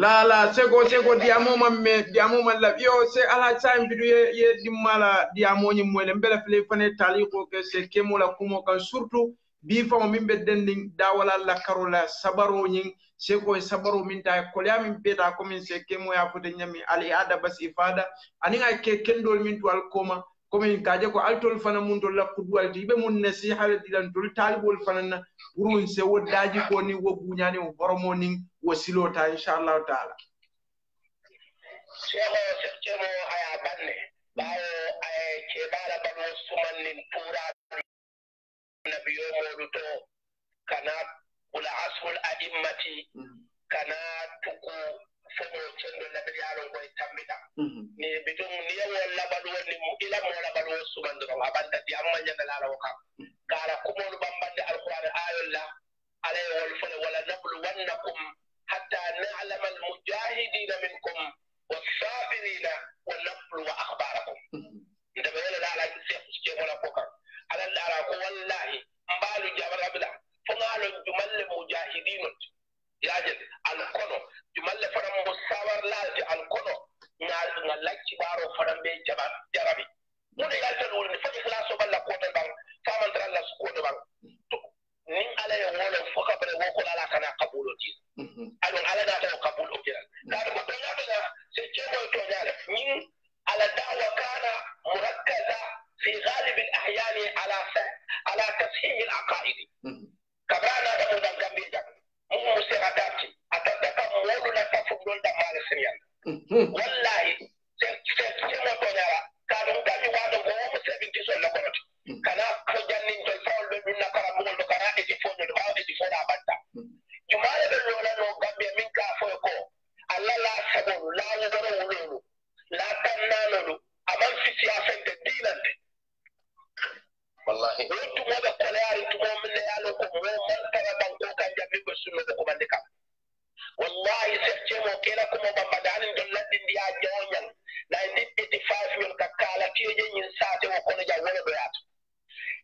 lala sego sego diyamoman me diyamoman la yo se ala sayi mbiɗu ye ye dimmala diyamoñimmoyle mbele fle fane taliko ke se kemola kumo kan surtout bi famo min ɓe denndin dawal allah karola sabaro ñin se koye sabaro min ta koleyamin peeta commin se kemoya fode ñami ala ada bas ifada anin a ke kendol min to alkoma commin kaje ko altol fana mum to lakkuduwal to yiɓe mum nasihala ɗilan tol taalibol fananna pourum se wo daaji ko nin wo guñani o horomo nin wo silota inchallahu taala ceeo ceeo haya ɓanne ɓaawo ae ceeɓaala ɓamo sumannin pura annabi yomoluto kana wula asrul a'immati kana tuku fomol cendo label yalon koye tammiɗa ni bitum niyawol laɓal wonni ilamo laɓal wo sumandiron abantati amma ñandalalawo kam kala kumolu ɓambande alqur'an ayolla alay wol fole wala nabluwannakum hatta nalama almujahidina minkum wasabirina wa nabluwa akhbarakum ndeɓe welalaala ceekucemola ko kam aɗa ndara ko wallahi mbaalu jam rabila fonaalon jumalle mujahidinot yaajel alkono jumalle fana mbo sawar laalde alkono ngal nga lacci ɓaaro fana ɓe jaɓa jarabi mune yaltan wurni fo ihlas o balla kote ɓan famantar allah su koɗe ɓan nin ala e wolon fo kabare wokol ala kana kabul o tin aɗon ala nata o kabul o kiran ɗaɗomo ɗoñaɓena se ceemoye toñale ala dawa kana murakkaza fi galibi l ahyani ala ala tashimi l aqaidi kabrana ɗamu ndam gam mbiyejam mumu sena darti a tadda kam woɗuna tafuɗol ɗam maale siniyal wallahi sennotoñala ka ɗum gami waɗo gomo sebin tisol nokonote kana fo janninto fawol ɓe ɗum nakara mugol ɗo kana eji foñol ɓawa eji fona batta jumaɗe ɓe lolano gambiya min ka foye ko allah la sagolu la lorowulolu la tannanolu aman fi siyasente wallahi wontumoɓe koleyari tumomine yalo ko mo mantara ɗan koka jammi ɓe sunnoɓe komande kam wallahi sertiemo kena komo bambade anin don laɗɗi ndiya ñoñal nay ndi e ɓeti five yol ka kala tieje ñin sate o kono jam wone ɗo yaata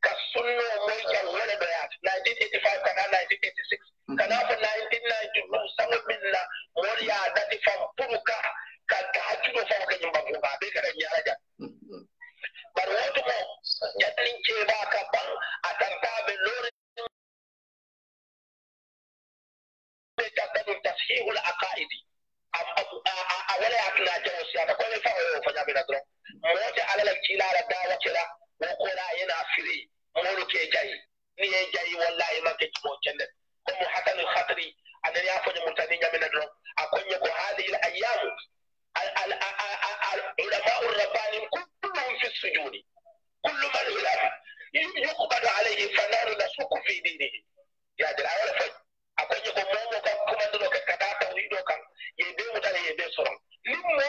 ka sunno moy jam wone ɗo yaata nayndin eti five kana nayndin eti six kana fo nayndin naydi ɗum sango minna won ya dati fam pour ka ka gaccuɗo fam keñum bambuga ɓe kaɗa ñara jam mm, mm. bar wotumo ya ɗinke ba ka ban a ɗarka bin lorin da ɗan tashihul aqaidi a wala ya tuna jiran siya da kwanin fa'a yau fa jami'a zuwa mota alalar kila da dawa kira wakola yana firi mulu ke jayi ni ya jayi wallahi man ke kimo kende kuma hatan khatri anan ya fanya mutane ya mina dron akon ya ko hadhihi al ayyam al ulama ar rabbani kullum fi sujudi kullu man hulama yuqbadu alayhi fanaru na sukku fi dinihi yaadir a wala foy a koñi ko momo kam kumandino ke kada taw yiɗo kam ye ɓe mutani ye ɓe soron nin momo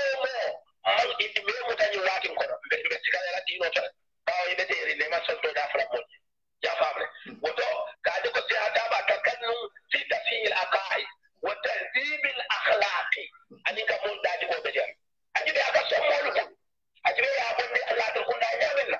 man indi ɓe mutani watin kono mbe sikala radi yino tan ɓawa yiɓe teeri nema son to dafra moƴƴi ja famre woto kaadi ko si a taɓa takkan nu fi tasihil aqaid wa tahdibil akhlaqi anin kam mon daadi goɓe jeyan a jiɓe aka sommolu ɗum a jiɓe yaɓonde allah tr kunda e ɗaminna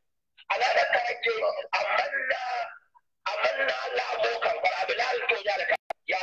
alaɗa ka ake a amanna la abokan bara bilal to ya da ya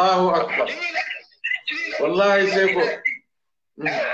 allahu akbar wallahi seko mm -hmm.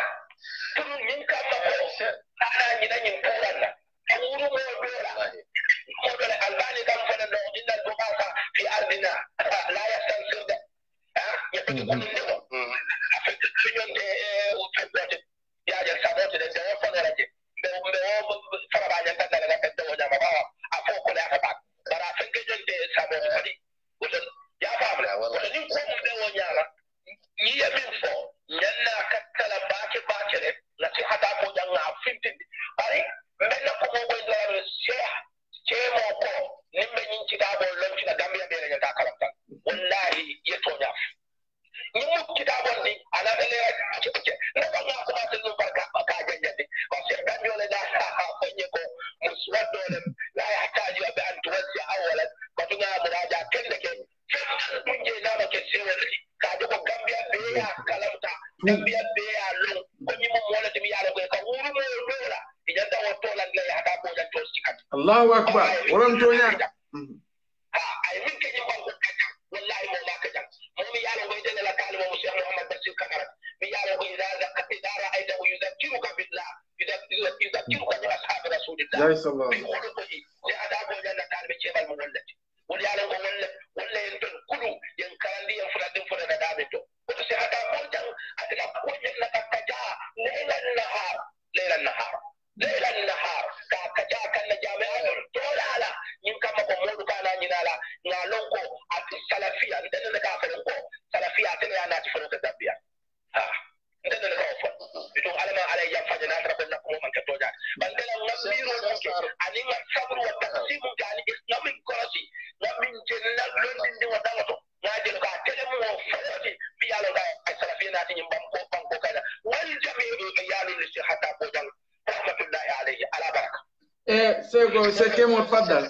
guarda,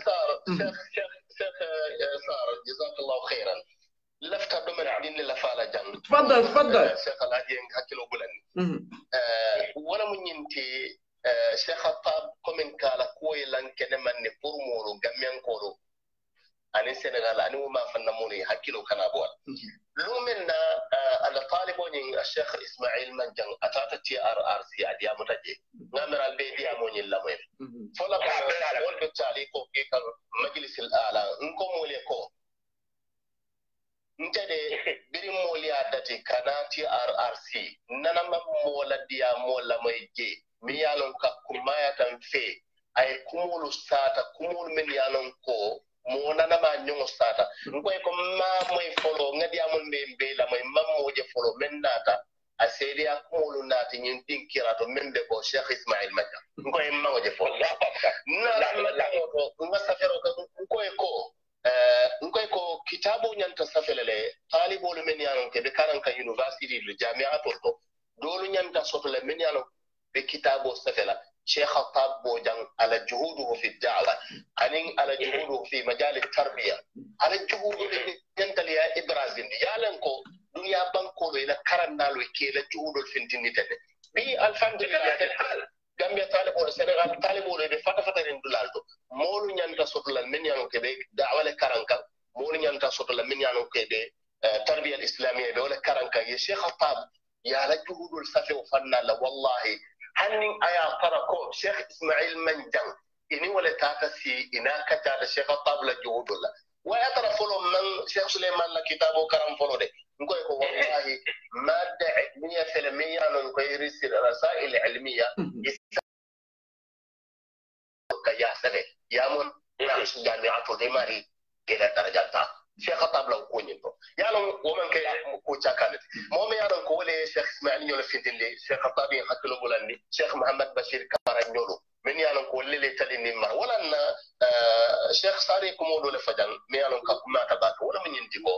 فيروس الرسائل العلمية يا سنة يا من جامعة الإماري إلى درجة cheikh atabla ko ñinto yalon woman kay ko cakalati momi yalon ko wole cheikh ismail ñola fitinde cheikh atabi hakkilo bulandi cheikh mohammed bashir kara ñolo min yalon ko lele tali ni mar wala na cheikh sari ko mo dole fajal mi yalon ka kuma ta bak wala min ñindi ko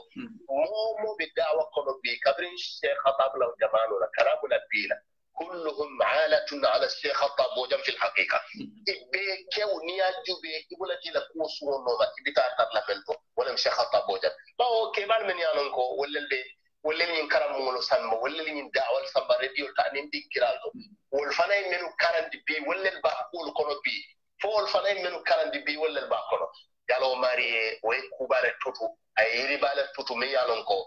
mo mo be dawa ko be kabrin cheikh atabla jamanu la karamu la bila كلهم عالة على الشيخ الطاب وجم في الحقيقة إبي كيو يقول لك إبولا تيلا كوسو نوما إبي تارتر لفلتو ولا الشيخ الطاب وجم ما هو كيبان من يانونكو ولا البي ولا اللي ينكرم مولو سنبا ولا اللي يندعوال سنبا ريديو تعنين دي كرالو والفنا منو كارن دي بي ولا الباقول كونو بي فول فنا يمنو كارن دي بي ولا الباقولو قالوا ماري ويكوبارة توتو أي ريبالة توتو يانونكو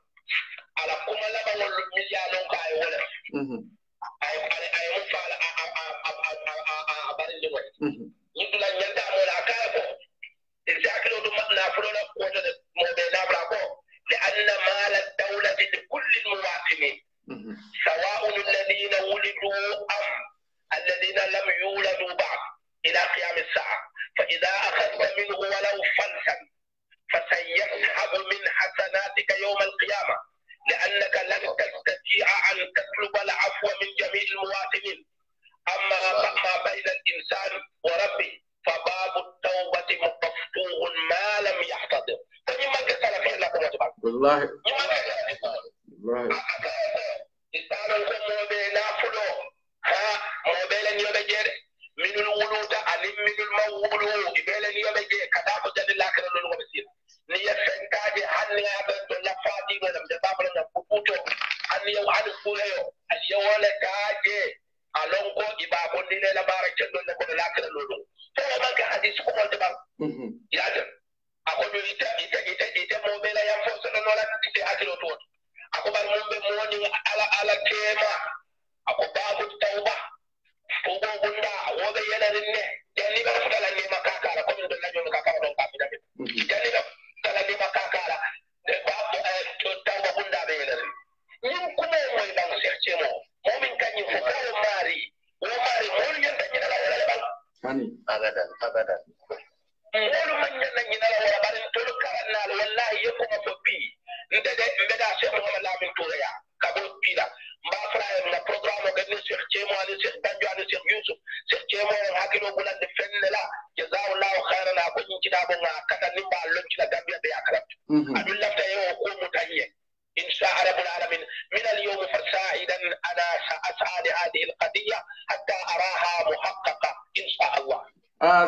ala kuma laban miliyalon ka ay wala ay ay ay mu fala a a a a a a barin ni wala ni dula nyanda mo la ka ko de sakilo dum na fulo la ko de mo be na bra ko li anna mala dawlati li kulli muwatini سواء الذين ولدوا أم الذين لم يولدوا بعد إلى قيام الساعة فإذا أخذت منه ولو فلسا فسيسحب من حسناتك يوم القيامة لأنك لن تستطيع أن تطلب العفو من جميع المواطنين أما ما بين الإنسان وربه فباب التوبة مفتوح ما لم يحتضر فلما كسر فيه لكم وجبك والله والله أه، أه، أه، إنسان الخمود نافلو ها موبيلا يبجر من الولود علم من المولود إبالا يبجر كذا مجد الله كرر لنغبسين ne yettenkaaje hanniyaaɓe to nafaaɗiiɓeɗam nde babalaɗam ko ɓuto hanni yow hani fuureyo ani yewole kaaje a lonko ibaa bonɗine labaara ceɗɗolle kono laakiranno ɗum fowo manke hadis kumolde ɓam mm-hmm. yaajon akoƴo ite ite ite ite momila yam fo soɗanola ite hakilo toon ako ɓar mumɓe mowoni ala ala teema ako baabu tawba fogo gunda woɓe yenarin ne janniɓe fotalanni e ma kakara commune de lañono kakara ɗon kaminamin mm-hmm. janniɓe kalade makakala eh, tango kunda ɓeenere ñin kumo moy ɗan serce mo momin kañi fo kawo maari wo maari moolu ñanta ñinala wolale ɓan abadan abadan moolu man ñanna ñinala wola ɓarin tolu karannaalo wallahi yekkuma fo pi ndede mbeɗa cheikh mouhamad lamin toureya kabo piɗa mafrayam na programme o gadni cheikh ceemo ani cheikh danjo ani cheikh yusuf cheikh ceemo on hakkilo bulande felle la jazawllahu hayran ha goƴincinaɓo ga kata nimba loncina gambia ɓe yakarat aɗum lafta e o komu tahiye إنشاء رب العالمين من اليوم فسائدا أنا سأسعى لهذه القضية حتى أراها محققة إن شاء الله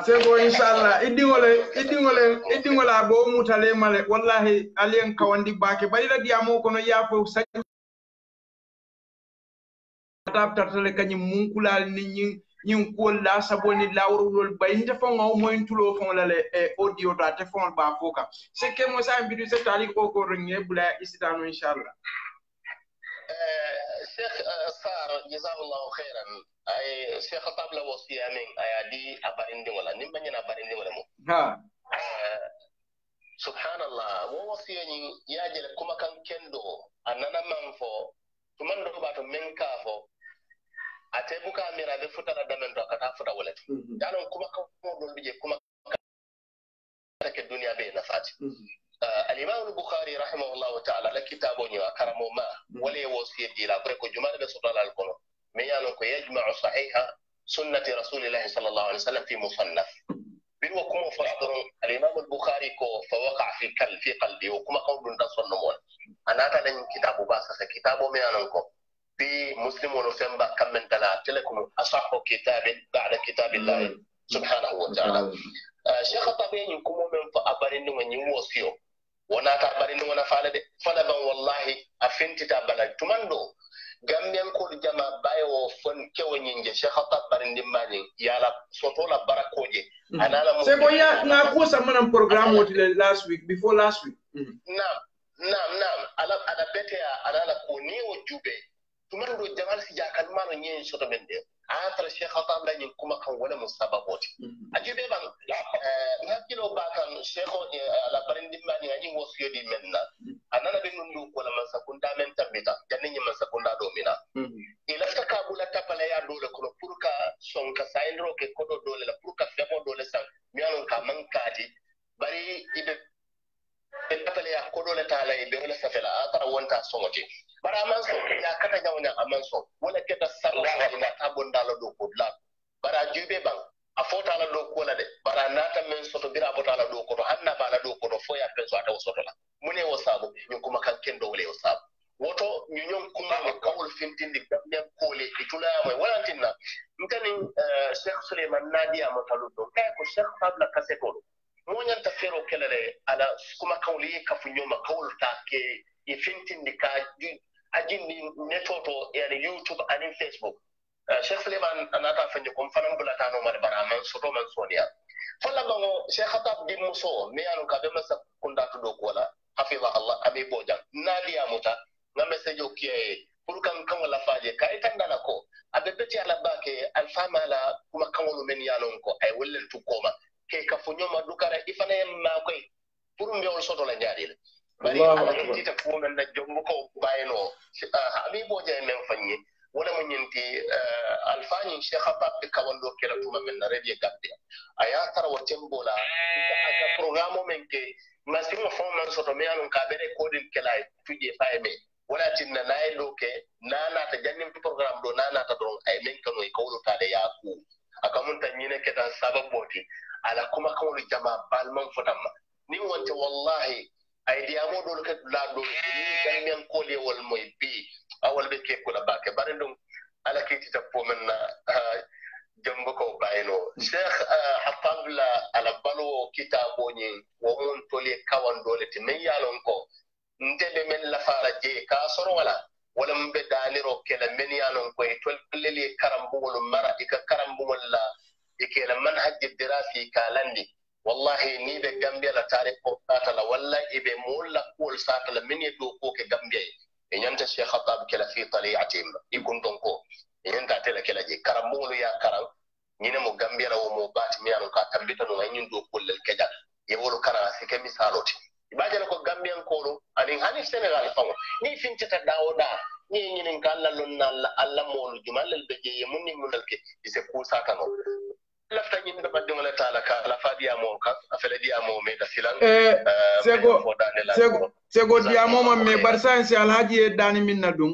sego inchallah iddiŋole iddiŋole iddiŋola bo mutale male wallahi aliyen kawandi baake ɓaɗiɗa diyamo kono yaafo sa alaab tartale kañum munkulaal ni ñin ñin kuwol laa saboni laawrowol bayi nte foŋa o moyen tuloo foŋ lale e audio ta te foŋol baa foo kam si ke mo sa mbidu se taali koko reŋe bulaya isidano inchallah eh, cheikh eh, sar jasakullahu xeyran ay cheikh table wo siyameng aya di a barindiŋola nim ba ñana barindiŋole mo ha eh, subhanallah wo wasiyañin yaa jele kuma kan ken do a nana man fo tuman doo baa to meŋ kaa fo ate buka mira be futana damen do kata futa wala ti yanon kuma ko do bije kuma take duniya be nafati الإمام البخاري رحمه الله تعالى لا كتابه نيوا كرمو ما ولا وصية ديلا بريكو جمال بسوط على الكونو من يانوكو يجمع صحيح سنة رسول الله صلى الله عليه وسلم في مصنف بالوكم فاحضر الإمام البخاري كو فوقع في الكل في قلبي وكما قول دون تصنمون أنا أتلا كتابه باسا كتابه من يانوكو في مسلم ولوسمبا كم من تلا تلكم أصح كتاب بعد كتاب الله سبحانه وتعالى شيخ طبيعي يكون من فأبرين من يوصيه wana ta bari ni wana fala de fala ban tumando gambian ko jama baye wo fon kewo nyinje she khata bari ndi mani yala soto la barakoje anala mo sebo ya na ko samana program woti last week before last week nam nam nam ala ala bete ya ala ko ni wo jube tumani do jamal si jakal mano nyen shoto men de antra sheikh hatam la nyen kuma kan wala mo sababoti aje be ban na kilo ba kan sheikh la barindi ma ni nyen wosu yedi men hmm. anana be nundu ko la masakunda men tabita janne nyen masakunda do mina ila hmm. ta kabula tapala ya dole ko purka son ka saindro ke kodo dole la purka femo dole san mi anon ka mankaji bari ibe tatale ya kodo la tala e be wala safela atara wanta wonta songo te bara man ya kata nyawnya aman so wala keta sarra ina tabon dala do ko la bara jube bang a fota la do ko la de bara nata men soto bira bota la do ko to hanna bala do ko to fo ya penso ata soto la mune wo sabu min kuma kan kendo wala wo sabu woto kuma ñoñon kumama kawol fintindi gamnen koole e tulayama walantinna mtani cheikh eh, souleymane naadiyama talu ɗo kay ko cheikh fabla kaset oɗo moñanta fero kelele ala kumakaw le ye kafuñoma kawol ta ke e fintindi ka ajindi netoto yani youtube anin facebook cheikh eh, suleiman anata fanje kom fanan bulatanomade bara man soto man soniya follabango cheikh hatab dimmuso mi yanu ka ɓe masa kundatu ɗo kola hafiza allah ami bojan naaliyamuta gambe sejo kiyaye pour kan kango lafaje ka e tandala ko aɓe beti ala bake alfama ala kuma kangolu men yalon ko ay wellentu koma ke ka fo ñoma dukara ifana yem ma koy pour mbewol soto la ñaadil bari ala kitita fuumen na jombu ko bayino ami ah, boja men fanyi wala mo ñinti eh, alfañi cheikh abab be kawallo kela tuma men na rebi gabde aya tara wa tembo la ka programo men ke masimo fo man soto me anun ka bere kodin kela tuje fayme wala tinna nayi do ke nanata jannim program do nanata don ay men kanoy kawlo tale ya ku akamunta ñine ketan sababoti ala kumakanw le jama balimaw fana ma ni wonte wallahi a ye diyamo dolu ka dula dolu ni gambiyankol ye walima ye bi awol ah, be ke kola bake bari dum ala kitita po men na ah, jambakaw bayino cheikh ah, hatabla ala balowo kitabo ñin wo mun toli ye kawan dole ti min yalon ko nte be men lafara jee ka soro wala wala mun be daniro kela men yalon ko e tollel ye karambugol mara i ka karambugol la ikena manhajji dirasi kalandi wallahi ni ɓe gambia la tarik ko satala wallahi eɓe molla kuwol satala min ye dow ko ke gambia e e ñanta cheikh abdab kela fi taliyatim i kunton ko e ñanta tela kela je karambogolu ya karan ñine mo gambia la wo mo baati miyanu ka tambita nun añin dow kullel kejal yewolu karan a sike misaloti ibajala ko gambian kolu anin hani sénégal fango ni fincita dawo daa ni ñinin ka allah lonna allah allah moolu jumallel ɓe jeeye mun ni munal ke ise kuusatano lafta ñinde baddugole taala ka lafa ɗiyamoo ka a fele ɗiyamoo mais da silan eh, euh, sego ɗiyamooma mais bar sane si e alhaaji ye daani minna ɗum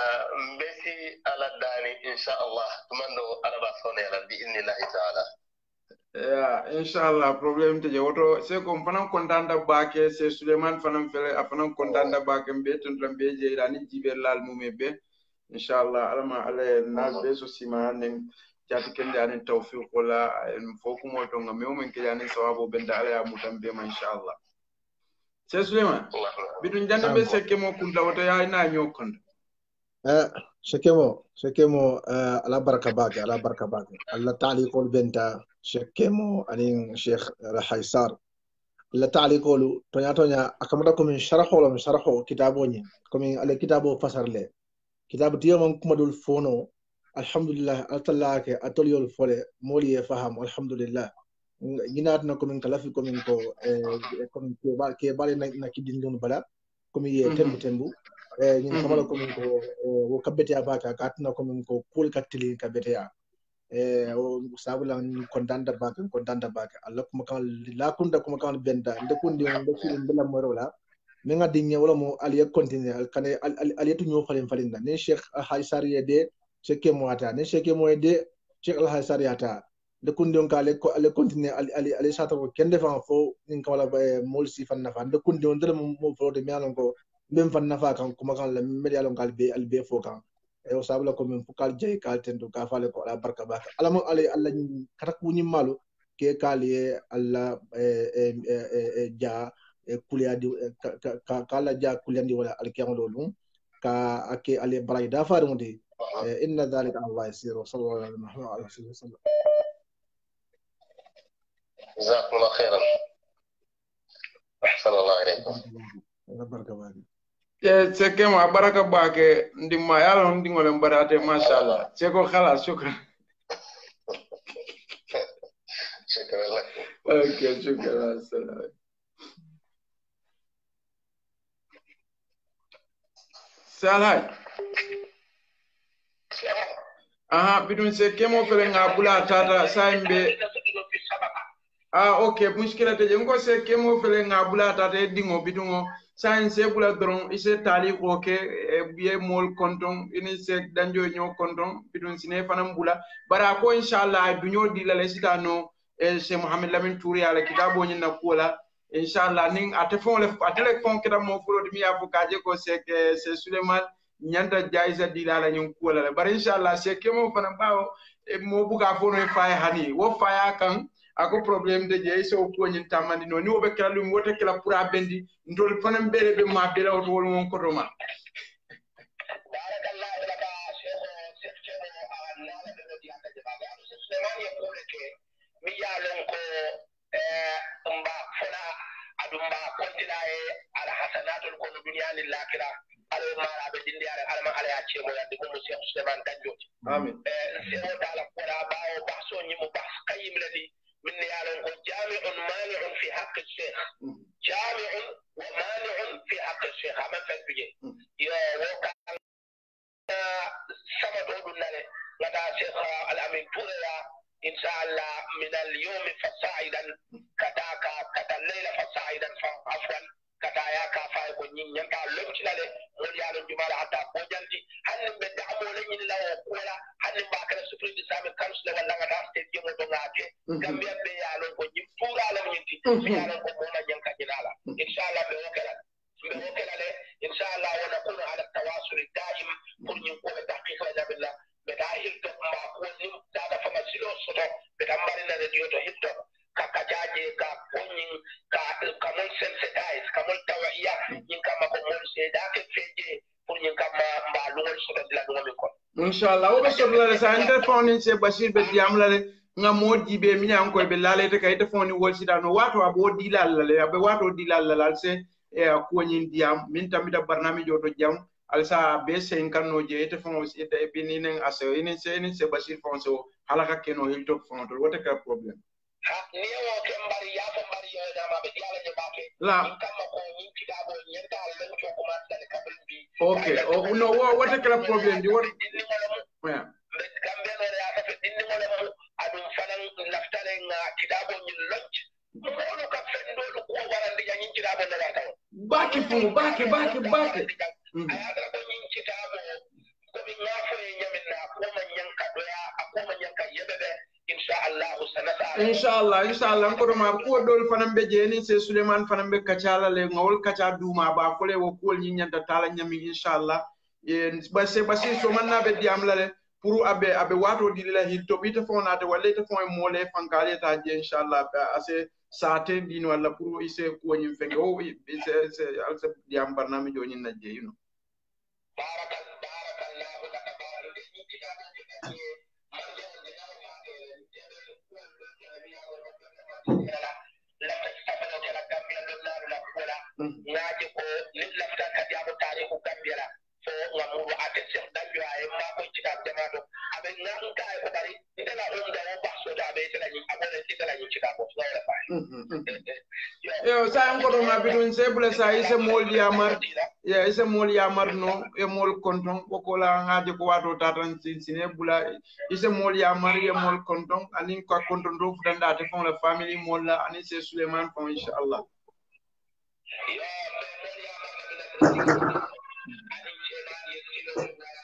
Uh, mbesi ala dani inchallah tumando araba sone ala biinillahi taala Yeah, inshallah problème te woto se ko fanan kontanta baake se Suleiman fanan fele a fanan kontanta oh. bake mbe ton tan be je dani jiber lal mu mebe inshallah alama ala nas oh. be so sima ne jati kende ani tawfiq wala en foku mo to ngam mo men kiyani sawabo benda ala ya mutam be ma inshallah se Suleiman bitun jande be se kemo kunta woto ya ina nyokonda شكيمو شكيمو على بركة باقي على بركة باقي على تعليق البنت شكيمو أنين شيخ رحيصار على تعليق تونيا تونيا أكملكم من شرحه ولا من شرحه كتابوني كم على كتابه فسر له كتاب تيوم كم دول فونو الحمد لله أطلعك أتولي الفولي مولي فهم الحمد لله ñinaatna komin kala fi komin ko komin kebali na kidindun bala komin ye tembu tembu ñin eh, sabala mhm. komin ko eh, wo kabbeteya baka ka attuna komin ko kuol kattili kabbeteya eh, sabula kon danda baka kon danda baka alla kuma kan lakunda kuma kan benda nde kundi nde kiri mbela morola min ga dinye wala mo aliya continue kane aliya tu ñoo falen falen ne cheikh alhaji sariye de cheikh kemo ata ne cheikh kemo de cheikh alhaji sariye ata nde kundi on ka ale ale continue ali ali ali sata ko kende fa fo nin kawala mol si fan nafa nde kundi on dele mo fo de mi anon ko min fanna fa kan kuma kan la min yalon kal be al be fo kan e o sabla ko min fukal jey kal tendo ka fale ko ala barka ba ala mo ala alla kata ku nyim malu ke kal ye alla e e ja e kulya di ka kala ja kulya di wala al kiyam lolum ka ake ale balay da fa dum de inna dhalika allah yasir wa sallallahu alaihi wa sallam جزاكم الله خيرا احسن الله اليكم الله يبارك فيك cheke ma baraka bake ndi ma yalo ndi ngole mbara mashallah cheko khala shukran shukran okay shukran assalamu salai aha bidun se kemo fere ngabula tata saimbe ah ok mushkila teje ngo se kemo fere ngabula tata e dingo bidungo sayin se bula doron ise tali ko ke ye eh, mol konton ini se danjo nyo konton bidun sine fanam bula bara ko inshallah dunyo dilale sita no e se mohammed lamin touré ala kitabo nyina kula inshallah nin ate fon le atele fon kita mo fulo dimi afu kaje ko se ke se suleiman nyanda jaisa dilala nyon kula bara inshallah se ke mo fanam bawo eh, e mo buga fono fay hani wo faya kan ako problem de je so ko nyin tamani no ni obe kala lum wote kala a bendi ndol fanam bere be ma bela woto wol mon ko to man مني أعلن جامع مانع في حق الشيخ جامع ومانع في حق الشيخ أما فنبجي يا وقع سمد أدنى لدى شيخ الأمين بوريا إن شاء الله من اليوم فصاعدا كذاك كذا الليلة فصاعدا عفوا kataya ka fay e ko ñin ñanta lomtinale won yaalo jumaala hatta bojanti hannde ɓe damo leñin law o kuwela hannde mbakara supride sami kalsule wallangata ste jemo to ngaake mhm. ngam mbiyat ɓe yaalon ko ñim turalo ñinti mi mhm. yaalon ko mona ñanka ñinala mhm. inchallah ɓe okelat ɓe okelale inchallah wona kono ala tawasuri daim pour ñin kuɓe taqiqa e nabillah ɓeɗa hibto mbakuwo ni dada fama silo soto ɓeɗa mbarinaredio to hibto ka ka jaje ka kunyin ka kamon sensitize kamon tawaiya yin kama ko mon se da ke feje kunyin kama ba lungol so da la lungol ko inshallah wo be so la sa inter fonin se bashir be diam la nga modi be mi an ko be lale te kay te foni wol si dano wato abo dilal la be wato dilal la se e kunyin diam min tamida barnami jodo jam alsa be sen kanno je ete fon ete bininen aso enen se enen se bashir fon so halaka keno hiltok fon to what a problem E ok no wo wote kala probléme ɗi wobake fumu bake bake bake ñamina kuma ñanka doya a kuma ñanka yeɓeɓe inchallahu sanaa inchallah inchallah encore ma kuwoɗɗol fanan ɓe jeeni se souleymane fanan ɓe kacala le ngawol kaca duma ba kole wo kuwol ñiññanta tala ñami inchallah se basi so mannaɓe diyamlale pour aɓe aɓe wato ɗilila hil toɓi te fonate walla ite fon e moole fankali eta je inchallah ase sate ndin walla pour ise kuwoñin fenge o alsa diyam barnamijo ñin na jeeyino barakallah Naaje hmm. ko min lafta kadi amo tarihu Gambia la so ngam wuro ade seh dañƴo ha e mako cikaɓe jama ɗo aɓe nanka e ko ɓari tela on dawo lagi aɓe telañi aɓole telañi cikaɓo nawre fa yo sayan kotoma bidun se bula sa ise mool yamar ye ya, ise mool yamarno e ya, mool konton wokola haaje ko wato tatan sinsine ya, bula ise mool yamar ye mool konton anin ko konton ɗo futandate fon la famille mool la anin se souleymane fon inchallah yo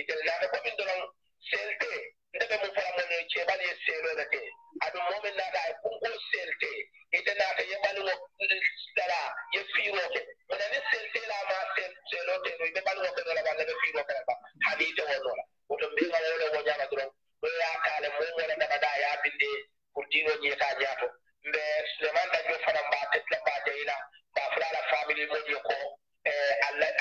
itelnaaɓe komin donon selte ndeɓe mum faramon ceɓal e seelonete aɗum momin naata e kunko selte itenaata yeɓalugo dala ye fiirooke onani seltelama seeloteno ɓe ɓalugoke nolaɓalla ɓe fiirookeaa haɗiite wonnoona woto mbiwaole woñama duron ɗo yakaale mo wona ɗaɓaɗa yaabinde pour diino ñiyeta ñaato mbe suleman dañjo fana mba tetla mba jeyna mba fulala famille moƴe koo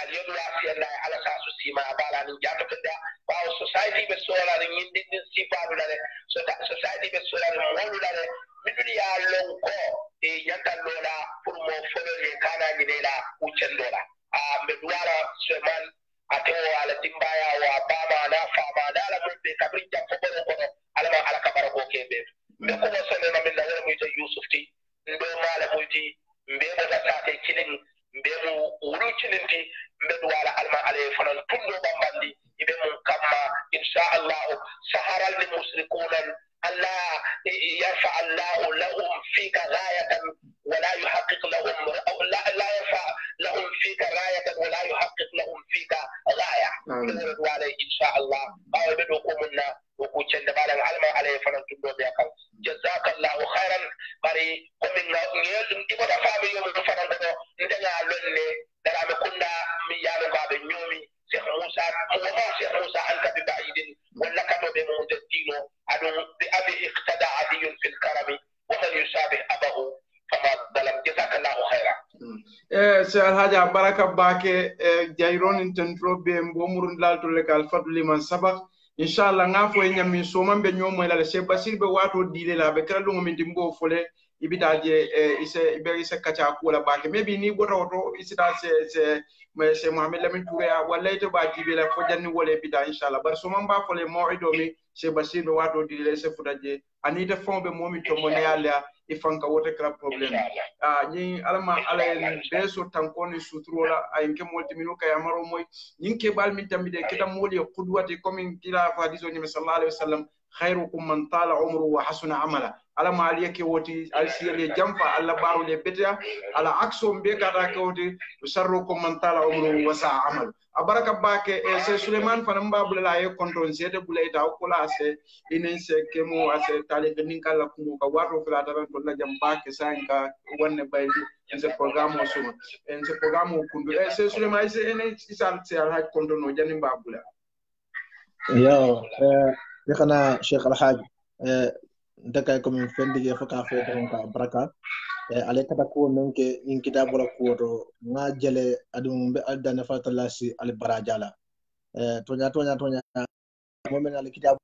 alyoɓe yafiyannda e ala saa so siima a mbaalanin jatotoɗa ɓaawo society ɓe soolani yinɗinɗin sifaaɗuɗane society ɓe soolani mooluɗane miɗuɗi yaa lonko e ñantanɗoɗa pour mo folole kanañineɗa huccenɗoɗa a mbe duwara soman atewo ala dimbaya wa bamana famana ala mumɓe kabri jappo boɗo kono alama ala kabara ko keɓe mbe komo sonema min nawere muyta yusuf ti mbe maala muyti mbe mota sate kilin mbemu wulu cilinti mbeɗu wala alma alaye fanan tunɗo ɓambandi iɓe mum kamma inchallahu saharalni musrikunan allah yarfa allahu lahum fika gayatan wala yuhaqiq lahum la yarfa لهم فيك غاية ولا يحقق لهم فيك غاية كذلك نعم. عليه إن شاء الله قال بدو قومنا وكو تشند بالا علم عليه فننتم دو بيكم جزاك الله خيرا بري قمنا نيزم إبدا فامي يوم فننتم ندنا لني درام كنا من قاب نيومي شيخ موسى وما شيخ موسى أنت ببعيد ولك بمهد الدين أنه بأبي اقتدى عدي في الكرم وهل يشابه أبه sehal hmm. haja baraka bake eh, jayronin tentroɓe mbomurundilal to lekal liman sabak inchallah nga fo e ñammin soman ɓe e se basir ɓe wato dilelaɓe kala ɗugo min dimbo fole ibitaje ɓe eh, ise kaca kuola bake maybe ni ɓota oto isita se se mohamed lamin touré a walla yto ɓa jiɓela fo janni wole ibita inchallah bara soman mba fole mawidomi seba sebasino wato di lese futaje anita fombe momi to mone ala e fanka wote kala problem ah, a ni alama ala en beso tankoni sutrola ay ke molti minu kay amaro moy nin ke bal min tambide kita moli qudwati comme kila fadiso ni sallallahu alaihi wasallam khairukum man tala umru wa hasuna amala alama ma ali yake woti al jamfa alla baru le beta ala akso be kata kawti sarrukum man tala umru wa sa amal a baraka baake e se suleiman fana mba bulala ye konton sede bula ita o kula ase inen se kemo ase tali ke nin kala ka wato fila tara to la jam baake san ka wanne baydi en se programme o suma en se programme o kundu e se suleiman se ene isal se al haj konton o jani mba bula yo eh yakana sheikh eh, ndaka ko fendi ge faka fe baraka Eh, ale ala kata kuwo men ke in kitabola kuwo to ŋa jele aɗum be alda nefatalla si ala baraja la e toña toña toña momen ala kitabo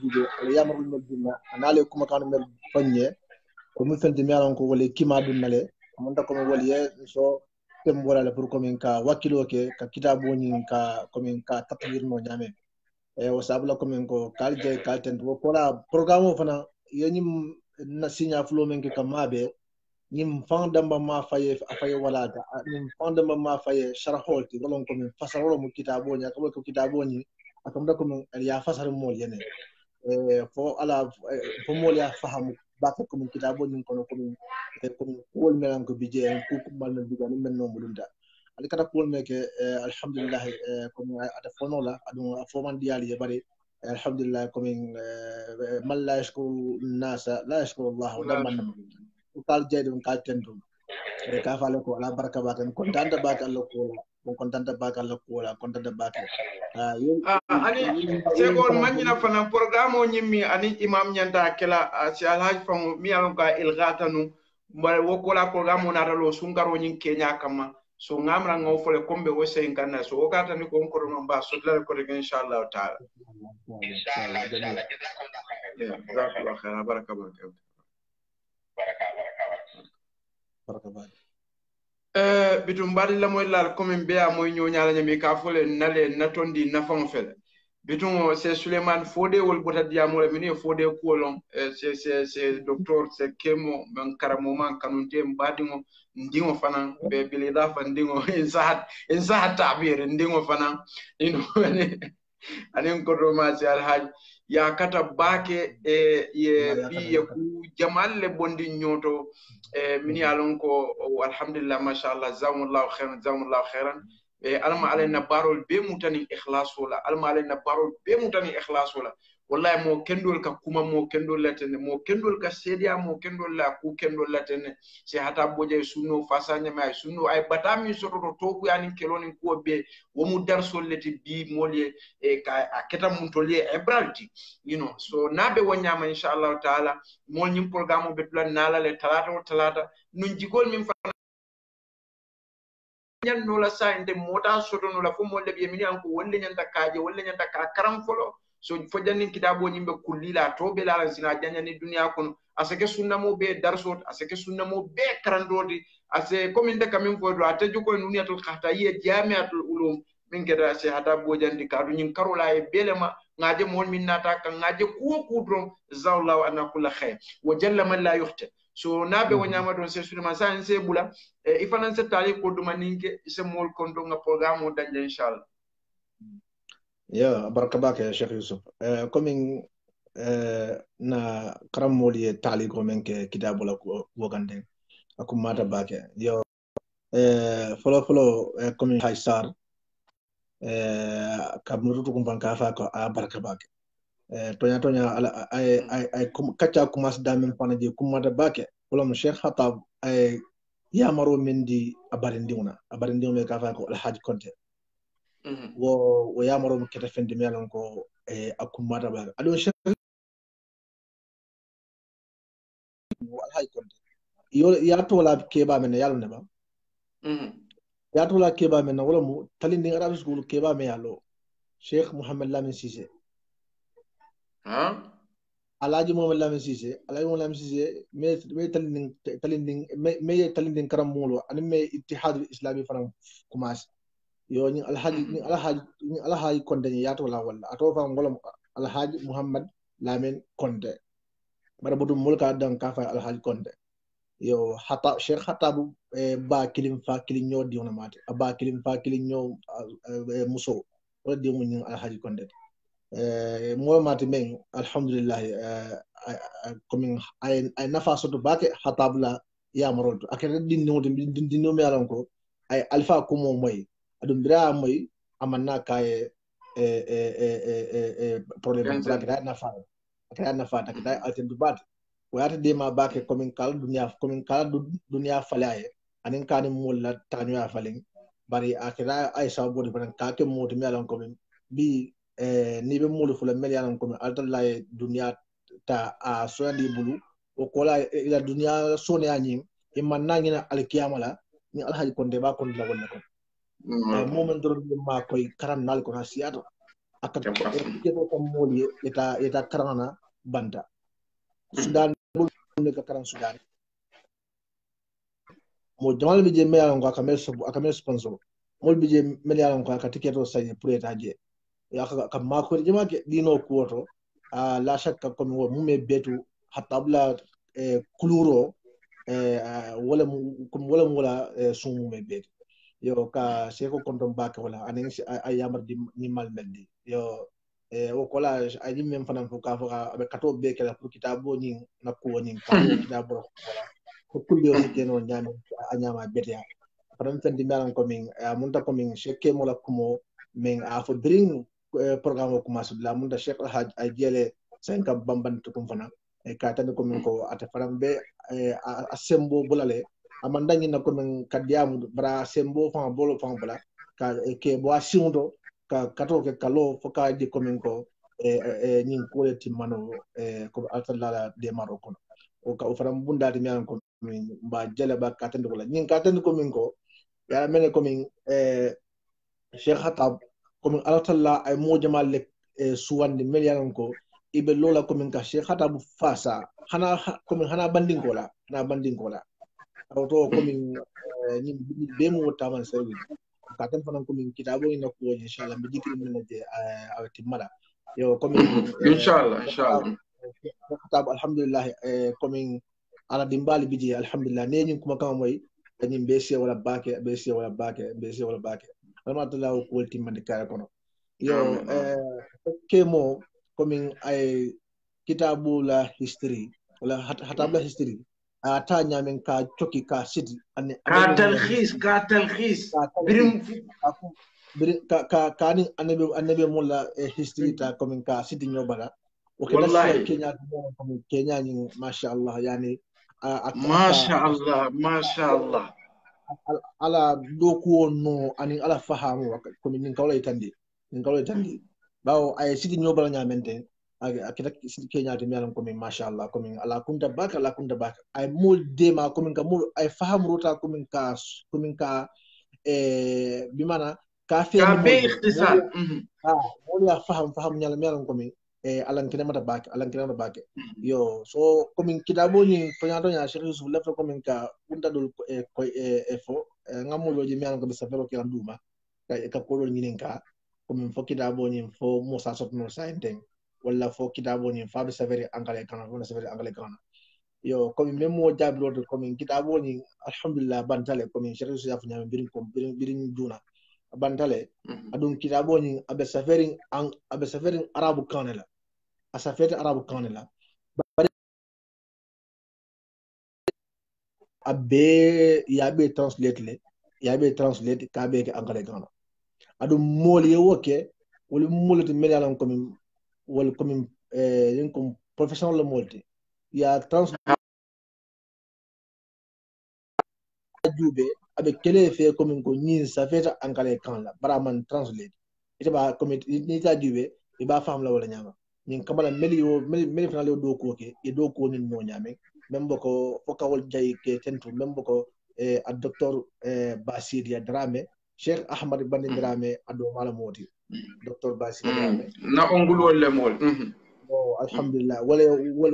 juɓe ala yamarul mel dunna anaale kumakanu mel fañe ko min fende mi alan ko wala kima dunnale monta komi wali ye so tembolale pour komin ka wakkilo ke ka kitaboñin ka komin ka tatawirno ñamen e eh, o sabula komin ko kalje kalten ko kola programme o fana yeñim na siña fulo men ke kamabe nim ñim fandamba ma faye afaye walata ñim fandamba ma faye sharholti walon min fasaro mo kitabo nya ko ko kitabo ni da ko min ya fasaro mo yene eh, fo ala fo mo ya fahamu ba ko eh, ko min kitabo ni ko no ko min ko ko wol melan bije en ko kukumal men biga ni men nomo ɗumda ali kata ko meke eh, alhamdulillahi komin ata fonola adu fo man ɗiyali ye bare alhamdulillah komin man la yashkuru nnasa la yashkuru llahu damman kal jeyɗum kal tentum e ka fale ko ala barka bake mi contanta bake allah kuola on contanta bake allah kuola contanta bake ani segol mañina fana programme o ñimmi ani imam ñanta kela si alhaji famo mi alon ka ilgata nu mbaɗa wokkola programme o natalo sungaroñin keña kamma so ngamra ngo fole kombe wo sey ngana so o kata ni ko on kono mba so dal ko rek inshallah taala inshallah inshallah baraka baraka baraka baraka baraka eh bitum bari la moy lal comme be a moy ñala ñami ka fole nale natondi fam fele bitum c'est Suleiman Fodé wol bota diamo le mini e Fodé ko lon c'est eh, c'est c'est docteur c'est kemo ben karamo man kanunte mbadimo ndiŋo fana be bilida fa ndiŋo in saha tabir ndiŋo fana ino anin kotomasi alhaji yakata baake e ye bi ye ku jamal le bondi ñoto e min ye mm-hmm. lon ko oh, alhamdulillah machallah jamullahu khairan jamullahu khairan e alma alay na barol be mutani ikhlasola alama alay na barol be mutani ikhlasola wallahi mo kendol ka kuma mo kendol latene mo kendol ka sedia mo kendol la ku kendol latene se hata boje sunno fasanya mai sunno ay batami to toku yani keloni ko be wo mu dar solleti bi molye e ka aketa mun tolie ebralti you know so nabe ma inshallah taala mo nyim programme be plan nala le talata o talata nun jigol min nyan nola sa inde mota sotono la fo molle bi e, min an ko wolle nyanta kaaje wolle nyanta ka karam folo so fo jannin kitabo ñimɓe kullila to be lalan sina jañani duniya kono sunna mo be darsot sunna mo be karantoti ase commin de kamin foyto ate jokoye nuniyatul kahtayiye jamiatul ulum min keda ase hata bojandi kadu ñin karola e belema ngaje mon min nata kan ngaje kuwo kuu doron jazallahu anna kulla hayr wo jalla man la yuhta so nabe be wo mm-hmm. ñama ɗon se sunema sa en se bula e ifanan se tali ko duma ninke se mol kondo nga programme o dañde inchallah mm-hmm ya baraka bake ya Sheikh Yusuf. eh, comme uh, na karam moli e tali ko men ke kitabu la wogande akum mata bake. Yo uh, folo follow uh, coming high star. Uh, kam nutu ko banka fa ko a baraka bake. eh, tonya tonya ala ay ay ay kum kacha da damen fana je kum mata bake. Ulam Sheikh Hatab ay yamaro mendi abarindi una abarindi me ka fa ko alhaji konte. ويا مرو من كده فين دميا لونكو إيه، أكون مرة بعد ألو شو والله يكون يو يا تولا كيبا من يالو نبا يا تولا كيبا من نقوله مو تلين نيجا رابس قول كيبا من يالو شيخ محمد الله من سيسي ها علاج محمد الله من سيسي علاج محمد الله من سيسي مي مي تلين تلين مي مي تلين كرام مولو أنا مي اتحاد الإسلامي فرام كماسي yo ñin alhaji ñin alhaji ñin alhaji konte ñi yaata wala walla ato fa ngolam alhaji muhammad lamin konte bara butum mulka dan ka fa alhaji konte yo hata sheikh hatabu e ba kilim fa kilim ñoo diwna mate ba kilim fa kilim ñoo muso wala dimu ñin alhaji konte e mool mate men alhamdulillah komin ay nafa soto bake hatabu la yamarolto akere dinniwote dinniwome alan ko ay alpha kumo moye aɗum mbira moy amanna kaye e e e e e, e probléme pour akita nafa akita nafa akita alten du bat wayata bake komin kala duniya komin kala duniya fale anin kani molla tañoya falen bari akita aisha bodi fanan kake moti mi alan komin bi e, ni be mulu fula mel yalan komin altan laye duniya ta a soyandi bulu o kola e, ila duniya sone añim imman nañina alkiyama ni alhaji konde ba konde la wonne Mm. Ah, momentoroɗe ma koye karannal kono ha siyata akkaeto kam mooli yeta yeta karanana banta mm. sudan ne ka karan sudan mo jamal bi je meyalon ko akame sobo akame sponsor mol bi je meyalon ko aka tiketo sañe pour eta je yaka kam ma ko jema ke dino kuoto a ah, la shakka ko mo mume betu hatta bla kuluro eh, eh, ah, wala wala wala eh, sumu me betu yo ka seko kondom bake wala anen ay yamar di ni malmel yo e o collage ay mem fana fo ka fo abe kato be kala pour kitabo ni na ko ni ka kitabo wala eh, eh, ko kulli on ken on nyame anyama betia param tan di melan ko min munta ko min shekke mola kumo min a fo bring programme ko masud la munta shek haj ay jele 5 bamban tukum fana e ka tan ko min ko ata faram be a sembo bulale amandangi na kadia mu bra sembo fa bolo fa bla ka eh, ke bo asiundo ka kato ke kalo fo ka di komin eh, eh, ko e e nyin ko le timano e ko altala de maroko o ka o fara bunda de nyan ko min ba jale ba ka tan ko la nyin ka tan ko min ko ya mene ko min e cheikh hatab ko min altala ay mo jamal le suwande mel yanan ko ibe lola ko min ka cheikh hatab fasa hana ko min hana bandingola na bandingola to komin hmm. ñim eh, be mo taman serwi ka tan fanan komin kitabo ina ko inshallah mi jikri min je eh, a timmala yo komin eh, inshallah inshallah kitab alhamdulillah komin ala dimbali biji alhamdulillah ne ñin kuma kama moy ñim be se wala baake be se wala baake be se wala baake vraiment to law ko kare kono yo hmm. kemo komin ay kitabu la history wala hatabla history tanya min ka coki ka sidi ka talhis ka talhis birim ka ka ni anabi anabi mulla eh, history ta ko ka sidi nyobala wallahi kenya kenya ni masha Allah yani masha Allah masha Allah ala doku no ani ala fahamu ko min kawla itandi min kawla itandi bawo ay sidi nyobala nyamente akita keñaati mbiyanam komin machallah komin ala kunta baka ala kunta baka ay mul dema komin ka mol ay fahamrota komin ka komin ka e eh, bimana ka ha mol ya faham mhm. faham ñala mbiyanam komin e eh, alankinemata bake alankinemata bake mhm. yo so komin kidaboñi toñatoña cheikh yusuf lefta komin eh, ka ɓuntaɗol e fo ngammoloji mbiyanam komi safero kilam duma ka kolol ñinin komin fo kidaboñin fo mosa sotnol sayen wala fo kitaboñin faa ɓe saveri engrais e kana fo saveri engrais e kana yo komin même mo jaabiroto komin kitaboñin alhamdulillah bantale komin chérif siafu ñaami birin kom birin birin juuna bantale mhm. aɗum kitaboñin aɓe saferin aɓe saferin arabu kane la a safete arabu kane abe yaɓe translate le yaɓe translate kaɓe ke engrais e kana aɗum mooli yewo ke woli muloti mbeɗe alan wala comme euh comme professionnel le molti ya trans dubé avec quel fait comme ko ni sa fait en calé kan la bara translate ite ba comme ni ta dubé e ba fam la wala nyama ni kamala meli yo meli fana do ko ke e do ko ni no nyame même boko fokawol jay ke tentu même boko eh, a docteur eh, basir ya drame cheikh ahmad bandindirame mm. ado mala moti docteur Bassi hmm. na ongul wolle mool mm -hmm. o alhamdulillah wala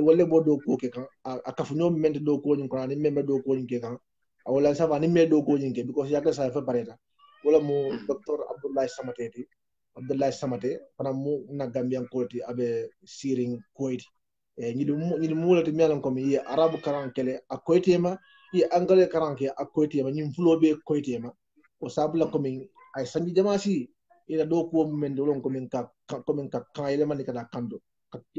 wala bo do ko ke kan a kafu ñom mente do ko ñu kan ni meme do ko ñu ke kan wala sa va ni me do ko ñu ke because yakka sa fa pareta wala mo hmm. docteur abdoulaye samate di abdoulaye samate fana mo na gambian ko ti abe siring e, ko ti e ñi dum ñi mo la ti melan ko mi arabu karan kele a ma yi angale karan ke a ma ñi fulo be ma o sabla ko mi ay sanji jamaasi ila do kuwo mumen do lon komin ka komin ka kan ele mandi kata kanto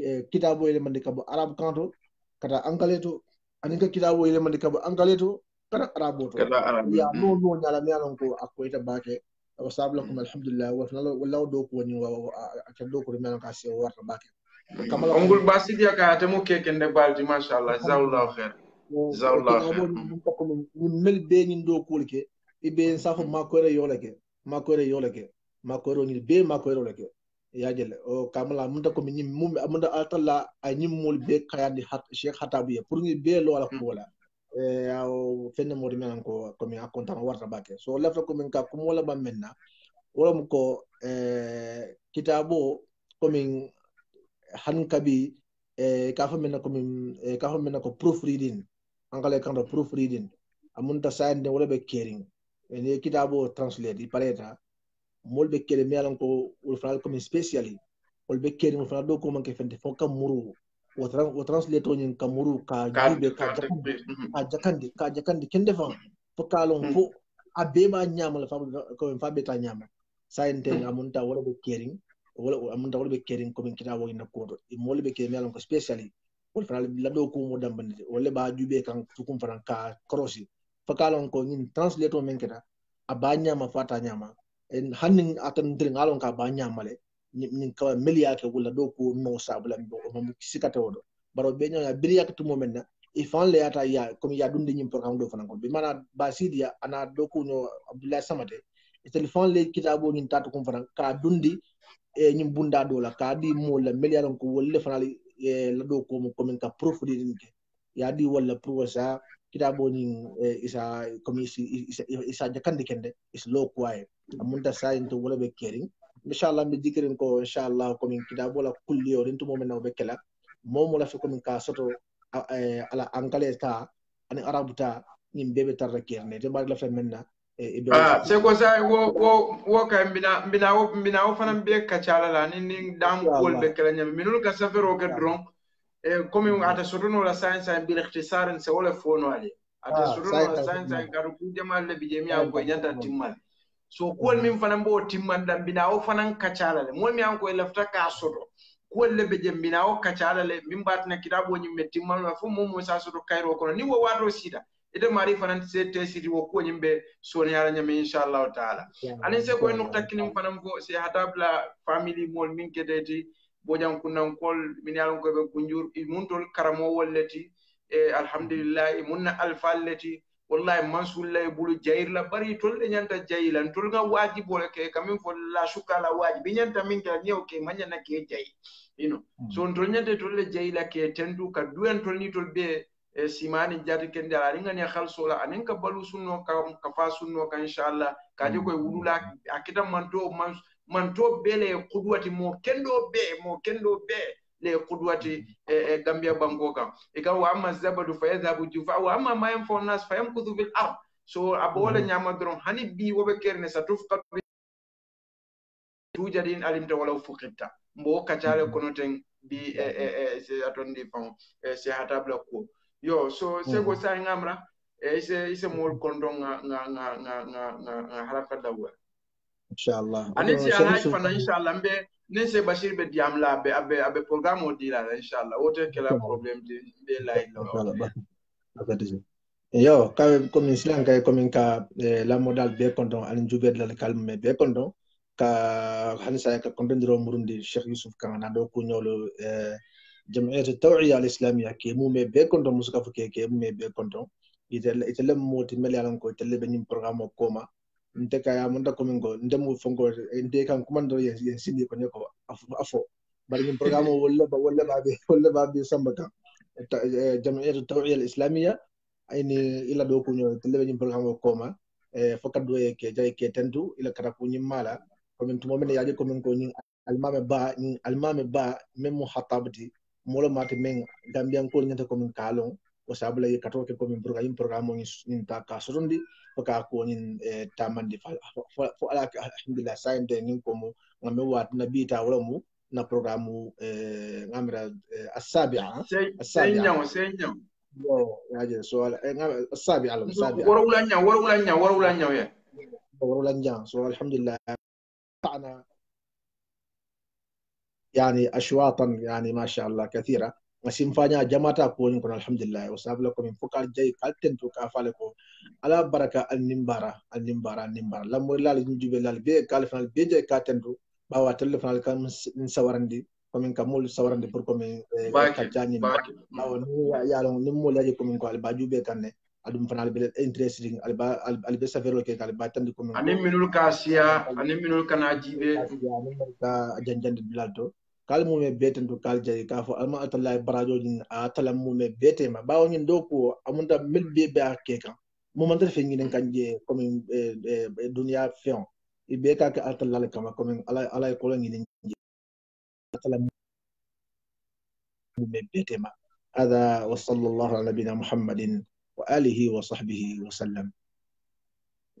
eh, kitabo ele mandi kabo arab kanto kata ankaleto anin ka kitabo ele mandi kabo ankaleto kata arabo to ya no no nyala mi alon ko akoyta bake wa sabla alhamdulillah wa fnalo wala do ko ni wa ka do ko mi ka se warta bake kamala ngul basidi ka te mo keke nde baldi machallah zawla khair zawla khair min mel be ni do kulke ibe safo makore mm. yolake makore yolake makoro ni be makoro lake ya jele o kamala munta ko min mum amunda atalla anyimul be kayandi hat sheikh hatabiya pour ni be lo ala ko wala e o fenne modi men ko ko mi akkonta warta bake so lafta ko min ka ko wala ba menna wala mu ko e kitabo ko min han kabi e ka fa menna e, ko min e ka fa menna ko proof reading angale kan do proof reading amunta sayande wala be caring e kitabo translate i pareta mol be kele mi alan ko wol fana comme specially wol be kere mo fana do ko man ke fente fo kam muru wo tran wo translate ka jibe ka jakandi ka jakandi ka jakandi kende fa fo kalon mm. fo abe ma nyama la fa ko fa be ta nyama sainte mm. amunta wala be kering wala amunta wala be kering ko min kita ina ko do e mol be kere mi alan ko specially wol fana la do ko mo dambande wala ba jube kan tukum fana ka crossi fo kalon ko nyin translate on men kita abanya mafata nyama hannin atan dilin alon ka ba nyamale nin ka milia ke wala do ko no sabla mbo o mum sikata wodo baro be nyaa biliya ke tumo menna ifan le ata ya comme ya dundi nyim programme do fanan ko bi mana basidi ya ana do ko no abdullah samate e telephone le kitabo nyin tatu ko fanan ka dundi e nyim bunda do la ka di mo la milia ko wolle fanali e la do ko mo comme ka prof di din ke ya di wala proof sa kitabonin eh, isa comme isa jakandi kende is low quiet amunta sayin to wala be caring inshallah mi dikirin ko inshallah ko min kitabo la kulli yorin to momen be kala momo la fi ko min ka soto eh, ala angale ta ani arab ta nim bebe tarra kerne to bari la fe menna eh, ah c'est quoi ça wo wo wo ka mbina mbina wo mbina wo fanam be kachala la ni ni dam wol be kala nyam minul ka safero ka dron Eh, komi mm. atasurunola science an bil ihtisar nse wole fonole ah, atasurunola science an kadu bijemi bijemiya ko ñanta timmal so kuwol mm. min fanan bo timmanɗan mbina o fanan kacalale mol mi an koye lafta ka soto kuwol le ɓe je mbina o le min mbatina kitaboñim ɓe timmalma fof momo sa soto kayro kono ni wo wato sida ite mari fanan se tesiri wo kuwoñim ɓe soniyara ñami inchallahu taala anin se koye nokta kinin fanan fo si hatabla family mol min kedeti bojan kunnankol min yalon koɓe kunjur e muntol karamowol leti e alhamdulillah e munna alfal leti wallahi mansulla e bulu jayirla bari tol ɗe ñanta jayilan tol ga bole ke kamin fo la la waji ɓe ñanta min ka ñew ke mañana ke you know hmm. so tol ñante tol le jayila ke tendu ka duyan tol ni tol be e simani jati kende ala anin gani hal sola anin ka balu sunno ka, ka fa sunno ka inchallah kaje hmm. koye wulula a kitan manto man manto be le kudwati mo kendo be mo kendo be le kudwati e, e, gambia banko kan ka wa amma zabadu fa yadhabu jufa wa amma ma fo nas fa yamkuthu bil ard so abole mm -hmm. nyama dron hani bi wobe kerne satufqa tujadin alimta wala fuqitta mbo kacale kono ten bi e e e se atondi fam se hatabla ko yo so sego go sa ngamra e se ise mol kondo nga nga nga nga nga, nga, halaka haraka inshallah ani si alhaji fana inshallah mbe nin se bashir be diyam la be abe abe programme o dila inshallah wote kela problème de be la ilo yo kawe komin silan kay komin ka eh, la modal be kondon alin jubed la kalme be kondon ka hansa ka kombendro murundi cheikh yusuf kan na do ku nyolo eh, jam'iyyat tawiya al islamiyya ke mu me be kondon musuka fuke ke mu me be kondon itelle itelle mo timel yalan ko itelle nte kaya munta komingo nte mu fonko nte kan kumando yen yen sindi ko ne ko afo bari min programo wolle ba wolle ba be wolle ba eh, be samba kan jami'atu tawhiya al-islamiyya ayni ila do ko nyo tele ni programo ko ma e eh, fokat do ke jay ke tendu ila kara ko nyim mala ko min tumo men yaaje ko min ko nyin almame ba ni almame ba memu mu hatabdi molo mate men gambian ko nyata ko min kalon o sabula ye kato ke komin programme programme o ñin ta ka sotondi fo ka ko ñin eh, tamandi fo ala ke alhamdulillah sayinte nin komu ngam mi watina biita wala mu na programme eh, ngamira eh, asabia ah, asabia ah. yo yaje so ala eh, asabia ala asabia ah. wara wala nyaa wara wala nyaa wara wala nyaa ya wara wala nyaa so alhamdulillah ta'ana يعني اشواطا يعني ما شاء الله كثيره simfaña jamata kuwoni kono alhamdulillah o sabla komin fof kal jayi kal tento ka fale ko ala baraka al nimbara al nimbara al nimbara lammori laal jube laal be kale fanal be jayi ka tento ɓawa telle fanal kam min sawarandi komin kam mol sawarandi pour komin eh, kajjani ɓawa ni yalo ni mol yaji komin ko alba jube kanne aɗum fana albe interesting alba albe safero ke alba tandi komin anin minol ka siya anin minol kana jiɓe ka janjande dulal to kal mu me beten to kal jay ka fo alma atalla jin a mu me bete ma bawo nyin do ko amunda mil be be akke kan mu man tarfe ngin kan je comme dunya fion e be ka ka atalla kama comme ala ala ko ngin je atalla mume bete ma هذا وصلى الله على نبينا محمد وآله وصحبه وسلم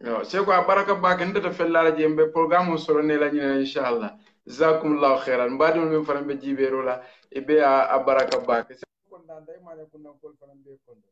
yo sey ko a baraka baake ndeta fellaala jembe programme o soronela ñina inchallah jazakumullahu khairan mbaɗimol min fana ɓe jiiɓeerola e be a baraka ba ko konɗan da imane kunnan kol fana mbe konɗo